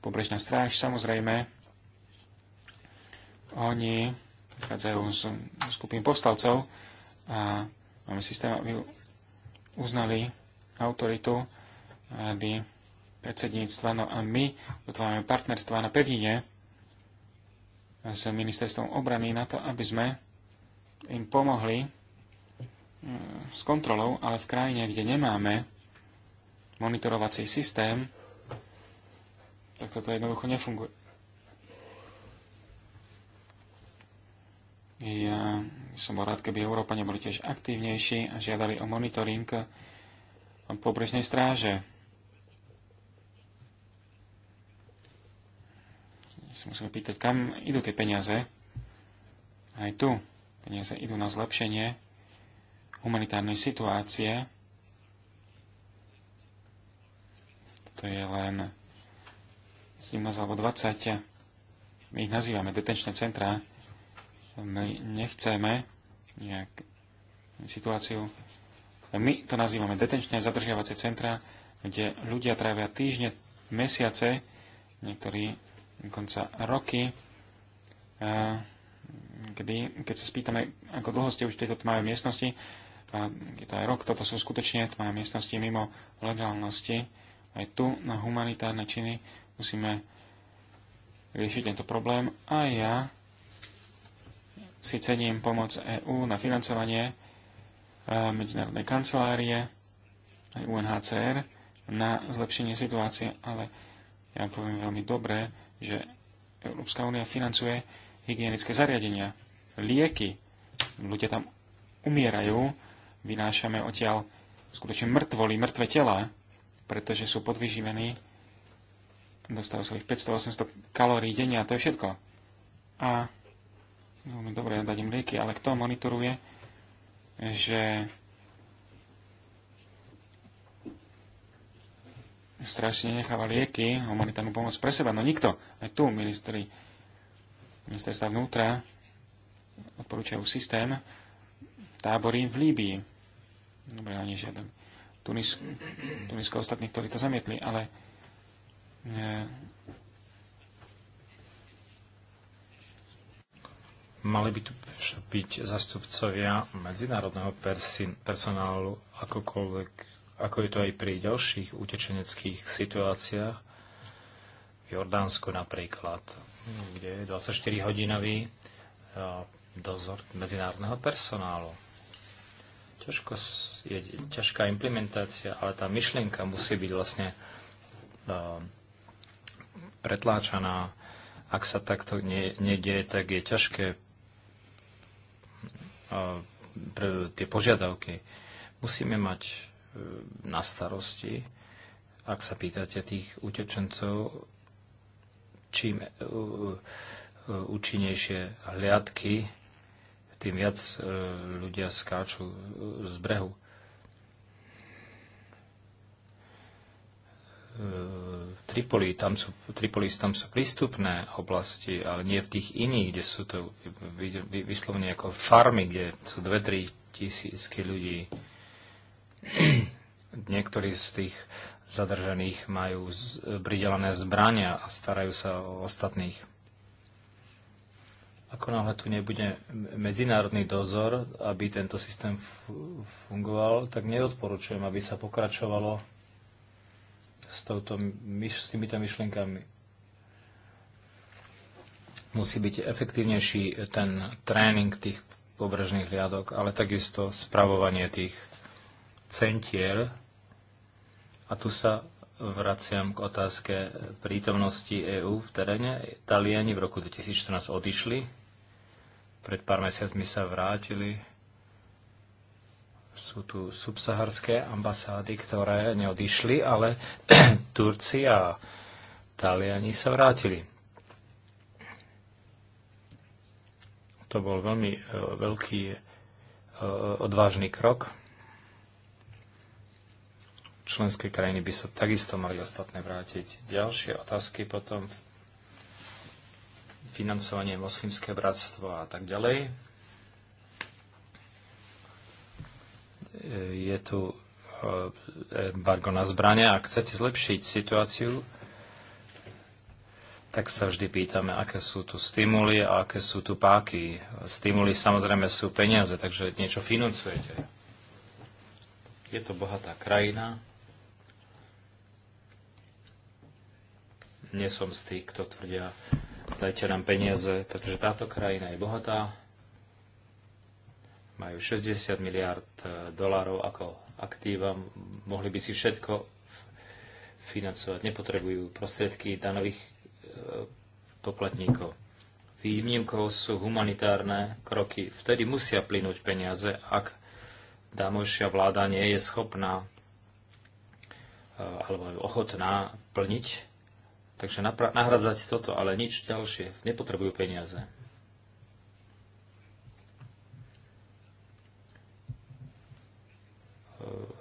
Pobrežná stráž, samozrejme, oni prichádzajú z skupín povstalcov a máme systém, aby uznali autoritu rady predsedníctva. No a my dotvárame partnerstva na pevnine s ministerstvom obrany na to, aby sme im pomohli mm, s kontrolou, ale v krajine, kde nemáme monitorovací systém, tak toto jednoducho nefunguje. Ja som bol rád, keby Európania boli tiež aktívnejší a žiadali o monitoring pobrežnej stráže. Si musíme pýtať, kam idú tie peniaze. Aj tu peniaze idú na zlepšenie humanitárnej situácie to je len 17 alebo 20. My ich nazývame detenčné centrá. My nechceme nejak situáciu. My to nazývame detenčné zadržiavacie centrá, kde ľudia trávia týždne, mesiace, niektorí dokonca roky, kedy, keď sa spýtame, ako dlho ste už v tejto tmavej miestnosti, a je to aj rok, toto sú skutočne tmavé miestnosti mimo legálnosti, aj tu na humanitárne činy musíme riešiť tento problém a ja si cením pomoc EÚ na financovanie e, medzinárodnej kancelárie aj UNHCR na zlepšenie situácie, ale ja vám poviem veľmi dobre, že Európska únia financuje hygienické zariadenia, lieky, ľudia tam umierajú, vynášame odtiaľ skutočne mŕtvoly, mŕtve tela, pretože sú podvyživení, dostávajú svojich 500-800 kalórií denne a to je všetko. A veľmi dobre dať im lieky, ale kto monitoruje, že strašne necháva lieky, humanitárnu pomoc pre seba. No nikto. Aj tu ministri ministerstva vnútra odporúčajú systém tábory v Líbii. Dobre, ale nežiadam Tunis, Tunisko ostatní, ktorí to zamietli, ale e, mali by tu byť zastupcovia medzinárodného personálu, akokoľvek, ako je to aj pri ďalších utečeneckých situáciách, v Jordánsku napríklad, kde je 24-hodinový e, dozor medzinárodného personálu. Ťažko je ťažká implementácia, ale tá myšlienka musí byť vlastne uh, pretláčaná. Ak sa takto ne, nedieje, tak je ťažké uh, pre tie požiadavky. Musíme mať uh, na starosti, ak sa pýtate tých utečencov, čím e, e, účinnejšie hliadky tým viac e, ľudia skáču e, z brehu. E, Tripoli, tam sú, Tripoli, tam sú prístupné oblasti, ale nie v tých iných, kde sú to vyslovene ako farmy, kde sú dve, tri tisícky ľudí. (clears throat) Niektorí z tých zadržaných majú pridelené zbrania a starajú sa o ostatných. Ako náhle tu nebude medzinárodný dozor, aby tento systém fungoval, tak neodporúčujem, aby sa pokračovalo s, touto, s týmito myšlienkami. Musí byť efektívnejší ten tréning tých pobrežných hliadok, ale takisto spravovanie tých centier. A tu sa vraciam k otázke prítomnosti EÚ v teréne. Taliani v roku 2014 odišli pred pár mesiacmi sa vrátili. Sú tu subsaharské ambasády, ktoré neodišli, ale (clears throat) Turci a Taliani sa vrátili. To bol veľmi e, veľký e, odvážny krok. Členské krajiny by sa takisto mali ostatné vrátiť. Ďalšie otázky potom v financovanie moslimské bratstvo a tak ďalej. E, je tu e, embargo na zbrania. Ak chcete zlepšiť situáciu, tak sa vždy pýtame, aké sú tu stimuly a aké sú tu páky. Stimuly samozrejme sú peniaze, takže niečo financujete. Je to bohatá krajina. Nie som z tých, kto tvrdia, dajte nám peniaze, pretože táto krajina je bohatá, majú 60 miliard e, dolárov ako aktíva, mohli by si všetko financovať, nepotrebujú prostriedky danových e, poplatníkov. Výnimkou sú humanitárne kroky. Vtedy musia plynúť peniaze, ak dámovšia vláda nie je schopná e, alebo ochotná plniť Takže nahradzať toto, ale nič ďalšie. Nepotrebujú peniaze.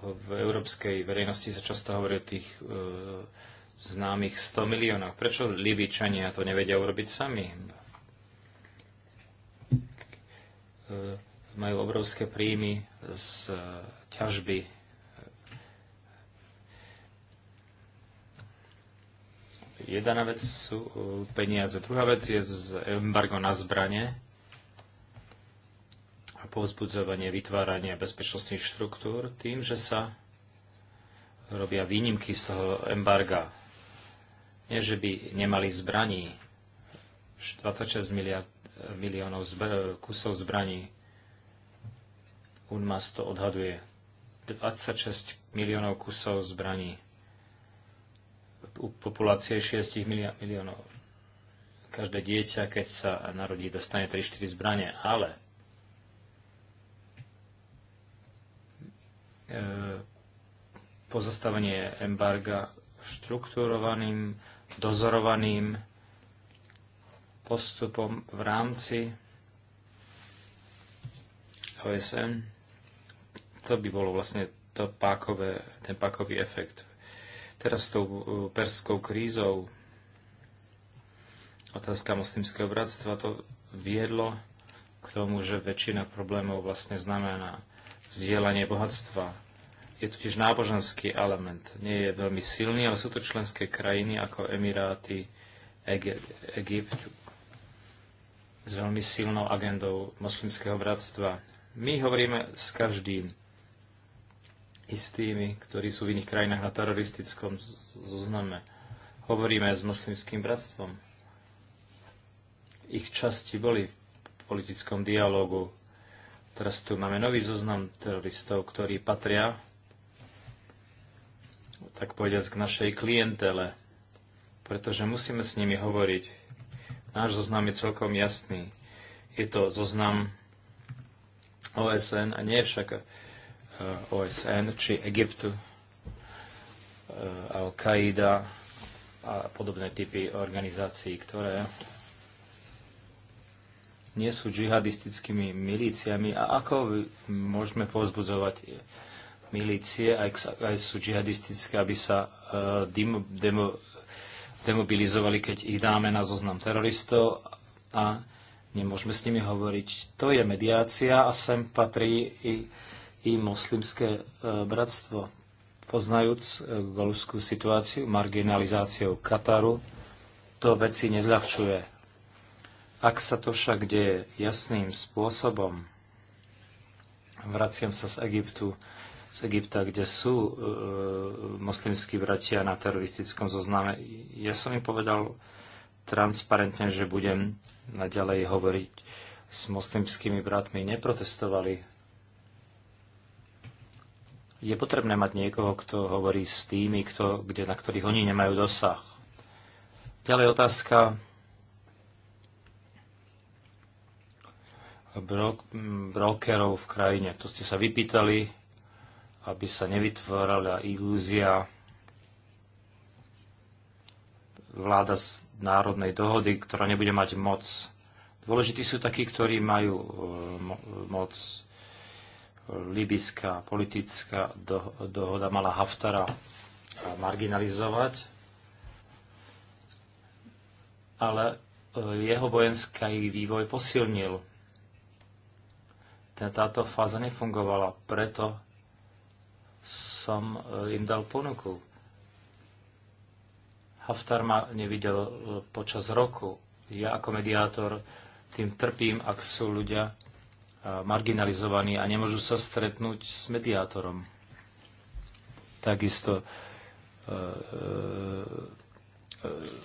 V európskej verejnosti sa často hovorí o tých e, známych 100 miliónoch. Prečo libičania to nevedia urobiť sami? E, majú obrovské príjmy z e, ťažby Jedna vec sú e, peniaze, druhá vec je embargo na zbranie a povzbudzovanie vytvárania bezpečnostných štruktúr tým, že sa robia výnimky z toho embarga. Nie, že by nemali zbraní. 26 miliard, e, miliónov zbr- e, kusov zbraní. UNMAS to odhaduje. 26 miliónov kusov zbraní populácie 6 miliónov. Každé dieťa, keď sa narodí, dostane 3-4 zbranie, ale e, pozastavenie embarga štruktúrovaným, dozorovaným postupom v rámci OSN, to by bolo vlastne to pákové, ten pákový efekt. Teraz s tou e, perskou krízou otázka moslimského bratstva to viedlo k tomu, že väčšina problémov vlastne znamená zdieľanie bohatstva. Je totiž náboženský element. Nie je veľmi silný, ale sú to členské krajiny ako Emiráty, Egypt s veľmi silnou agendou moslimského bratstva. My hovoríme s každým istými, ktorí sú v iných krajinách na teroristickom zozname. Hovoríme s moslimským bratstvom. Ich časti boli v politickom dialogu. Teraz tu máme nový zoznam teroristov, ktorí patria, tak povediať, k našej klientele, pretože musíme s nimi hovoriť. Náš zoznam je celkom jasný. Je to zoznam OSN a nie však Eh, OSN či Egyptu, eh, Al-Qaida a podobné typy organizácií, ktoré nie sú džihadistickými milíciami a ako môžeme povzbudzovať milície, aj, sú džihadistické, aby sa eh, demo, demobilizovali, keď ich dáme na zoznam teroristov a nemôžeme s nimi hovoriť. To je mediácia a sem patrí i uh, i moslimské e, bratstvo. Poznajúc e, golskú situáciu marginalizáciou Kataru, to veci nezľahčuje. Ak sa to však deje jasným spôsobom, vraciam sa z Egyptu, z Egypta, kde sú e, moslimskí bratia na teroristickom zozname. Ja som im povedal transparentne, že budem naďalej hovoriť s moslimskými bratmi. Neprotestovali je potrebné mať niekoho, kto hovorí s tými, kto, kde, na ktorých oni nemajú dosah. Ďalej otázka. Bro- brokerov v krajine. To ste sa vypýtali, aby sa nevytvorila ilúzia vláda z národnej dohody, ktorá nebude mať moc. Dôležití sú takí, ktorí majú eh, moc libyská politická do, dohoda mala Haftara marginalizovať, ale e, jeho vojenský vývoj posilnil. Táto fáza nefungovala, preto som e, im dal ponuku. Haftar ma nevidel e, počas roku. Ja ako mediátor tým trpím, ak sú ľudia, Eh, marginalizovaní a nemôžu sa stretnúť s mediátorom. Takisto eh, eh,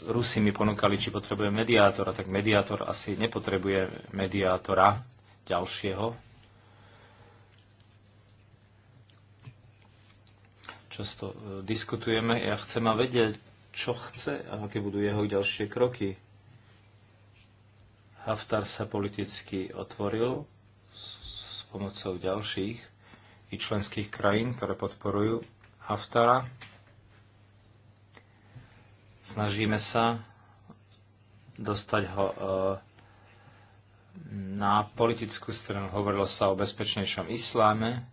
Rusi mi ponúkali, či potrebujem mediátora, tak mediátor asi nepotrebuje mediátora ďalšieho. Často diskutujeme, ja chcem ma vedieť, čo chce a aké budú jeho ďalšie kroky. Haftar sa politicky otvoril, pomocou ďalších i členských krajín, ktoré podporujú Haftara. Snažíme sa dostať ho e, na politickú stranu. Hovorilo sa o bezpečnejšom isláme.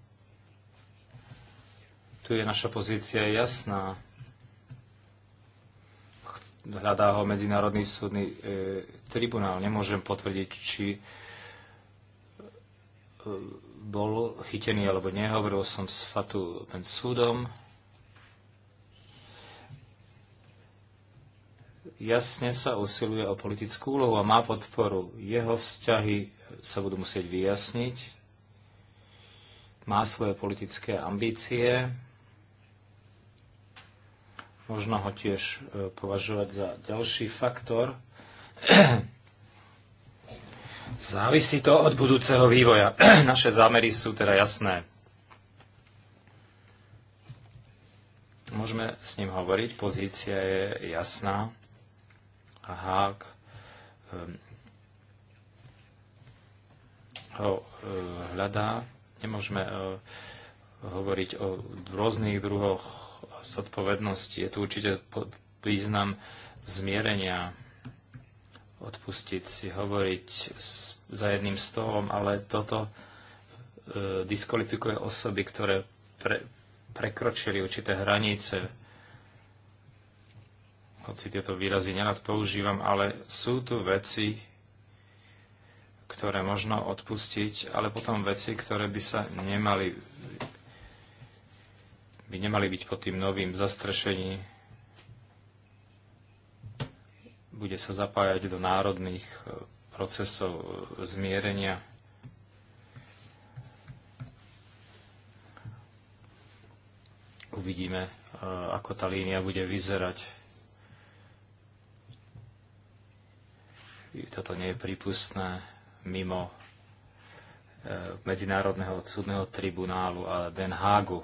Tu je naša pozícia jasná. Hľadá ho Medzinárodný súdny e, tribunál. Nemôžem potvrdiť, či bol chytený alebo nehovoril som s Fatu pred súdom. Jasne sa usiluje o politickú úlohu a má podporu. Jeho vzťahy sa budú musieť vyjasniť. Má svoje politické ambície. Možno ho tiež e, považovať za ďalší faktor Závisí to od budúceho vývoja. (clears throat) Naše zámery sú teda jasné. Môžeme s ním hovoriť, pozícia je jasná. A Hák um, ho uh, hľadá. Nemôžeme uh, hovoriť o rôznych druhoch zodpovednosti. Je tu určite význam zmierenia odpustiť si hovoriť s, za jedným stolom, ale toto e, diskvalifikuje osoby, ktoré pre, prekročili určité hranice. Hoci tieto výrazy nerad používam, ale sú tu veci, ktoré možno odpustiť, ale potom veci, ktoré by sa nemali by nemali byť pod tým novým zastrešením bude sa zapájať do národných e, procesov e, zmierenia. Uvidíme, e, ako tá línia bude vyzerať. Toto nie je prípustné mimo Medzinárodného súdneho tribunálu a Den Hagu.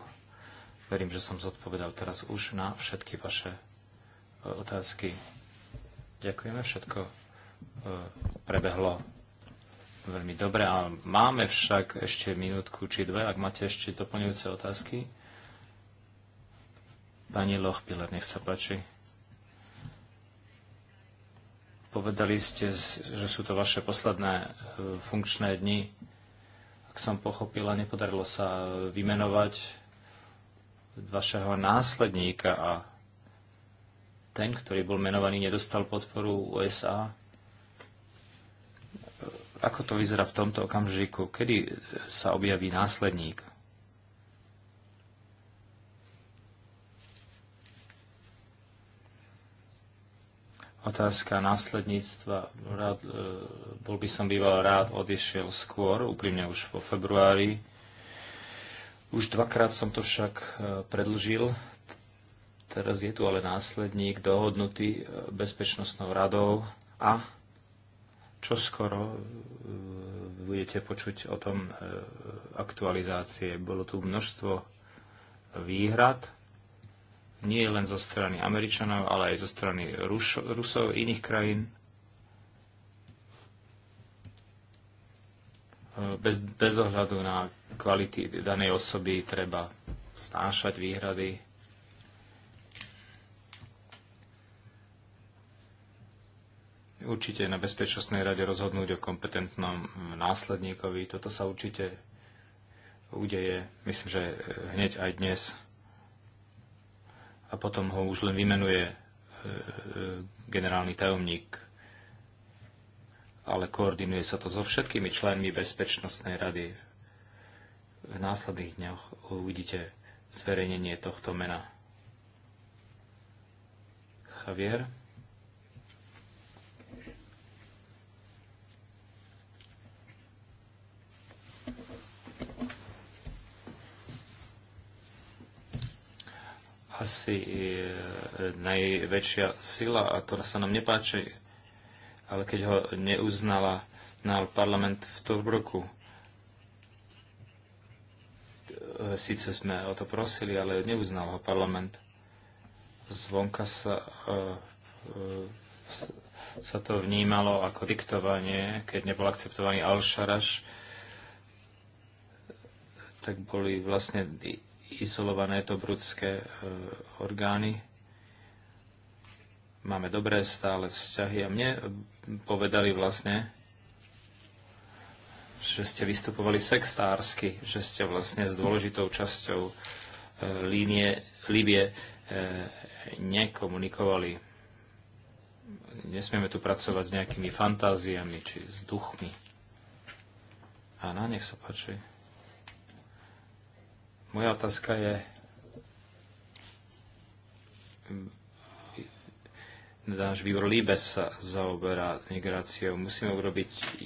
Verím, že som zodpovedal teraz už na všetky vaše otázky. Ďakujeme, všetko e, prebehlo veľmi dobre. A máme však ešte minútku či dve, ak máte ešte doplňujúce otázky. Pani Lochpiller, nech sa páči. Povedali ste, že sú to vaše posledné e, funkčné dni. Ak som pochopila, nepodarilo sa vymenovať vašeho následníka a ten, ktorý bol menovaný, nedostal podporu USA. Ako to vyzerá v tomto okamžiku? Kedy sa objaví následník? Otázka následníctva. Rád, e, bol by som býval rád, odišiel skôr, úprimne už vo februári. Už dvakrát som to však e, predlžil, Teraz je tu ale následník dohodnutý e, Bezpečnostnou radou a čo skoro e, budete počuť o tom e, aktualizácie. Bolo tu množstvo výhrad, nie len zo strany Američanov, ale aj zo strany Ruš- Rusov iných krajín. Bez, bez ohľadu na kvality danej osoby treba stášať výhrady určite na Bezpečnostnej rade rozhodnúť o kompetentnom následníkovi. Toto sa určite udeje, myslím, že eh, hneď aj dnes. A potom ho už len vymenuje eh, eh, generálny tajomník. Ale koordinuje sa to so všetkými členmi Bezpečnostnej rady. V následných dňoch uvidíte zverejnenie tohto mena. Javier. asi e, najväčšia sila a to sa nám nepáči, ale keď ho neuznala na parlament v Tobruku. E, síce sme o to prosili, ale neuznal ho parlament. Zvonka sa, e, sa to vnímalo ako diktovanie, keď nebol akceptovaný Al-Sharaš, tak boli vlastne izolované brudské e, orgány. Máme dobré stále vzťahy a mne povedali vlastne, že ste vystupovali sextársky, že ste vlastne s dôležitou časťou e, línie Libie e, nekomunikovali. Nesmieme tu pracovať s nejakými fantáziami či s duchmi. Áno, nech sa páči. Moja otázka je, náš výbor líbe sa zaoberá migráciou. Musíme urobiť, e,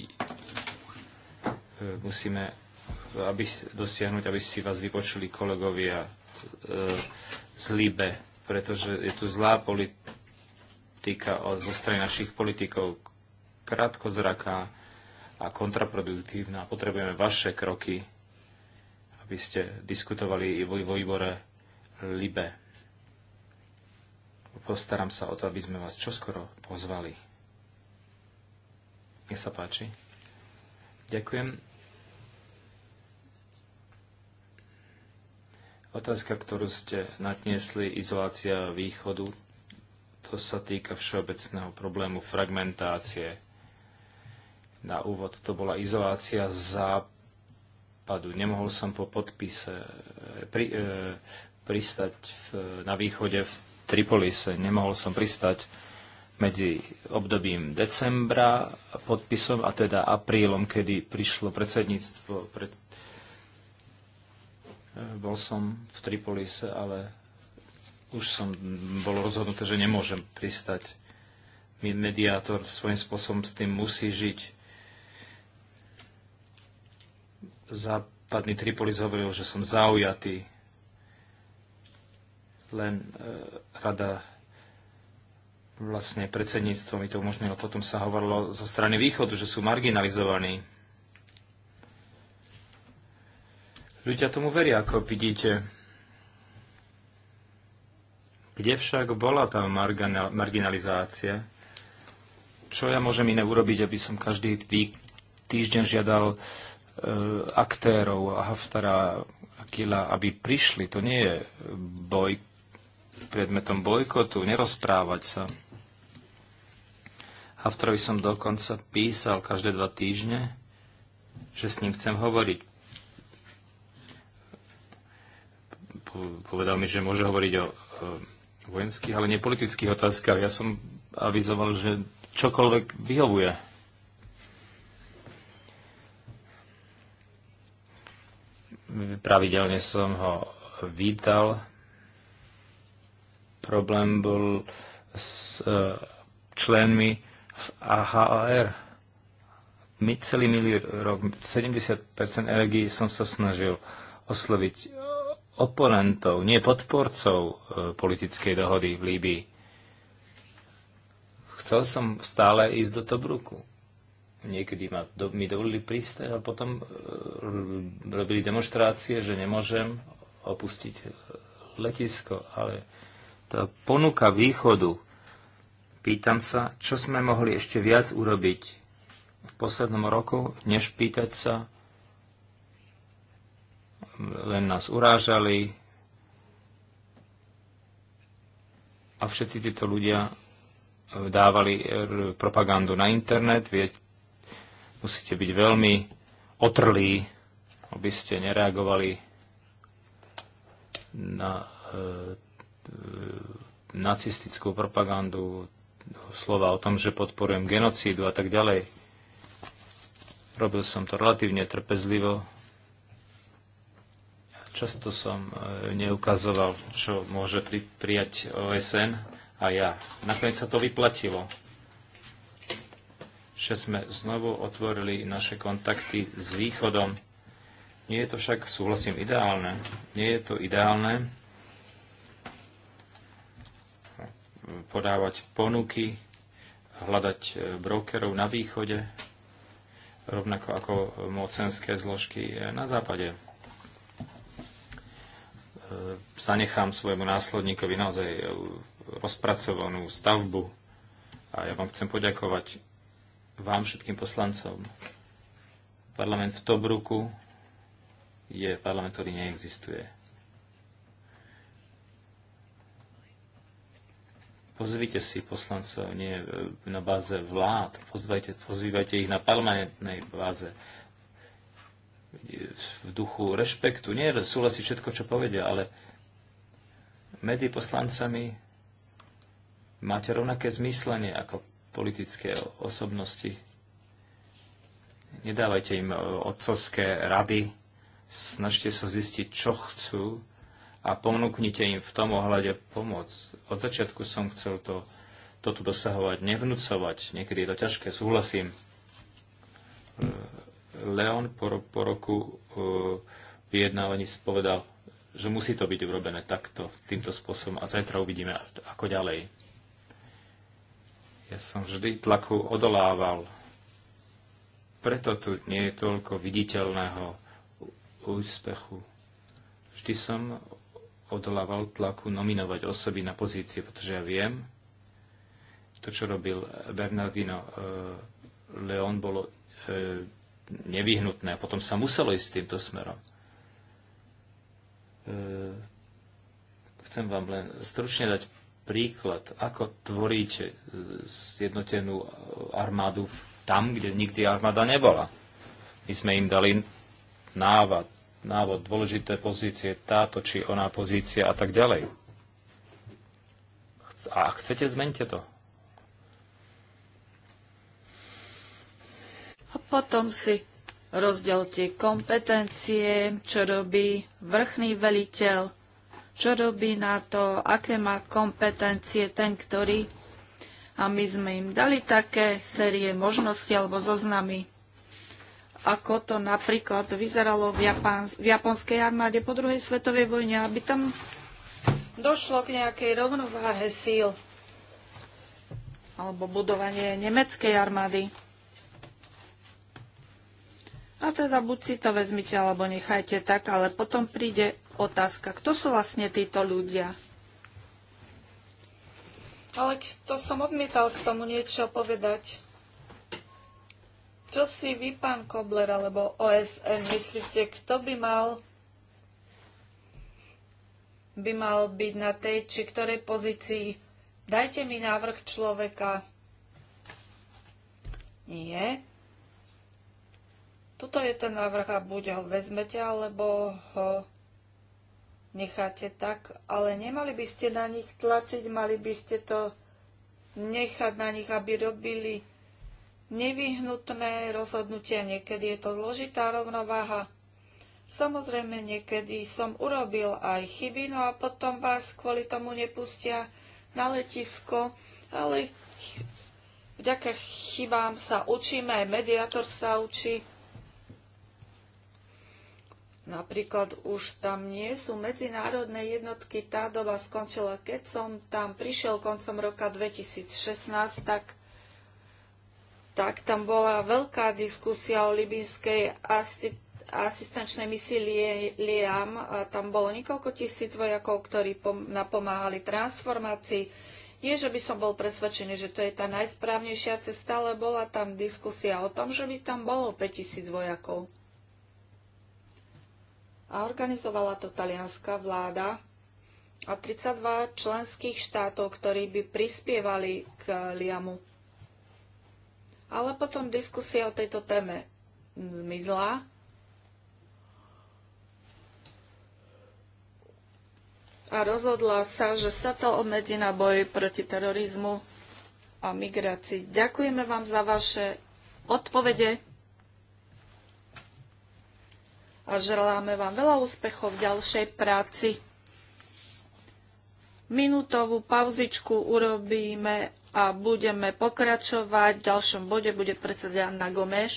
musíme aby, dosiahnuť, aby si vás vypočuli kolegovia e, z Líbe, pretože je tu zlá politika zo strany našich politikov, krátkozraká a kontraproduktívna. Potrebujeme vaše kroky aby ste diskutovali i vo výbore eh, LIBE. Postaram sa o to, aby sme vás čoskoro pozvali. Nech sa páči. Ďakujem. Otázka, ktorú ste natniesli, izolácia východu, to sa týka všeobecného problému fragmentácie. Na úvod to bola izolácia západu prípadu. Nemohol som po podpise eh, pri, e, pristať v, na východe v Tripolise. Nemohol som pristať medzi obdobím decembra a podpisom a teda aprílom, kedy prišlo predsedníctvo. Pred... Eh, bol som v Tripolise, ale už som bol rozhodnuté, že nemôžem pristať. Mediátor svojím spôsobom s tým musí žiť západný Tripolis hovoril, že som zaujatý. Len e, rada vlastne predsedníctvo mi to umožnilo. Potom sa hovorilo zo strany východu, že sú marginalizovaní. Ľudia tomu veria, ako vidíte. Kde však bola tá marginalizácia? Čo ja môžem iné urobiť, aby som každý týždeň žiadal uh, E, aktérov Haftara Akila, aby prišli. To nie je boj, predmetom bojkotu, nerozprávať sa. Haftarovi som dokonca písal každé dva týždne, že s ním chcem hovoriť. Povedal mi, že môže hovoriť o vojenských, ale nepolitických otázkach. Ja som avizoval, že čokoľvek vyhovuje. Pravidelne som ho vítal. Problém bol s e, členmi v AHR. My celý milý rok, 70% energii som sa snažil osloviť oponentov, nie podporcov e, politickej dohody v Líbii. Chcel som stále ísť do Tobruku niekedy ma, do, mi dovolili prísť a potom e, robili demonstrácie, že nemôžem opustiť e, letisko. Ale tá ponuka východu, pýtam sa, čo sme mohli ešte viac urobiť v poslednom roku, než pýtať sa, len nás urážali a všetci títo ľudia e, dávali e, propagandu na internet, musíte byť veľmi otrlí, aby ste nereagovali na e, e, nacistickú propagandu, slova o tom, že podporujem genocídu a tak ďalej. Robil som to relatívne trpezlivo. Často som e, neukazoval, čo môže pri, prijať OSN a ja. Nakoniec sa to vyplatilo že sme znovu otvorili naše kontakty s Východom. Nie je to však, súhlasím, ideálne. Nie je to ideálne podávať ponuky, hľadať e, brokerov na východe, rovnako ako mocenské zložky e, na západe. E, zanechám svojemu následníkovi naozaj rozpracovanú stavbu a ja vám chcem poďakovať vám všetkým poslancom. Parlament v Tobruku je parlament, ktorý neexistuje. Pozvite si poslancov nie e, na báze vlád, pozvajte, pozývajte ich na parlamentnej báze v duchu rešpektu. Nie súhlasí všetko, čo povedia, ale medzi poslancami máte rovnaké zmyslenie ako politické osobnosti. Nedávajte im e, otcovské rady, snažte sa zistiť, čo chcú a ponúknite im v tom ohľade pomoc. Od začiatku som chcel to, toto dosahovať, nevnúcovať. Niekedy je to ťažké, súhlasím. E, Leon po, po roku e, vyjednávaní spovedal, že musí to byť urobené takto, týmto spôsobom a zajtra uvidíme, ako ďalej ja som vždy tlaku odolával. Preto tu nie je toľko viditeľného úspechu. Vždy som odolával tlaku nominovať osoby na pozície, pretože ja viem, to, čo robil Bernardino e, Leon, bolo e, nevyhnutné. Potom sa muselo ísť týmto smerom. E, chcem vám len stručne dať príklad, ako tvoríte e, zjednotenú armádu tam, kde nikdy armáda nebola. My sme im dali návod, návod dôležité pozície, táto či oná pozícia a tak ďalej. A chcete, zmente to. A potom si rozdelte kompetencie, čo robí vrchný veliteľ čo robí na to, aké má kompetencie ten, ktorý. A my sme im dali také série možností alebo zoznamy, ako to napríklad vyzeralo v, Japán, v japonskej armáde po druhej svetovej vojne, aby tam došlo k nejakej rovnováhe síl alebo budovanie nemeckej armády. A teda buď si to vezmite, alebo nechajte tak, ale potom príde otázka, kto sú vlastne títo ľudia? Ale to som odmietal k tomu niečo povedať. Čo si vy, pán Kobler, alebo OSN, myslíte, kto by mal by mal byť na tej či ktorej pozícii? Dajte mi návrh človeka. Nie. Tuto je ten návrh a buď ho vezmete, alebo ho necháte tak, ale nemali by ste na nich tlačiť, mali by ste to nechať na nich, aby robili nevyhnutné rozhodnutia. Niekedy je to zložitá rovnováha. Samozrejme, niekedy som urobil aj chyby, no a potom vás kvôli tomu nepustia na letisko, ale vďaka chybám sa učíme, aj mediátor sa učí Napríklad už tam nie sú medzinárodné jednotky, tá doba skončila. Keď som tam prišiel koncom roka 2016, tak, tak tam bola veľká diskusia o libinskej asistenčnej misii Liam. A tam bolo niekoľko tisíc vojakov, ktorí napomáhali transformácii. Nie, že by som bol presvedčený, že to je tá najsprávnejšia cesta, ale bola tam diskusia o tom, že by tam bolo 5000 vojakov a organizovala to talianská vláda a 32 členských štátov, ktorí by prispievali k Liamu. Ale potom diskusia o tejto téme zmizla. A rozhodla sa, že sa to obmedzi na boj proti terorizmu a migrácii. Ďakujeme vám za vaše odpovede a želáme vám veľa úspechov v ďalšej práci. Minútovú pauzičku urobíme a budeme pokračovať. V ďalšom bode bude predseda Anna Gomeš.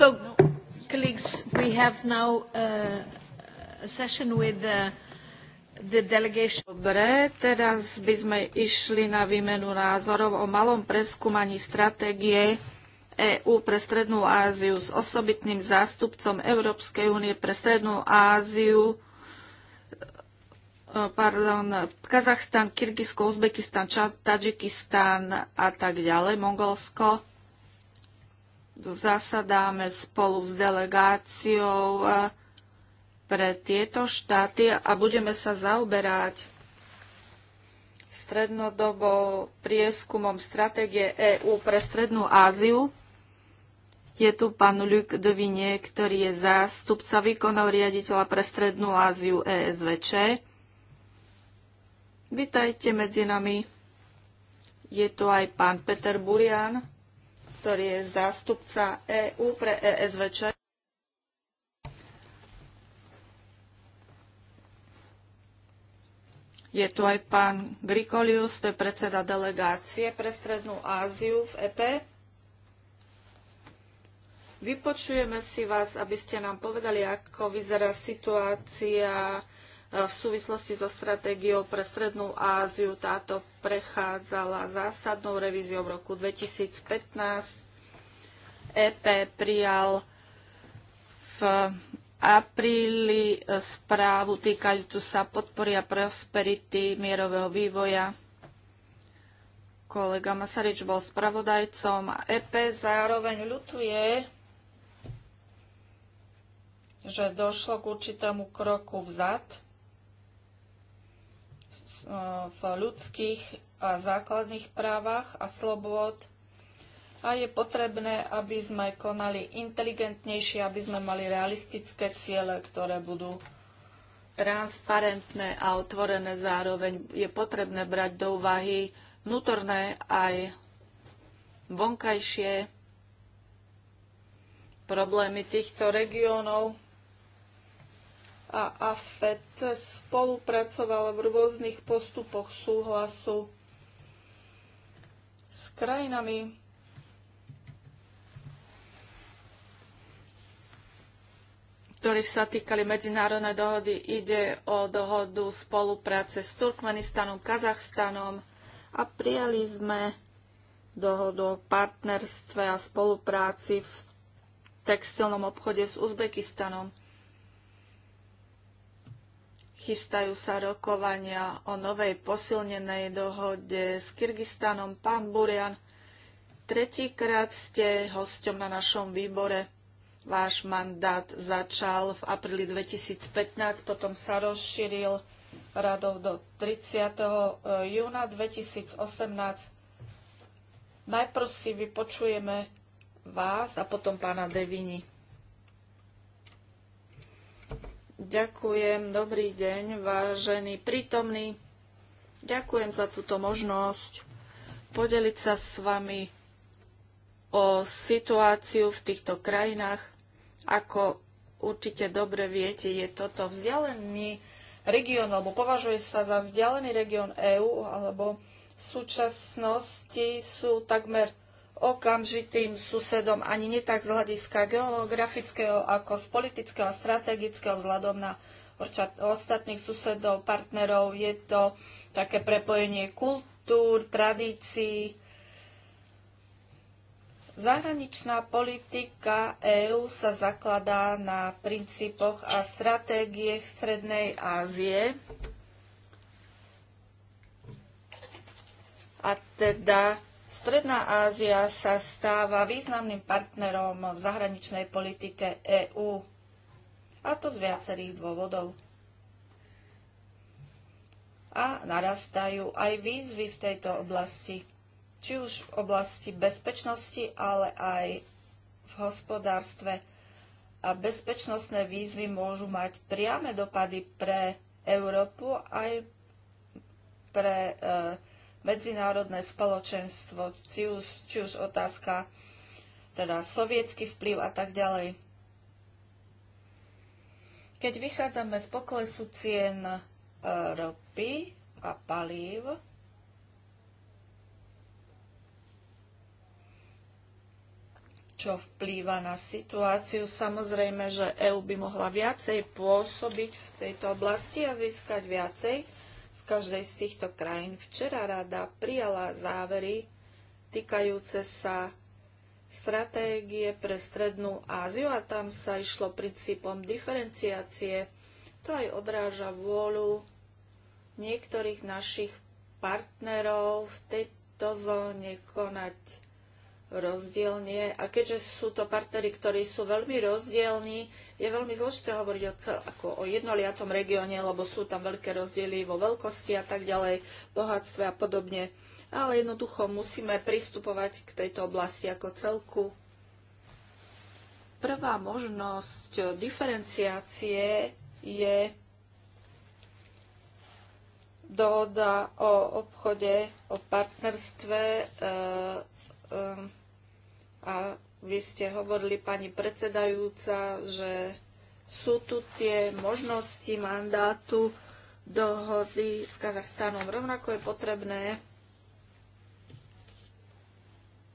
So, colleagues, we have now uh, a session with uh, the delegation. Dobre, teraz by sme išli na výmenu názorov o malom preskúmaní stratégie EÚ pre Strednú Áziu s osobitným zástupcom Európskej únie pre Strednú Áziu e, pardon, Kazachstan, Kyrgyzsko, Uzbekistan, Tadžikistan a tak ďalej, Mongolsko zasadáme spolu s delegáciou e, pre tieto štáty a budeme sa zaoberať strednodobou prieskumom stratégie EÚ pre Strednú Áziu. Je tu pán Luc Devinie, ktorý je zástupca výkonov riaditeľa pre Strednú Áziu ESVČ. Vitajte medzi nami. Je tu aj pán Peter Burian, ktorý je zástupca EÚ pre ESVČ. Je tu aj pán Grikolius, to je predseda delegácie pre Strednú Áziu v EP. Vypočujeme si vás, aby ste nám povedali, ako vyzerá situácia E, v súvislosti so stratégiou pre Strednú Áziu táto prechádzala zásadnou revíziou v roku 2015. EP prijal v apríli e, správu týkajúcu sa podpory a prosperity mierového vývoja. Kolega Masarič bol spravodajcom a EP zároveň ľutuje, že došlo k určitému kroku vzad Eh, v ľudských a základných právach a slobôd. A je potrebné, aby sme konali inteligentnejšie, aby sme mali realistické ciele, ktoré budú transparentné a otvorené zároveň. Je potrebné brať do úvahy vnútorné aj vonkajšie problémy týchto regiónov a AFET spolupracovala v rôznych postupoch súhlasu s krajinami. ktorých sa týkali medzinárodné dohody. Ide o dohodu spolupráce s Turkmenistanom, Kazachstanom a prijali sme dohodu o partnerstve a spolupráci v textilnom obchode s Uzbekistanom. Chystajú sa rokovania o novej posilnenej dohode s Kyrgyzstanom. Pán Burian, tretíkrát ste hosťom na našom výbore. Váš mandát začal v apríli 2015, potom sa rozšíril radov do 30. Eh, júna 2018. Najprv si vypočujeme vás a potom pána Devini. Ďakujem, dobrý deň, vážení prítomní, Ďakujem za túto možnosť podeliť sa s vami o situáciu v týchto krajinách. Ako určite dobre viete, je toto vzdialený región, alebo považuje sa za vzdialený región EÚ, alebo v súčasnosti sú takmer okamžitým susedom ani nie tak z hľadiska geografického, ako z politického a strategického vzhľadom na ostatných susedov, partnerov. Je to také prepojenie kultúr, tradícií. Zahraničná politika EÚ sa zakladá na princípoch a stratégiách Strednej Ázie. A teda Stredná Ázia sa stáva významným partnerom v zahraničnej politike EÚ, a to z viacerých dôvodov. A narastajú aj výzvy v tejto oblasti, či už v oblasti bezpečnosti, ale aj v hospodárstve. A bezpečnostné výzvy môžu mať priame dopady pre Európu aj pre e, medzinárodné spoločenstvo, či už, či už otázka teda sovietský vplyv a tak ďalej. Keď vychádzame z poklesu cien e, ropy a palív, čo vplýva na situáciu. Samozrejme, že EÚ by mohla viacej pôsobiť v tejto oblasti a získať viacej každej z týchto krajín. Včera rada prijala závery týkajúce sa stratégie pre Strednú Áziu a tam sa išlo princípom diferenciácie. To aj odráža vôľu niektorých našich partnerov v tejto zóne konať rozdielne. A keďže sú to partnery, ktorí sú veľmi rozdielni, je veľmi zložité hovoriť o, cel, ako o jednoliatom regióne, lebo sú tam veľké rozdiely vo veľkosti a tak ďalej, bohatstve a podobne. Ale jednoducho musíme pristupovať k tejto oblasti ako celku. Prvá možnosť diferenciácie je dohoda o obchode, o partnerstve e, e, a vy ste hovorili, pani predsedajúca, že sú tu tie možnosti mandátu dohody s Kazachstánom. Rovnako je potrebné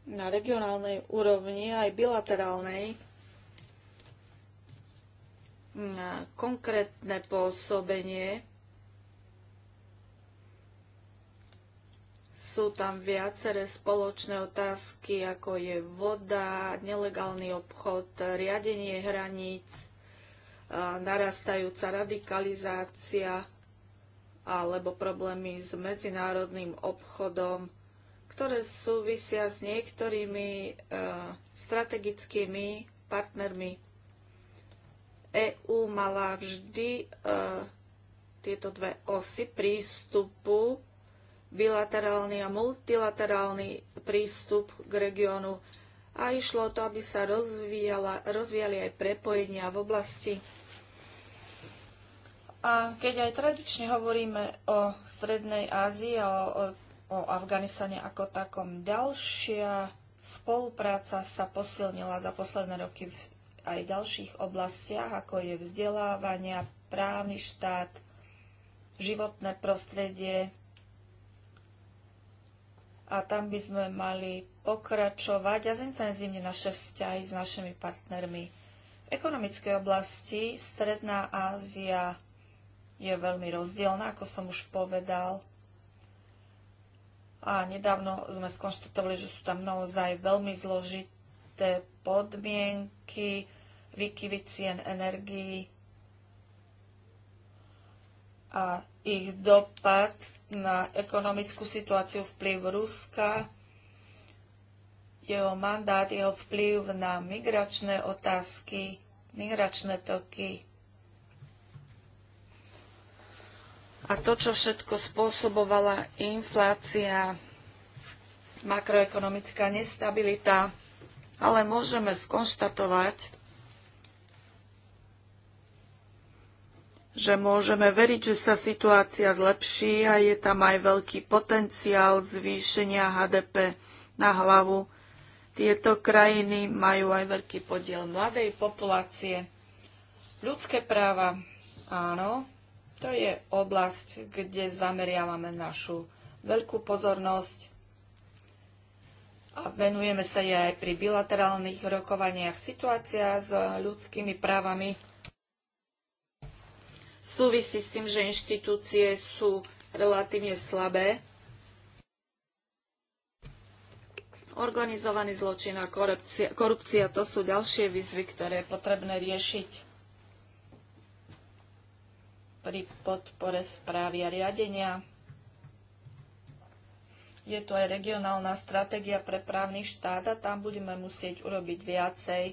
na regionálnej úrovni, aj bilaterálnej, na konkrétne pôsobenie sú tam viaceré spoločné otázky, ako je voda, nelegálny obchod, riadenie hraníc, narastajúca radikalizácia alebo problémy s medzinárodným obchodom, ktoré súvisia s niektorými e, strategickými partnermi. EÚ mala vždy e, tieto dve osy prístupu bilaterálny a multilaterálny prístup k regiónu a išlo o to, aby sa rozvíjala, rozvíjali aj prepojenia v oblasti. A keď aj tradične hovoríme o Strednej Ázii, o, o, o Afganistane ako takom, ďalšia spolupráca sa posilnila za posledné roky v aj ďalších oblastiach, ako je vzdelávania, právny štát, životné prostredie, a tam by sme mali pokračovať a zintenzívne naše vzťahy s našimi partnermi. V ekonomickej oblasti Stredná Ázia je veľmi rozdielna, ako som už povedal. A nedávno sme skonštatovali, že sú tam naozaj veľmi zložité podmienky, výkyvy cien energií a ich dopad na ekonomickú situáciu, vplyv Ruska, jeho mandát, jeho vplyv na migračné otázky, migračné toky. A to, čo všetko spôsobovala inflácia, makroekonomická nestabilita, ale môžeme skonštatovať, že môžeme veriť, že sa situácia zlepší a je tam aj veľký potenciál zvýšenia HDP na hlavu. Tieto krajiny majú aj veľký podiel mladej populácie. Ľudské práva, áno, to je oblasť, kde zameriavame našu veľkú pozornosť a venujeme sa jej aj pri bilaterálnych rokovaniach. Situácia s ľudskými právami súvisí s tým, že inštitúcie sú relatívne slabé. Organizovaný zločin a korupcia, korupcia to sú ďalšie výzvy, ktoré je potrebné riešiť pri podpore správy a riadenia. Je tu aj regionálna stratégia pre právny štát a tam budeme musieť urobiť viacej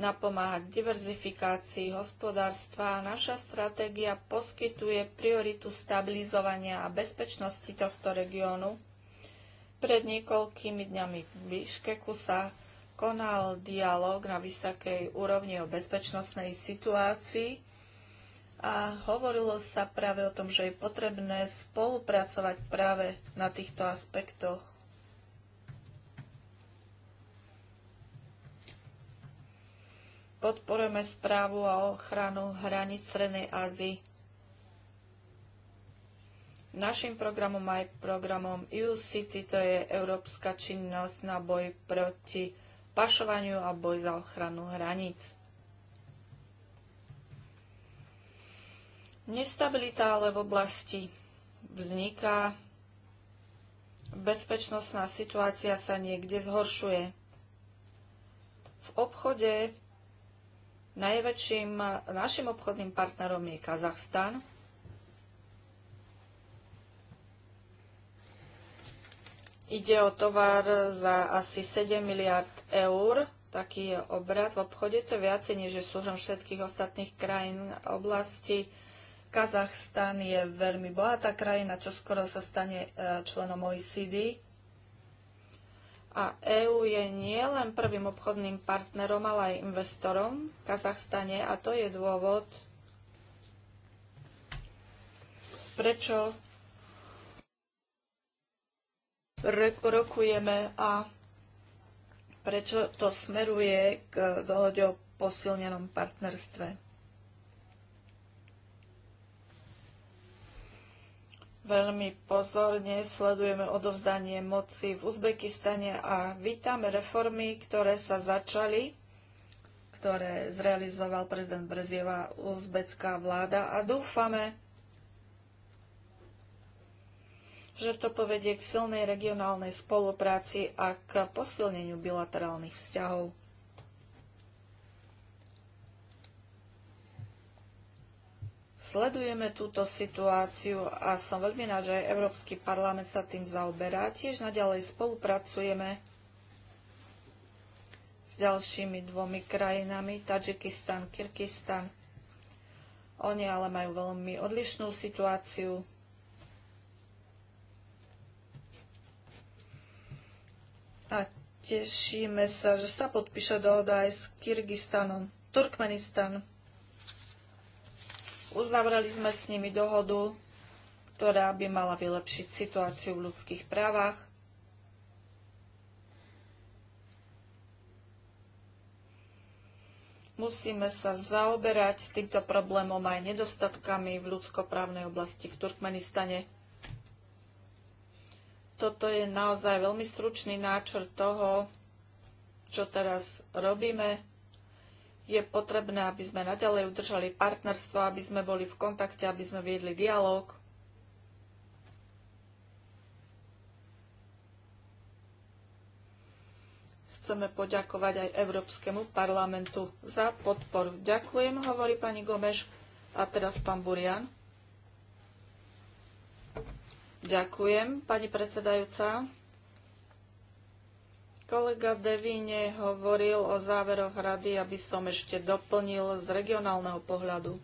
napomáhať diverzifikácii hospodárstva a naša stratégia poskytuje prioritu stabilizovania a bezpečnosti tohto regiónu. Pred niekoľkými dňami v Biškeku sa konal dialog na vysokej úrovni o bezpečnostnej situácii a hovorilo sa práve o tom, že je potrebné spolupracovať práve na týchto aspektoch. Podporujeme správu a ochranu hraníc Strednej Ázie. Našim programom aj programom EU City, to je európska činnosť na boj proti pašovaniu a boj za ochranu hraníc. Nestabilita ale v oblasti vzniká, bezpečnostná situácia sa niekde zhoršuje. V obchode Najväčším eh, našim obchodným partnerom je Kazachstan. Ide o tovar za asi 7 miliard eur. Taký je obrad v obchode. To je viacej než je súhrom všetkých ostatných krajín oblasti. Kazachstan je veľmi bohatá krajina, čo skoro sa stane eh, členom OECD a EÚ je nielen prvým obchodným partnerom, ale aj investorom v Kazachstane a to je dôvod, prečo rokujeme a prečo to smeruje k dohode o posilnenom partnerstve. Veľmi pozorne sledujeme odovzdanie moci v Uzbekistane a vítame reformy, ktoré sa začali, ktoré zrealizoval prezident Brezieva uzbecká vláda a dúfame, že to povedie k silnej regionálnej spolupráci a k posilneniu bilaterálnych vzťahov. Sledujeme túto situáciu a som veľmi rád, že aj Európsky parlament sa tým zaoberá. Tiež naďalej spolupracujeme s ďalšími dvomi krajinami, Tadžikistan, Kyrgyzstan. Oni ale majú veľmi odlišnú situáciu. A tešíme sa, že sa podpíše dohoda aj s Kyrgyzstanom, Turkmenistanom. Uzavreli sme s nimi dohodu, ktorá by mala vylepšiť situáciu v ľudských právach. Musíme sa zaoberať týmto problémom aj nedostatkami v ľudskoprávnej oblasti v Turkmenistane. Toto je naozaj veľmi stručný náčrt toho, čo teraz robíme je potrebné, aby sme naďalej udržali partnerstvo, aby sme boli v kontakte, aby sme viedli dialog. Chceme poďakovať aj Európskemu parlamentu za podporu. Ďakujem, hovorí pani Gomeš. A teraz pán Burian. Ďakujem, pani predsedajúca. Kolega Devine hovoril o záveroch rady, aby som ešte doplnil z regionálneho pohľadu.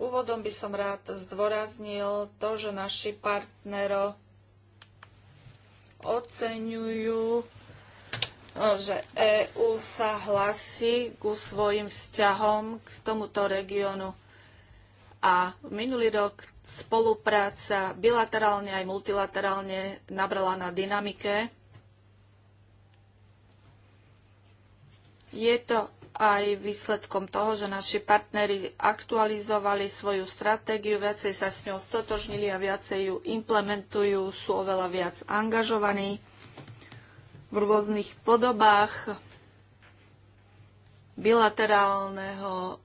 Úvodom by som rád zdôraznil to, že naši partnero oceňujú, že EÚ sa hlasí ku svojim vzťahom k tomuto regiónu a minulý rok spolupráca bilaterálne aj multilaterálne nabrala na dynamike. Je to aj výsledkom toho, že naši partnery aktualizovali svoju stratégiu, viacej sa s ňou stotožnili a viacej ju implementujú, sú oveľa viac angažovaní v rôznych podobách bilaterálneho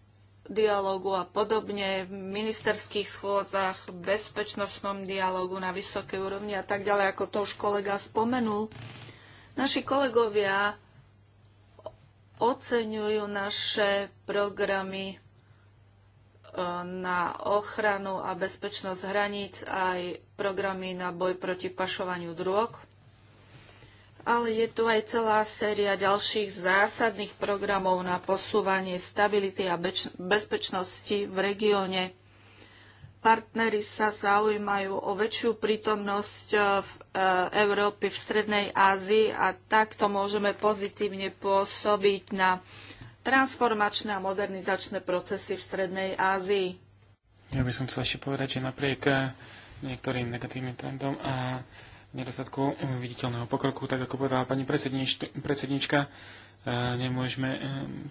dialogu a podobne, v ministerských schôdzach, v bezpečnostnom dialógu na vysokej úrovni a tak ďalej, ako to už kolega spomenul. Naši kolegovia oceňujú naše programy e, na ochranu a bezpečnosť hraníc aj programy na boj proti pašovaniu drog ale je tu aj celá séria ďalších zásadných programov na posúvanie stability a bezpečnosti v regióne. Partnery sa zaujímajú o väčšiu prítomnosť e, v e, Európy v Strednej Ázii a takto môžeme pozitívne pôsobiť na transformačné a modernizačné procesy v Strednej Ázii. Ja by som chcel ešte povedať, že napriek e, niektorým negatívnym trendom a nedostatku eh, viditeľného pokroku, tak ako povedala pani predsednička, eh, nemôžeme eh,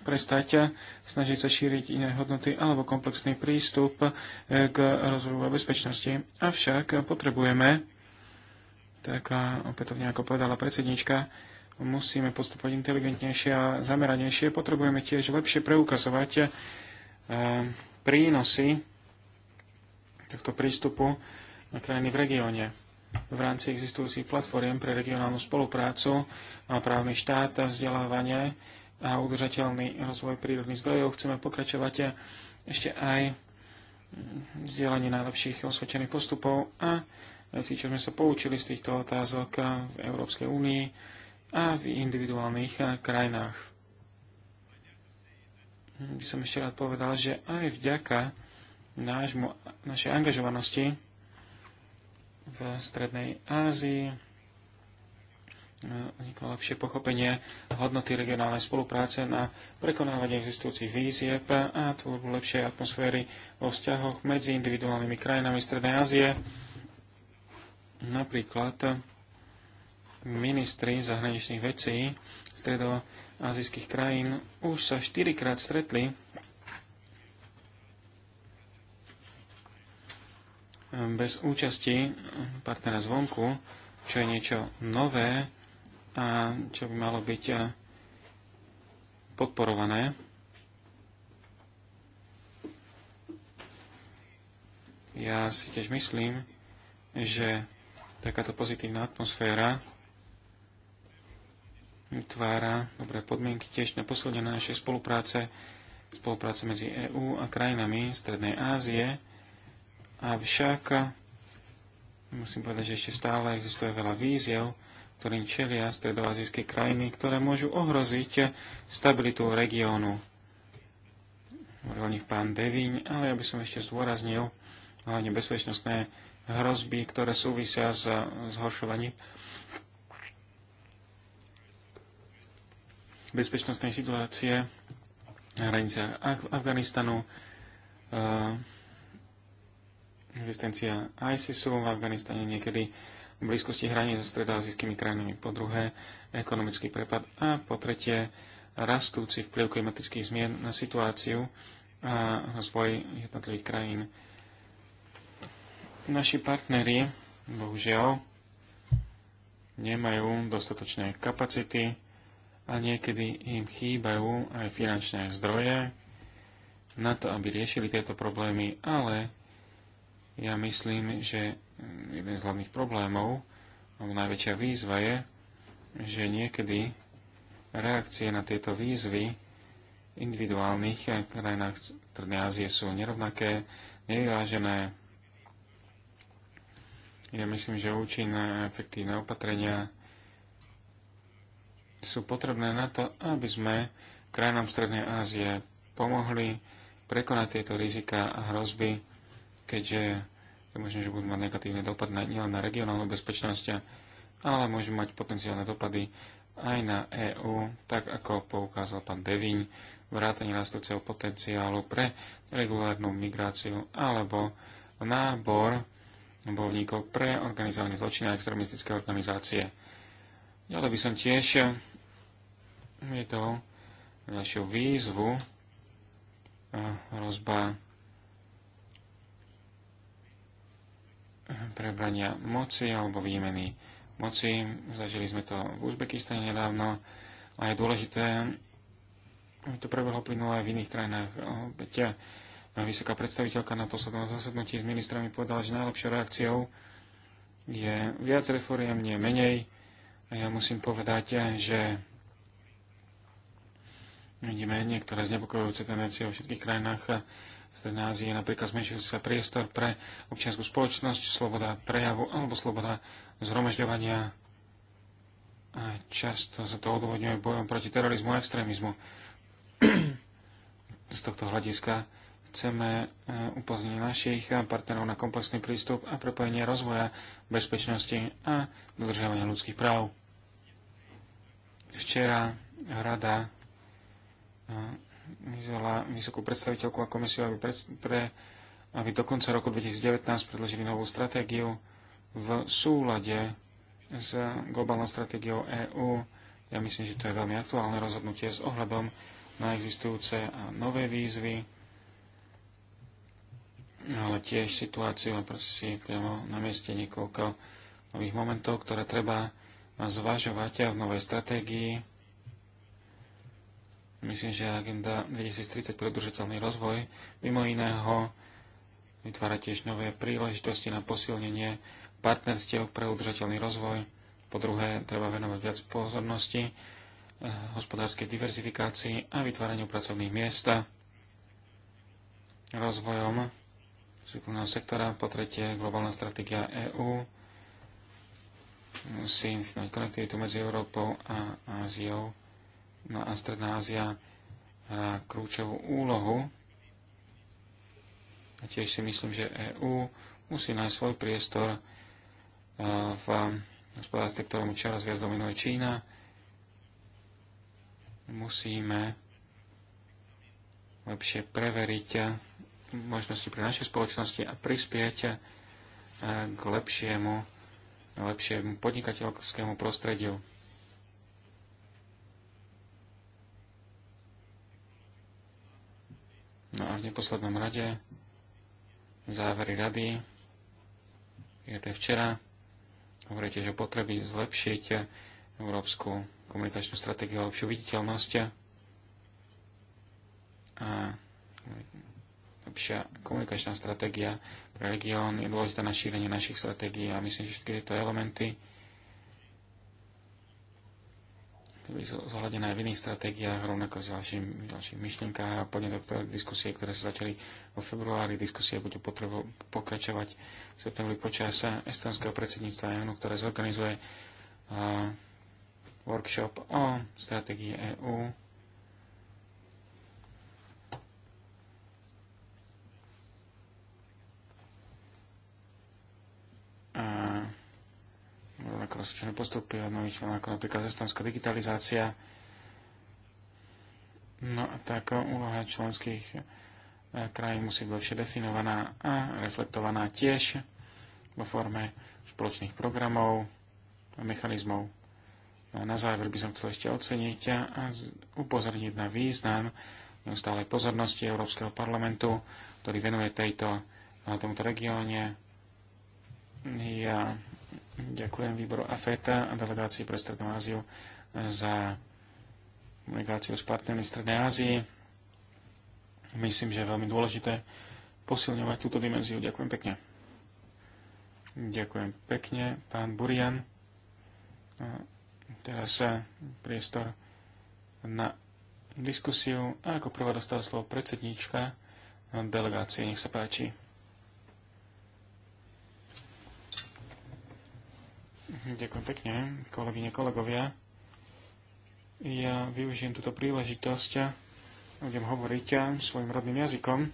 prestať snažiť sa šíriť iné hodnoty alebo komplexný prístup k rozvoju a bezpečnosti. Avšak potrebujeme, tak opätovne ako povedala predsednička, musíme postupovať inteligentnejšie a zameranejšie. Potrebujeme tiež lepšie preukazovať prínosy tohto prístupu na krajiny v regióne v rámci existujúcich platform pre regionálnu spoluprácu a právny štát a vzdelávanie a udržateľný rozvoj prírodných zdrojov. Chceme pokračovať ešte aj vzdelanie najlepších osvetených postupov a veci, čo sme sa poučili z týchto otázok v Európskej únii a v individuálnych krajinách. By som ešte rád povedal, že aj vďaka nášmu, našej angažovanosti v Strednej Ázii. Vzniklo lepšie pochopenie hodnoty regionálnej spolupráce na prekonávanie existujúcich výziev a tvorbu lepšej atmosféry vo vzťahoch medzi individuálnymi krajinami Strednej Ázie. Napríklad ministri zahraničných vecí stredoazijských krajín už sa štyrikrát stretli bez účasti partnera zvonku, čo je niečo nové a čo by malo byť eh, podporované. Ja si tiež myslím, že takáto pozitívna atmosféra vytvára dobré podmienky tiež na posledne na našej spolupráce, spolupráce medzi EÚ a krajinami Strednej Ázie, Avšak musím povedať, že ešte stále existuje veľa víziev, ktorým čelia stredoazijské krajiny, ktoré môžu ohroziť stabilitu regiónu. Hovoril o nich pán Devín, ale ja by som ešte zdôraznil hlavne bezpečnostné hrozby, ktoré súvisia s zhoršovaním bezpečnostnej situácie na hraniciach Af Afganistanu, existencia ISISu v Afganistane niekedy v blízkosti hraní so stredoazijskými krajinami, po druhé ekonomický prepad a po tretie rastúci vplyv klimatických zmien na situáciu a rozvoj jednotlivých krajín. Naši partnery, bohužiaľ, nemajú dostatočné kapacity a niekedy im chýbajú aj finančné zdroje na to, aby riešili tieto problémy, ale ja myslím, že mm, jeden z hlavných problémov, alebo najväčšia výzva je, že niekedy reakcie na tieto výzvy v individuálnych eh, krajinách Strednej Ázie sú nerovnaké, nevyvážené. Ja myslím, že účinné a efektívne opatrenia sú potrebné na to, aby sme krajinám Strednej Ázie pomohli prekonať tieto rizika a hrozby, keďže je možné, že budú mať negatívny dopad na, nielen na regionálnu bezpečnosť, ale môžu mať potenciálne dopady aj na EÚ, tak ako poukázal pán Deviň, vrátanie rastúceho potenciálu pre regulárnu migráciu alebo nábor bojovníkov pre organizované zločiny a extremistické organizácie. Ďalej by som tiež je to ďalšiu výzvu hrozba prebrania moci alebo výmeny moci. Zažili sme to v Uzbekistane nedávno a je dôležité, aby to prebehlo plynulo aj v iných krajinách. Peťa, eh, vysoká predstaviteľka na poslednom zasadnutí s ministrami povedala, že najlepšou reakciou je viac reforiem, nie menej. A ja musím povedať, eh, že Vidíme niektoré znepokojujúce tendencie vo všetkých krajinách Strednej Ázie, napríklad zmenšujúci sa priestor pre občianskú spoločnosť, sloboda prejavu alebo sloboda zhromažďovania. A často sa to odôvodňuje bojom proti terorizmu a extrémizmu. (clears throat) Z tohto hľadiska chceme e, upozniť našich partnerov na komplexný prístup a prepojenie rozvoja, bezpečnosti a dodržiavania ľudských práv. Včera rada vyzvala vysokú predstaviteľku a komisiu, aby, pre, pre, aby do konca roku 2019 predložili novú stratégiu v súlade s globálnou stratégiou EÚ. Ja myslím, že to je veľmi aktuálne rozhodnutie s ohľadom na existujúce a nové výzvy, ale tiež situáciu a prosím si priamo na mieste niekoľko nových momentov, ktoré treba zvažovať aj v novej stratégii Myslím, že agenda 2030 pre udržateľný rozvoj mimo iného vytvára tiež nové príležitosti na posilnenie partnerstiev pre udržateľný rozvoj. Po druhé, treba venovať viac pozornosti eh, hospodárskej diverzifikácii a vytváraniu pracovných miest rozvojom súkromného sektora. Po tretie, globálna stratégia EÚ musí konektivitu medzi Európou a Áziou No a Stredná Ázia hrá kľúčovú úlohu. A tiež si myslím, že EÚ musí nájsť svoj priestor e, v hospodárstve, ktorému čoraz viac dominuje Čína. Musíme lepšie preveriť možnosti pre naše spoločnosti a prispieť e, k lepšiemu, lepšiemu podnikateľskému prostrediu. No a v neposlednom rade závery rady, je to včera, hovoríte, že potreby zlepšiť európsku komunikačnú stratégiu a lepšiu viditeľnosť a lepšia komunikačná stratégia pre región je dôležitá na šírenie našich stratégií a myslím, že všetky tieto elementy to aj v iných stratégiách, rovnako s ďalším, ďalších myšlienkami a podnetok diskusie, ktoré sa začali vo februári. Diskusie budú potrebo, pokračovať v septembri počas estonského predsedníctva EU, ktoré zorganizuje a, workshop o stratégii EÚ. A rovnako rozličné postupy a nových článok ako napríklad estonská digitalizácia. No a tak úloha členských eh, krajín musí byť lepšie definovaná a reflektovaná tiež vo forme spoločných programov a mechanizmov. No a na záver by som chcel ešte oceniť a upozorniť na význam Neustále pozornosti Európskeho parlamentu, ktorý venuje tejto, tomuto regióne. Ja Ďakujem výboru AFETA e a delegácii pre Strednú Áziu za komunikáciu s partnermi v Strednej Ázii. Myslím, že je veľmi dôležité posilňovať túto dimenziu. Ďakujem pekne. Ďakujem pekne, pán Burian. Teraz priestor na diskusiu a ako prvá dostala slovo predsednička delegácie. Nech sa páči. Ďakujem pekne, kolegyne, kolegovia. Ja využijem túto príležitosť a budem hovoriť svojim rodným jazykom.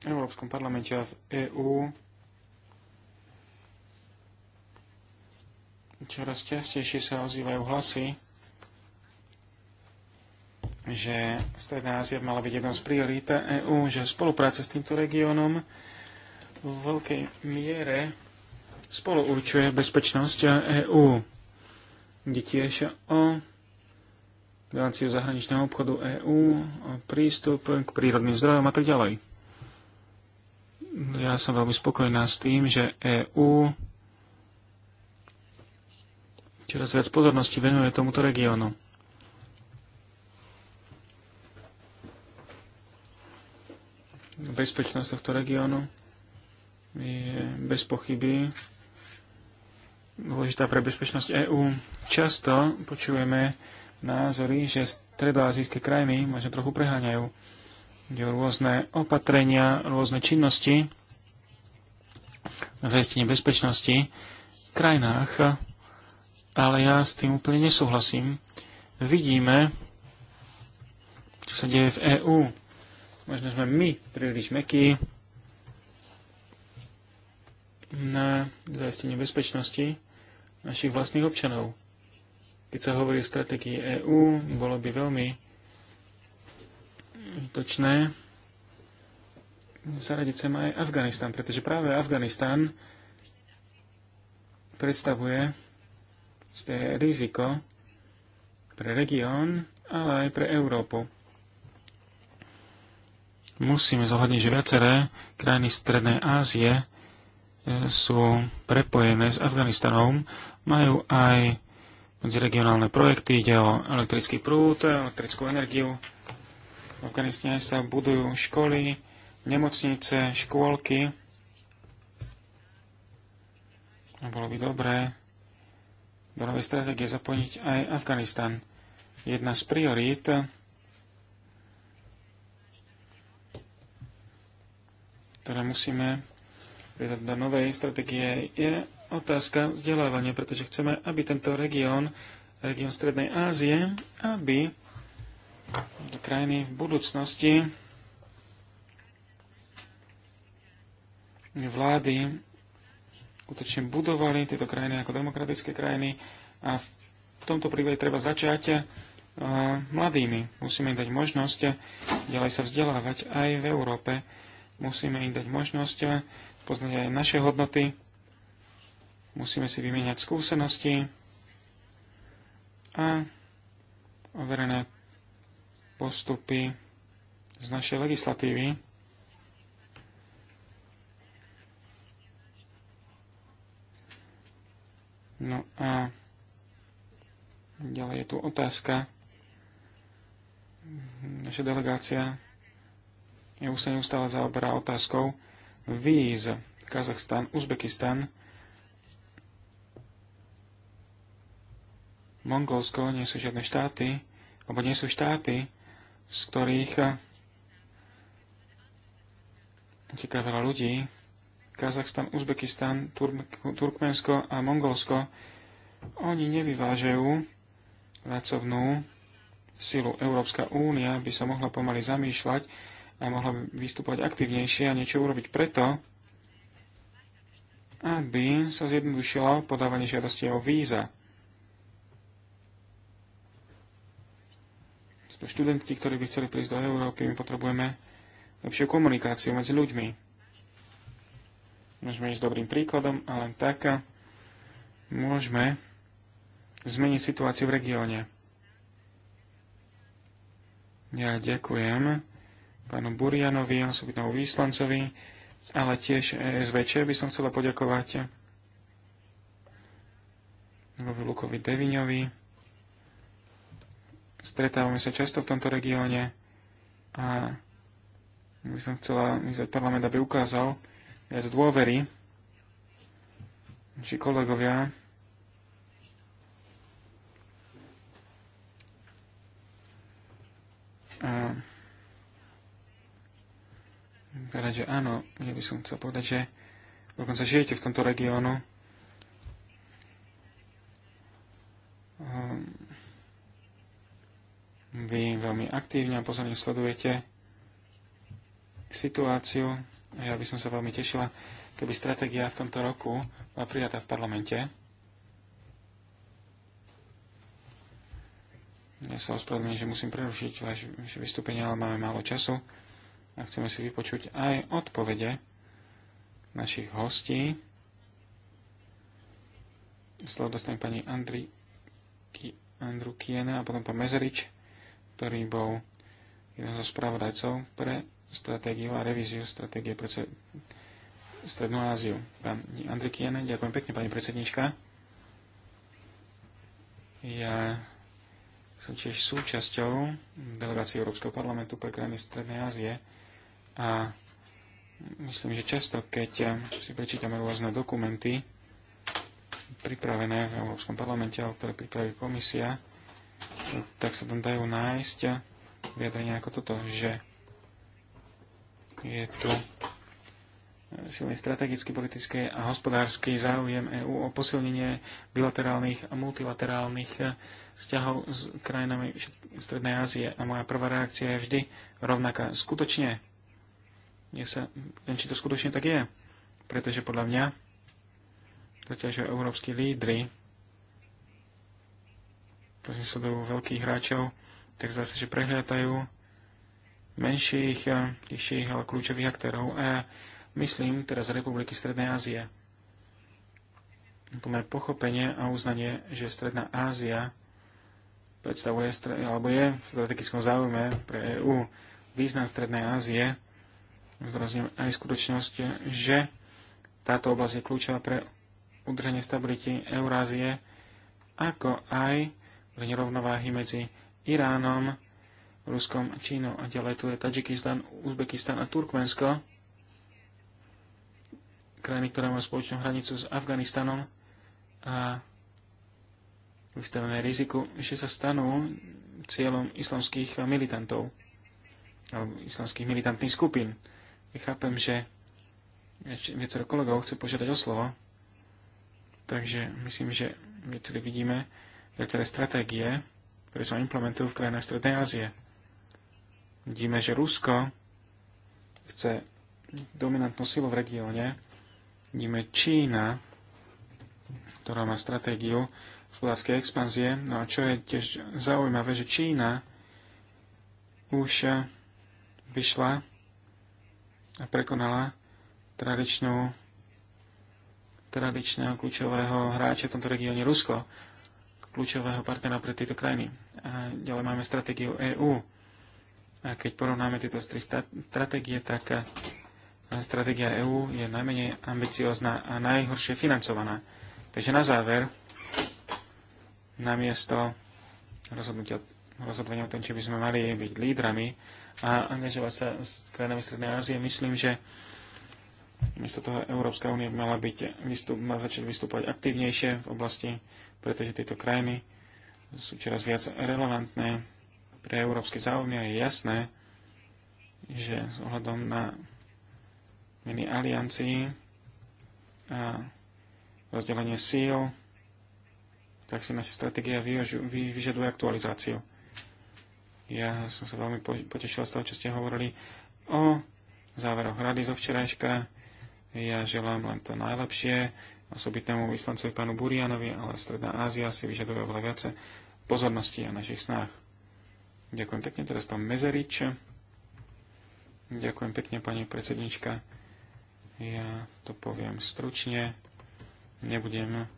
V Európskom parlamente a v EÚ čoraz častejšie sa ozývajú hlasy, že Stredná Ázia mala byť jednou z priorít EÚ, že spolupráca s týmto regiónom v veľkej miere spolu určuje bezpečnosť EÚ, kde tiež o garanciu zahraničného obchodu EÚ, o prístup k prírodným zdrojom a tak ďalej. Ja som veľmi spokojná s tým, že EÚ čoraz viac pozornosti venuje tomuto regiónu. Bezpečnosť tohto regiónu je bez pochyby dôležitá pre bezpečnosť EÚ. Často počujeme názory, že stredoazijské krajiny možno trochu preháňajú. Ide o rôzne opatrenia, rôzne činnosti na zaistenie bezpečnosti v krajinách, ale ja s tým úplne nesúhlasím. Vidíme, čo sa deje v EÚ. Možno sme my príliš mekí, na zaistenie bezpečnosti našich vlastných občanov. Keď sa hovorí o stratégii EÚ, bolo by veľmi točné zaradiť sem aj Afganistan, pretože práve Afganistan predstavuje ste riziko pre región, ale aj pre Európu. Musíme zohľadniť, že viaceré krajiny Strednej Ázie sú prepojené s Afganistanom, majú aj medziregionálne projekty, ide o elektrický prúd, elektrickú energiu. V Afganistane sa budujú školy, nemocnice, škôlky. A bolo by dobré do novej stratégie zapojiť aj Afganistan. Jedna z priorít ktoré musíme do novej stratégie, je otázka vzdelávania, pretože chceme, aby tento región, región Strednej Ázie, aby do krajiny v budúcnosti vlády skutočne budovali tieto krajiny ako demokratické krajiny a v tomto prípade treba začať eh, mladými. Musíme im dať možnosť ďalej sa vzdelávať aj v Európe. Musíme im dať možnosť poznať aj naše hodnoty, musíme si vymieňať skúsenosti a overené postupy z našej legislatívy. No a ďalej je tu otázka. Naša delegácia EU sa neustále zaoberá otázkou víz Kazachstan, Uzbekistan, Mongolsko nie sú žiadne štáty, alebo nie sú štáty, z ktorých eh, uteká veľa ľudí. Kazachstan, Uzbekistan, Turkmensko a Mongolsko, oni nevyvážajú pracovnú silu. Európska únia by sa mohla pomaly zamýšľať, a mohla by vystupovať aktívnejšie a niečo urobiť preto, aby sa zjednodušilo podávanie žiadosti o víza. Pre študentky, ktorí by chceli prísť do Európy, my potrebujeme lepšiu komunikáciu medzi ľuďmi. Môžeme ísť dobrým príkladom ale len tak môžeme zmeniť situáciu v regióne. Ja ďakujem pánu Burianovi, osobitnému výslancovi, ale tiež SVČ by som chcela poďakovať Lukovi Deviňovi. Stretávame sa často v tomto regióne a by som chcela vyzvať parlament, aby ukázal z dôvery, či kolegovia a povedať, že áno, ja by som chcel povedať, že dokonca žijete v tomto regiónu. Ehm, vy veľmi aktívne a pozorne sledujete situáciu a ja by som sa veľmi tešila, keby stratégia v tomto roku bola prijatá v parlamente. Ja sa ospravedlňujem, že musím prerušiť vaše vystúpenie, ale máme málo času a chceme si vypočuť aj odpovede našich hostí. Slovo dostane pani Andri, Ki, Andru Kiena a potom pán Mezerič, ktorý bol jeden zo spravodajcov pre stratégiu a revíziu stratégie pre Strednú Áziu. Pán Andri Kiena, ďakujem pekne, pani predsednička. Ja som tiež súčasťou delegácie Európskeho parlamentu pre krajiny Strednej Ázie a myslím, že často, keď eh, si prečítame rôzne dokumenty pripravené v Európskom parlamente, alebo ktoré pripraví komisia, eh, tak sa tam dajú nájsť eh, vyjadrenia ako toto, že je tu silný strategický, politický a hospodársky záujem EÚ o posilnenie bilaterálnych a multilaterálnych vzťahov s krajinami Strednej Ázie. A moja prvá reakcia je vždy rovnaká. Skutočne ja sa, ten, či to skutočne tak je. Pretože podľa mňa zaťažujú európsky lídry, prosím sa do veľkých hráčov, tak zase, že prehľadajú menších, tichších, ale kľúčových aktérov. A myslím teraz Republiky Strednej Ázie. To Plné pochopenie a uznanie, že Stredná Ázia predstavuje, alebo je v strategickom záujme pre EÚ význam Strednej Ázie, zrazím aj skutočnosť, že táto oblasť je kľúčová pre udržanie stability Eurázie, ako aj pre nerovnováhy medzi Iránom, Ruskom, Čínou a ďalej tu je Tadžikistan, Uzbekistan a Turkmensko, krajiny, ktoré majú spoločnú hranicu s Afganistanom a vystavené riziku, že sa stanú cieľom islamských militantov alebo islamských militantných skupín chápem, že viacero kolegov chce požiadať o slovo, takže myslím, že viacero vidíme viaceré stratégie, ktoré sa implementujú v krajinách Strednej Ázie. Vidíme, že Rusko chce dominantnú silu v regióne. Vidíme Čína, ktorá má stratégiu hospodárskej expanzie. No a čo je tiež zaujímavé, že Čína už vyšla a prekonala tradičnú, tradičného kľúčového hráča v tomto regióne Rusko, kľúčového partnera pre tieto krajiny. A ďalej máme stratégiu EÚ. A keď porovnáme tieto tri stratégie, tak eh, stratégia EÚ je najmenej ambiciozná a najhoršie financovaná. Takže na záver, namiesto rozhodnutia rozhodovania o tom, či by sme mali byť lídrami a angažovať sa s krajinami Strednej Ázie. Myslím, že miesto toho Európska únia mala, byť, vystup, mala začať vystúpať aktívnejšie v oblasti, pretože tieto krajiny sú čoraz viac relevantné pre európske záujmy a je jasné, že s ohľadom na mini aliancii a rozdelenie síl, tak si naša stratégia vyžaduje aktualizáciu. Ja som sa veľmi potešil z toho, čo ste hovorili o záveroch rady zo včerajška. Ja želám len to najlepšie osobitnému vyslancovi pánu Burianovi, ale Stredná Ázia si vyžaduje oveľa viacej pozornosti a našich snách. Ďakujem pekne teraz pán Mezerič. Ďakujem pekne pani predsednička. Ja to poviem stručne. Nebudem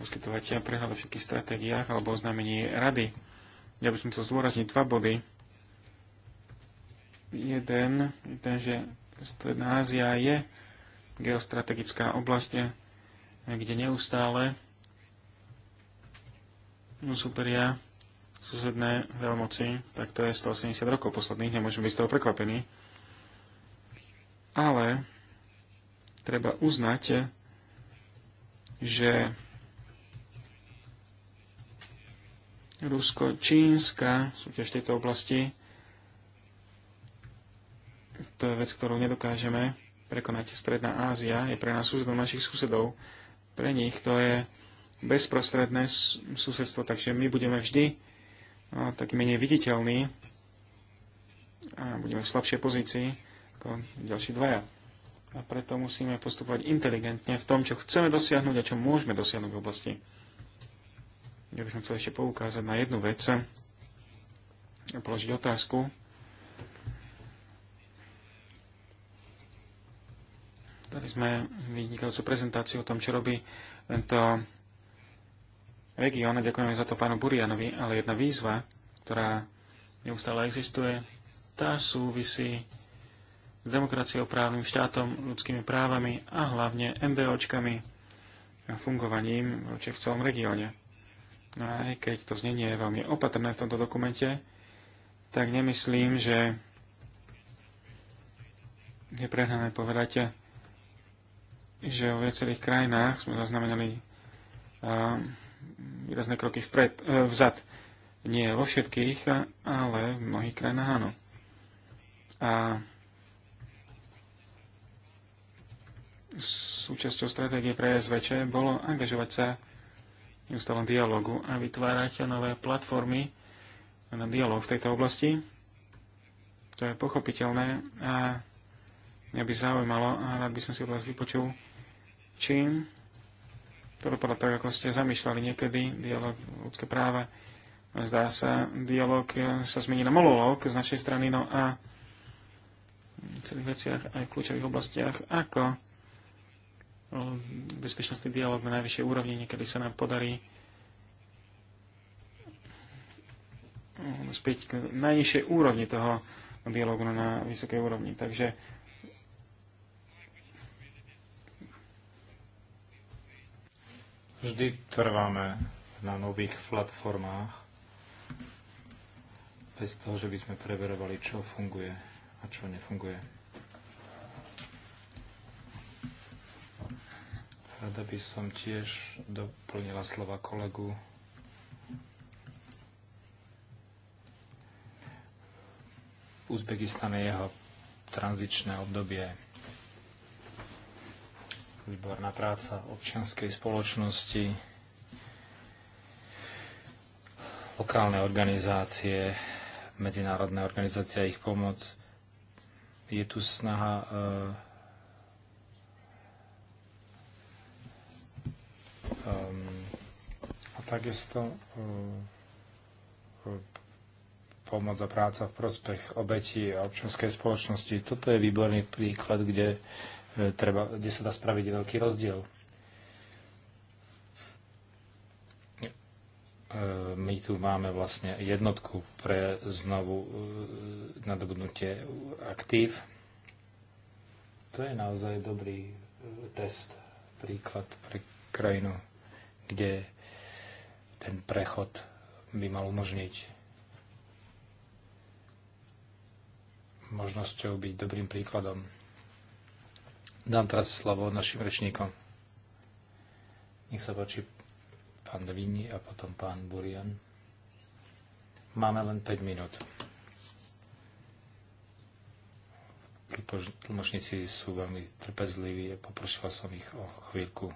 poskytovať ja prehľad o všetkých stratégiách alebo oznámení rady ja by som chcel zdôrazniť dva body. Jeden, ten, že Stredná Ázia je geostrategická oblasť, kde neustále superia susedné veľmoci, tak to je 180 rokov posledných, nemôžeme byť z toho prekvapení. Ale treba uznať, že Rusko-čínska súťaž v tejto oblasti. To je vec, ktorú nedokážeme prekonať. Stredná Ázia je pre nás súzdom našich susedov. Pre nich to je bezprostredné susedstvo, takže my budeme vždy no, taký menej viditeľní a budeme v slabšej pozícii ako ďalší dvaja. A preto musíme postupovať inteligentne v tom, čo chceme dosiahnuť a čo môžeme dosiahnuť v oblasti ja by som chcel ešte poukázať na jednu vec a položiť otázku. Dali sme vynikajúcu prezentáciu o tom, čo robí tento región. Ďakujeme za to pánu Burianovi, ale jedna výzva, ktorá neustále existuje, tá súvisí s demokraciou, právnym štátom, ľudskými právami a hlavne MBOčkami a fungovaním v celom regióne aj keď to znenie je veľmi opatrné v tomto dokumente, tak nemyslím, že je prehnané povedať, že vo viacerých krajinách sme zaznamenali ehm, výrazné kroky vpred, e, vzad. Nie vo všetkých, ale v mnohých krajinách áno. A súčasťou stratégie pre SVČ bolo angažovať sa ústavom dialogu a vytvárať nové platformy na dialog v tejto oblasti. To je pochopiteľné a mňa by zaujímalo a rád by som si od vás vypočul, čím to dopadlo tak, ako ste zamýšľali niekedy, dialog ľudské práva. Zdá sa, dialog sa zmení na monolog z našej strany, no a v celých veciach aj v kľúčových oblastiach, ako bezpečnostný dialog na najvyššej úrovni. Niekedy sa nám podarí e, späť k najnižšej úrovni toho dialogu na vysokej úrovni. Takže vždy trváme na nových platformách bez toho, že by sme preverovali, čo funguje a čo nefunguje. Rada by som tiež doplnila slova kolegu. Uzbekistan je jeho tranzičné obdobie. Výborná práca občianskej spoločnosti, lokálne organizácie, medzinárodné organizácie a ich pomoc. Je tu snaha e, Um, a takisto um, pomoc a práca v prospech obetí a občianskej spoločnosti. Toto je výborný príklad, kde, e, treba, kde sa dá spraviť veľký rozdiel. E, my tu máme vlastne jednotku pre znovu e, nadobudnutie aktív. To je naozaj dobrý test, príklad pre krajinu kde ten prechod by mal umožniť možnosťou byť dobrým príkladom. Dám teraz slovo našim rečníkom. Nech sa páči pán Vini a potom pán Burian. Máme len 5 minút. Tlmočníci sú veľmi trpezliví a poprosila som ich o chvíľku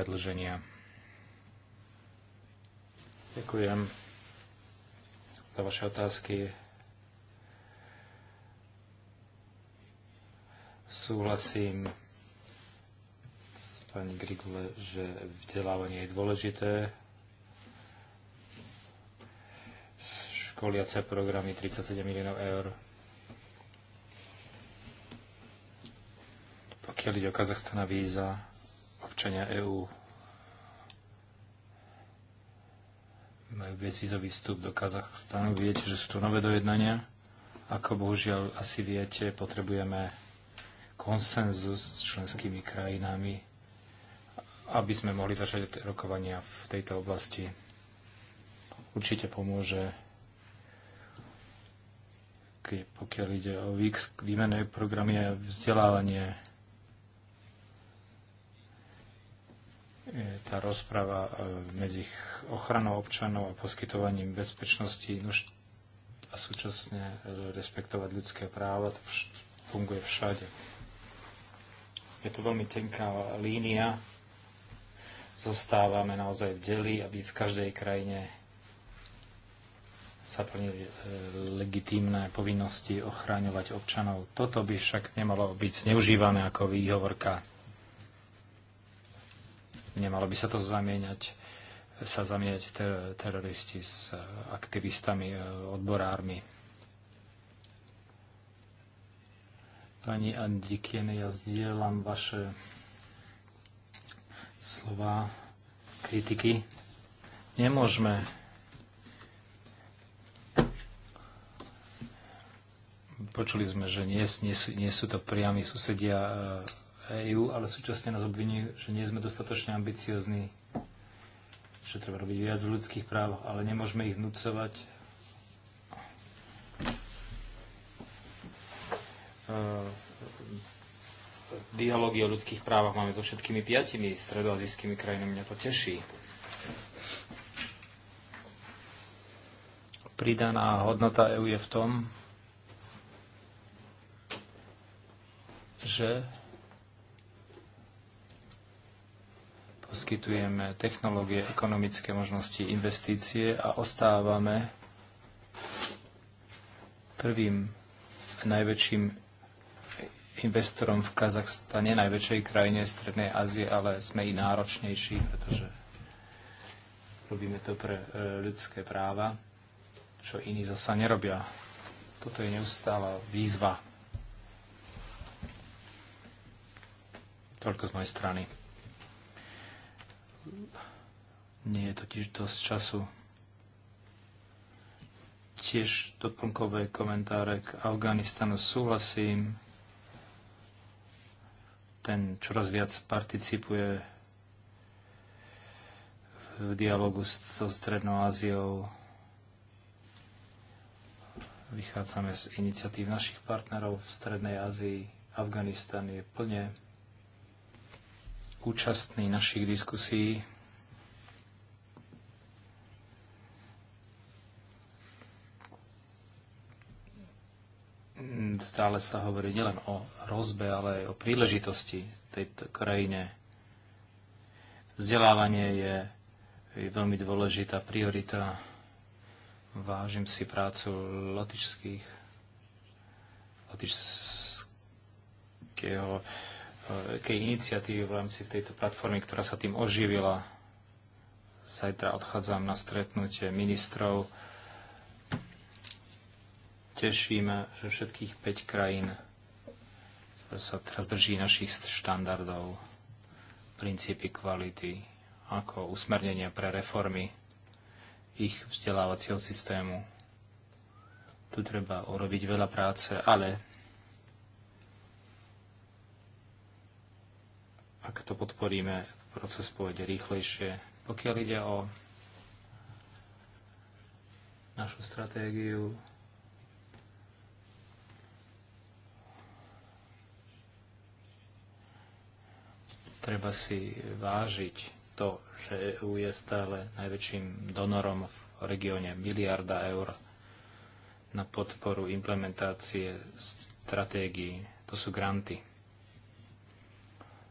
predlženia. Ďakujem za vaše otázky. Súhlasím s pani Grigule, že vzdelávanie je dôležité. Školiace programy 37 miliónov eur pokiaľ ide o Kazachstana víza, občania EÚ majú bezvizový vstup do Kazachstanu. Viete, že sú tu nové dojednania. Ako bohužiaľ asi viete, potrebujeme konsenzus s členskými krajinami, aby sme mohli začať rokovania v tejto oblasti. Určite pomôže, keď, pokiaľ ide o výmenné programy a vzdelávanie tá rozprava e, medzi ochranou občanov a poskytovaním bezpečnosti a súčasne e, respektovať ľudské práva, to funguje všade. Je to veľmi tenká línia. Zostávame naozaj v deli, aby v každej krajine sa plnili e, legitímne povinnosti ochráňovať občanov. Toto by však nemalo byť zneužívané ako výhovorka nemalo by sa to zamieňať sa zamieňať ter- teroristi s aktivistami, e, odborármi. Pani Andikien, ja zdieľam vaše slova kritiky. Nemôžeme počuli sme, že nie, nie, sú, nie sú to priami susedia e, EÚ, ale súčasne nás obvinujú, že nie sme dostatočne ambiciozní, že treba robiť viac v ľudských právach, ale nemôžeme ich vnúcovať. E, dialógy o ľudských právach máme so všetkými piatimi stredoazijskými krajinami, mňa to teší. Pridaná hodnota EÚ je v tom, že poskytujeme technológie, ekonomické možnosti, investície a ostávame prvým najväčším investorom v Kazachstane, najväčšej krajine Strednej Ázie, ale sme i náročnejší, pretože robíme to pre e, ľudské práva, čo iní zasa nerobia. Toto je neustála výzva. Toľko z mojej strany. Nie je totiž dosť času. Tiež doplnkové komentáre k Afganistanu súhlasím. Ten čoraz viac participuje v dialogu so Strednou Áziou. Vychádzame z iniciatív našich partnerov v Strednej Ázii. Afganistan je plne účastní našich diskusí. Stále sa hovorí nielen o rozbe, ale aj o príležitosti tejto krajine. Vzdelávanie je, je veľmi dôležitá priorita. Vážim si prácu lotičských, lotičského veľkej iniciatívy v rámci tejto platformy, ktorá sa tým oživila. Zajtra odchádzam na stretnutie ministrov. Tešíme, že všetkých 5 krajín sa teraz drží našich štandardov, princípy kvality, ako usmernenia pre reformy ich vzdelávacieho systému. Tu treba urobiť veľa práce, ale ak to podporíme, proces pôjde rýchlejšie. Pokiaľ ide o našu stratégiu, treba si vážiť to, že EU je stále najväčším donorom v regióne miliarda eur na podporu implementácie stratégií. To sú granty.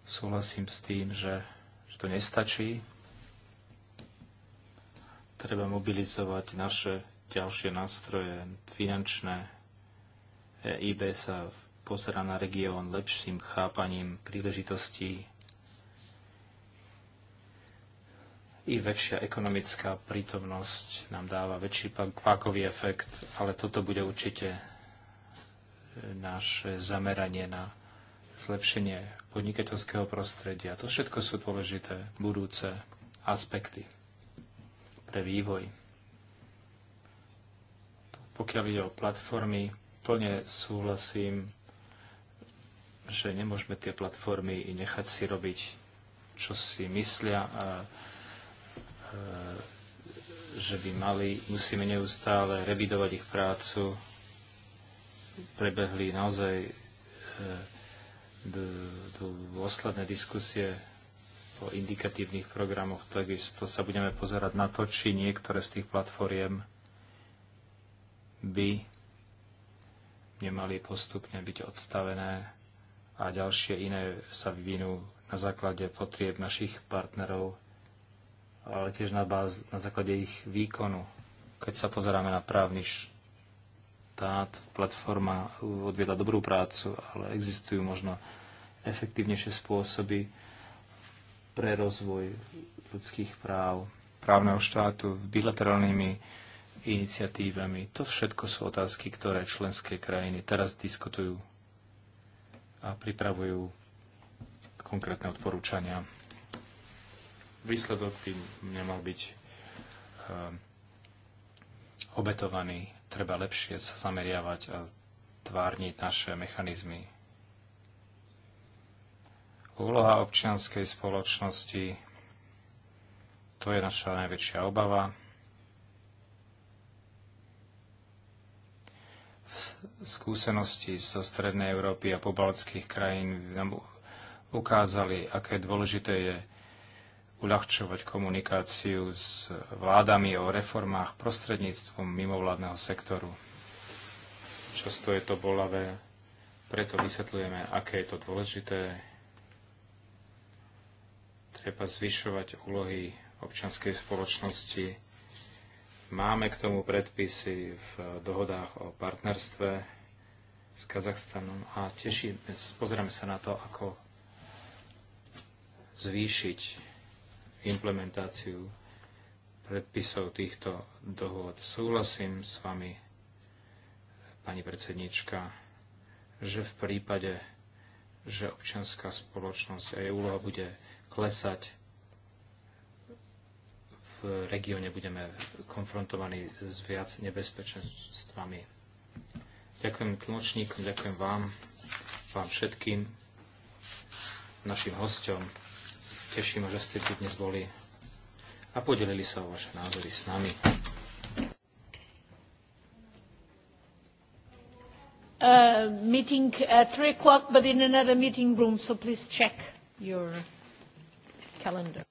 Súhlasím s tým, že, že to nestačí. Treba mobilizovať naše ďalšie nástroje finančné. EIB sa pozera na región lepším chápaním príležitostí i väčšia ekonomická prítomnosť nám dáva väčší pákový efekt, ale toto bude určite naše zameranie na zlepšenie podnikateľského prostredia. To všetko sú dôležité budúce aspekty pre vývoj. Pokiaľ ide o platformy, plne súhlasím, že nemôžeme tie platformy nechať si robiť, čo si myslia. A, a, že by mali, musíme neustále revidovať ich prácu. Prebehli naozaj e, dôsledné diskusie o indikatívnych programoch, takisto sa budeme pozerať na to, či niektoré z tých platformiem by nemali postupne byť odstavené a ďalšie iné sa vyvinú na základe potrieb našich partnerov, ale tiež na, báz, na základe ich výkonu. Keď sa pozeráme na právny tá platforma odviedla dobrú prácu, ale existujú možno efektívnejšie spôsoby pre rozvoj ľudských práv, právneho štátu, bilaterálnymi iniciatívami. To všetko sú otázky, ktoré členské krajiny teraz diskutujú a pripravujú konkrétne odporúčania. Výsledok by nemal byť eh, obetovaný treba lepšie sa zameriavať a tvárniť naše mechanizmy. Úloha občianskej spoločnosti to je naša najväčšia obava. V skúsenosti zo Strednej Európy a pobaltských krajín nám ukázali, aké dôležité je uľahčovať komunikáciu s vládami o reformách prostredníctvom mimovládneho sektoru. Často je to bolavé, preto vysvetľujeme, aké je to dôležité. Treba zvyšovať úlohy občianskej spoločnosti. Máme k tomu predpisy v dohodách o partnerstve s Kazachstanom a tešíme, pozrieme sa na to, ako zvýšiť implementáciu predpisov týchto dohôd. Súhlasím s vami, pani predsednička, že v prípade, že občianská spoločnosť a jej úloha bude klesať, v regióne budeme konfrontovaní s viac nebezpečenstvami. Ďakujem tlmočníkom, ďakujem vám, vám všetkým, našim hostom teším, že ste tu dnes boli a podelili sa o vaše názory s nami. Uh, meeting at 3 o'clock, but in another meeting room, so please check your calendar.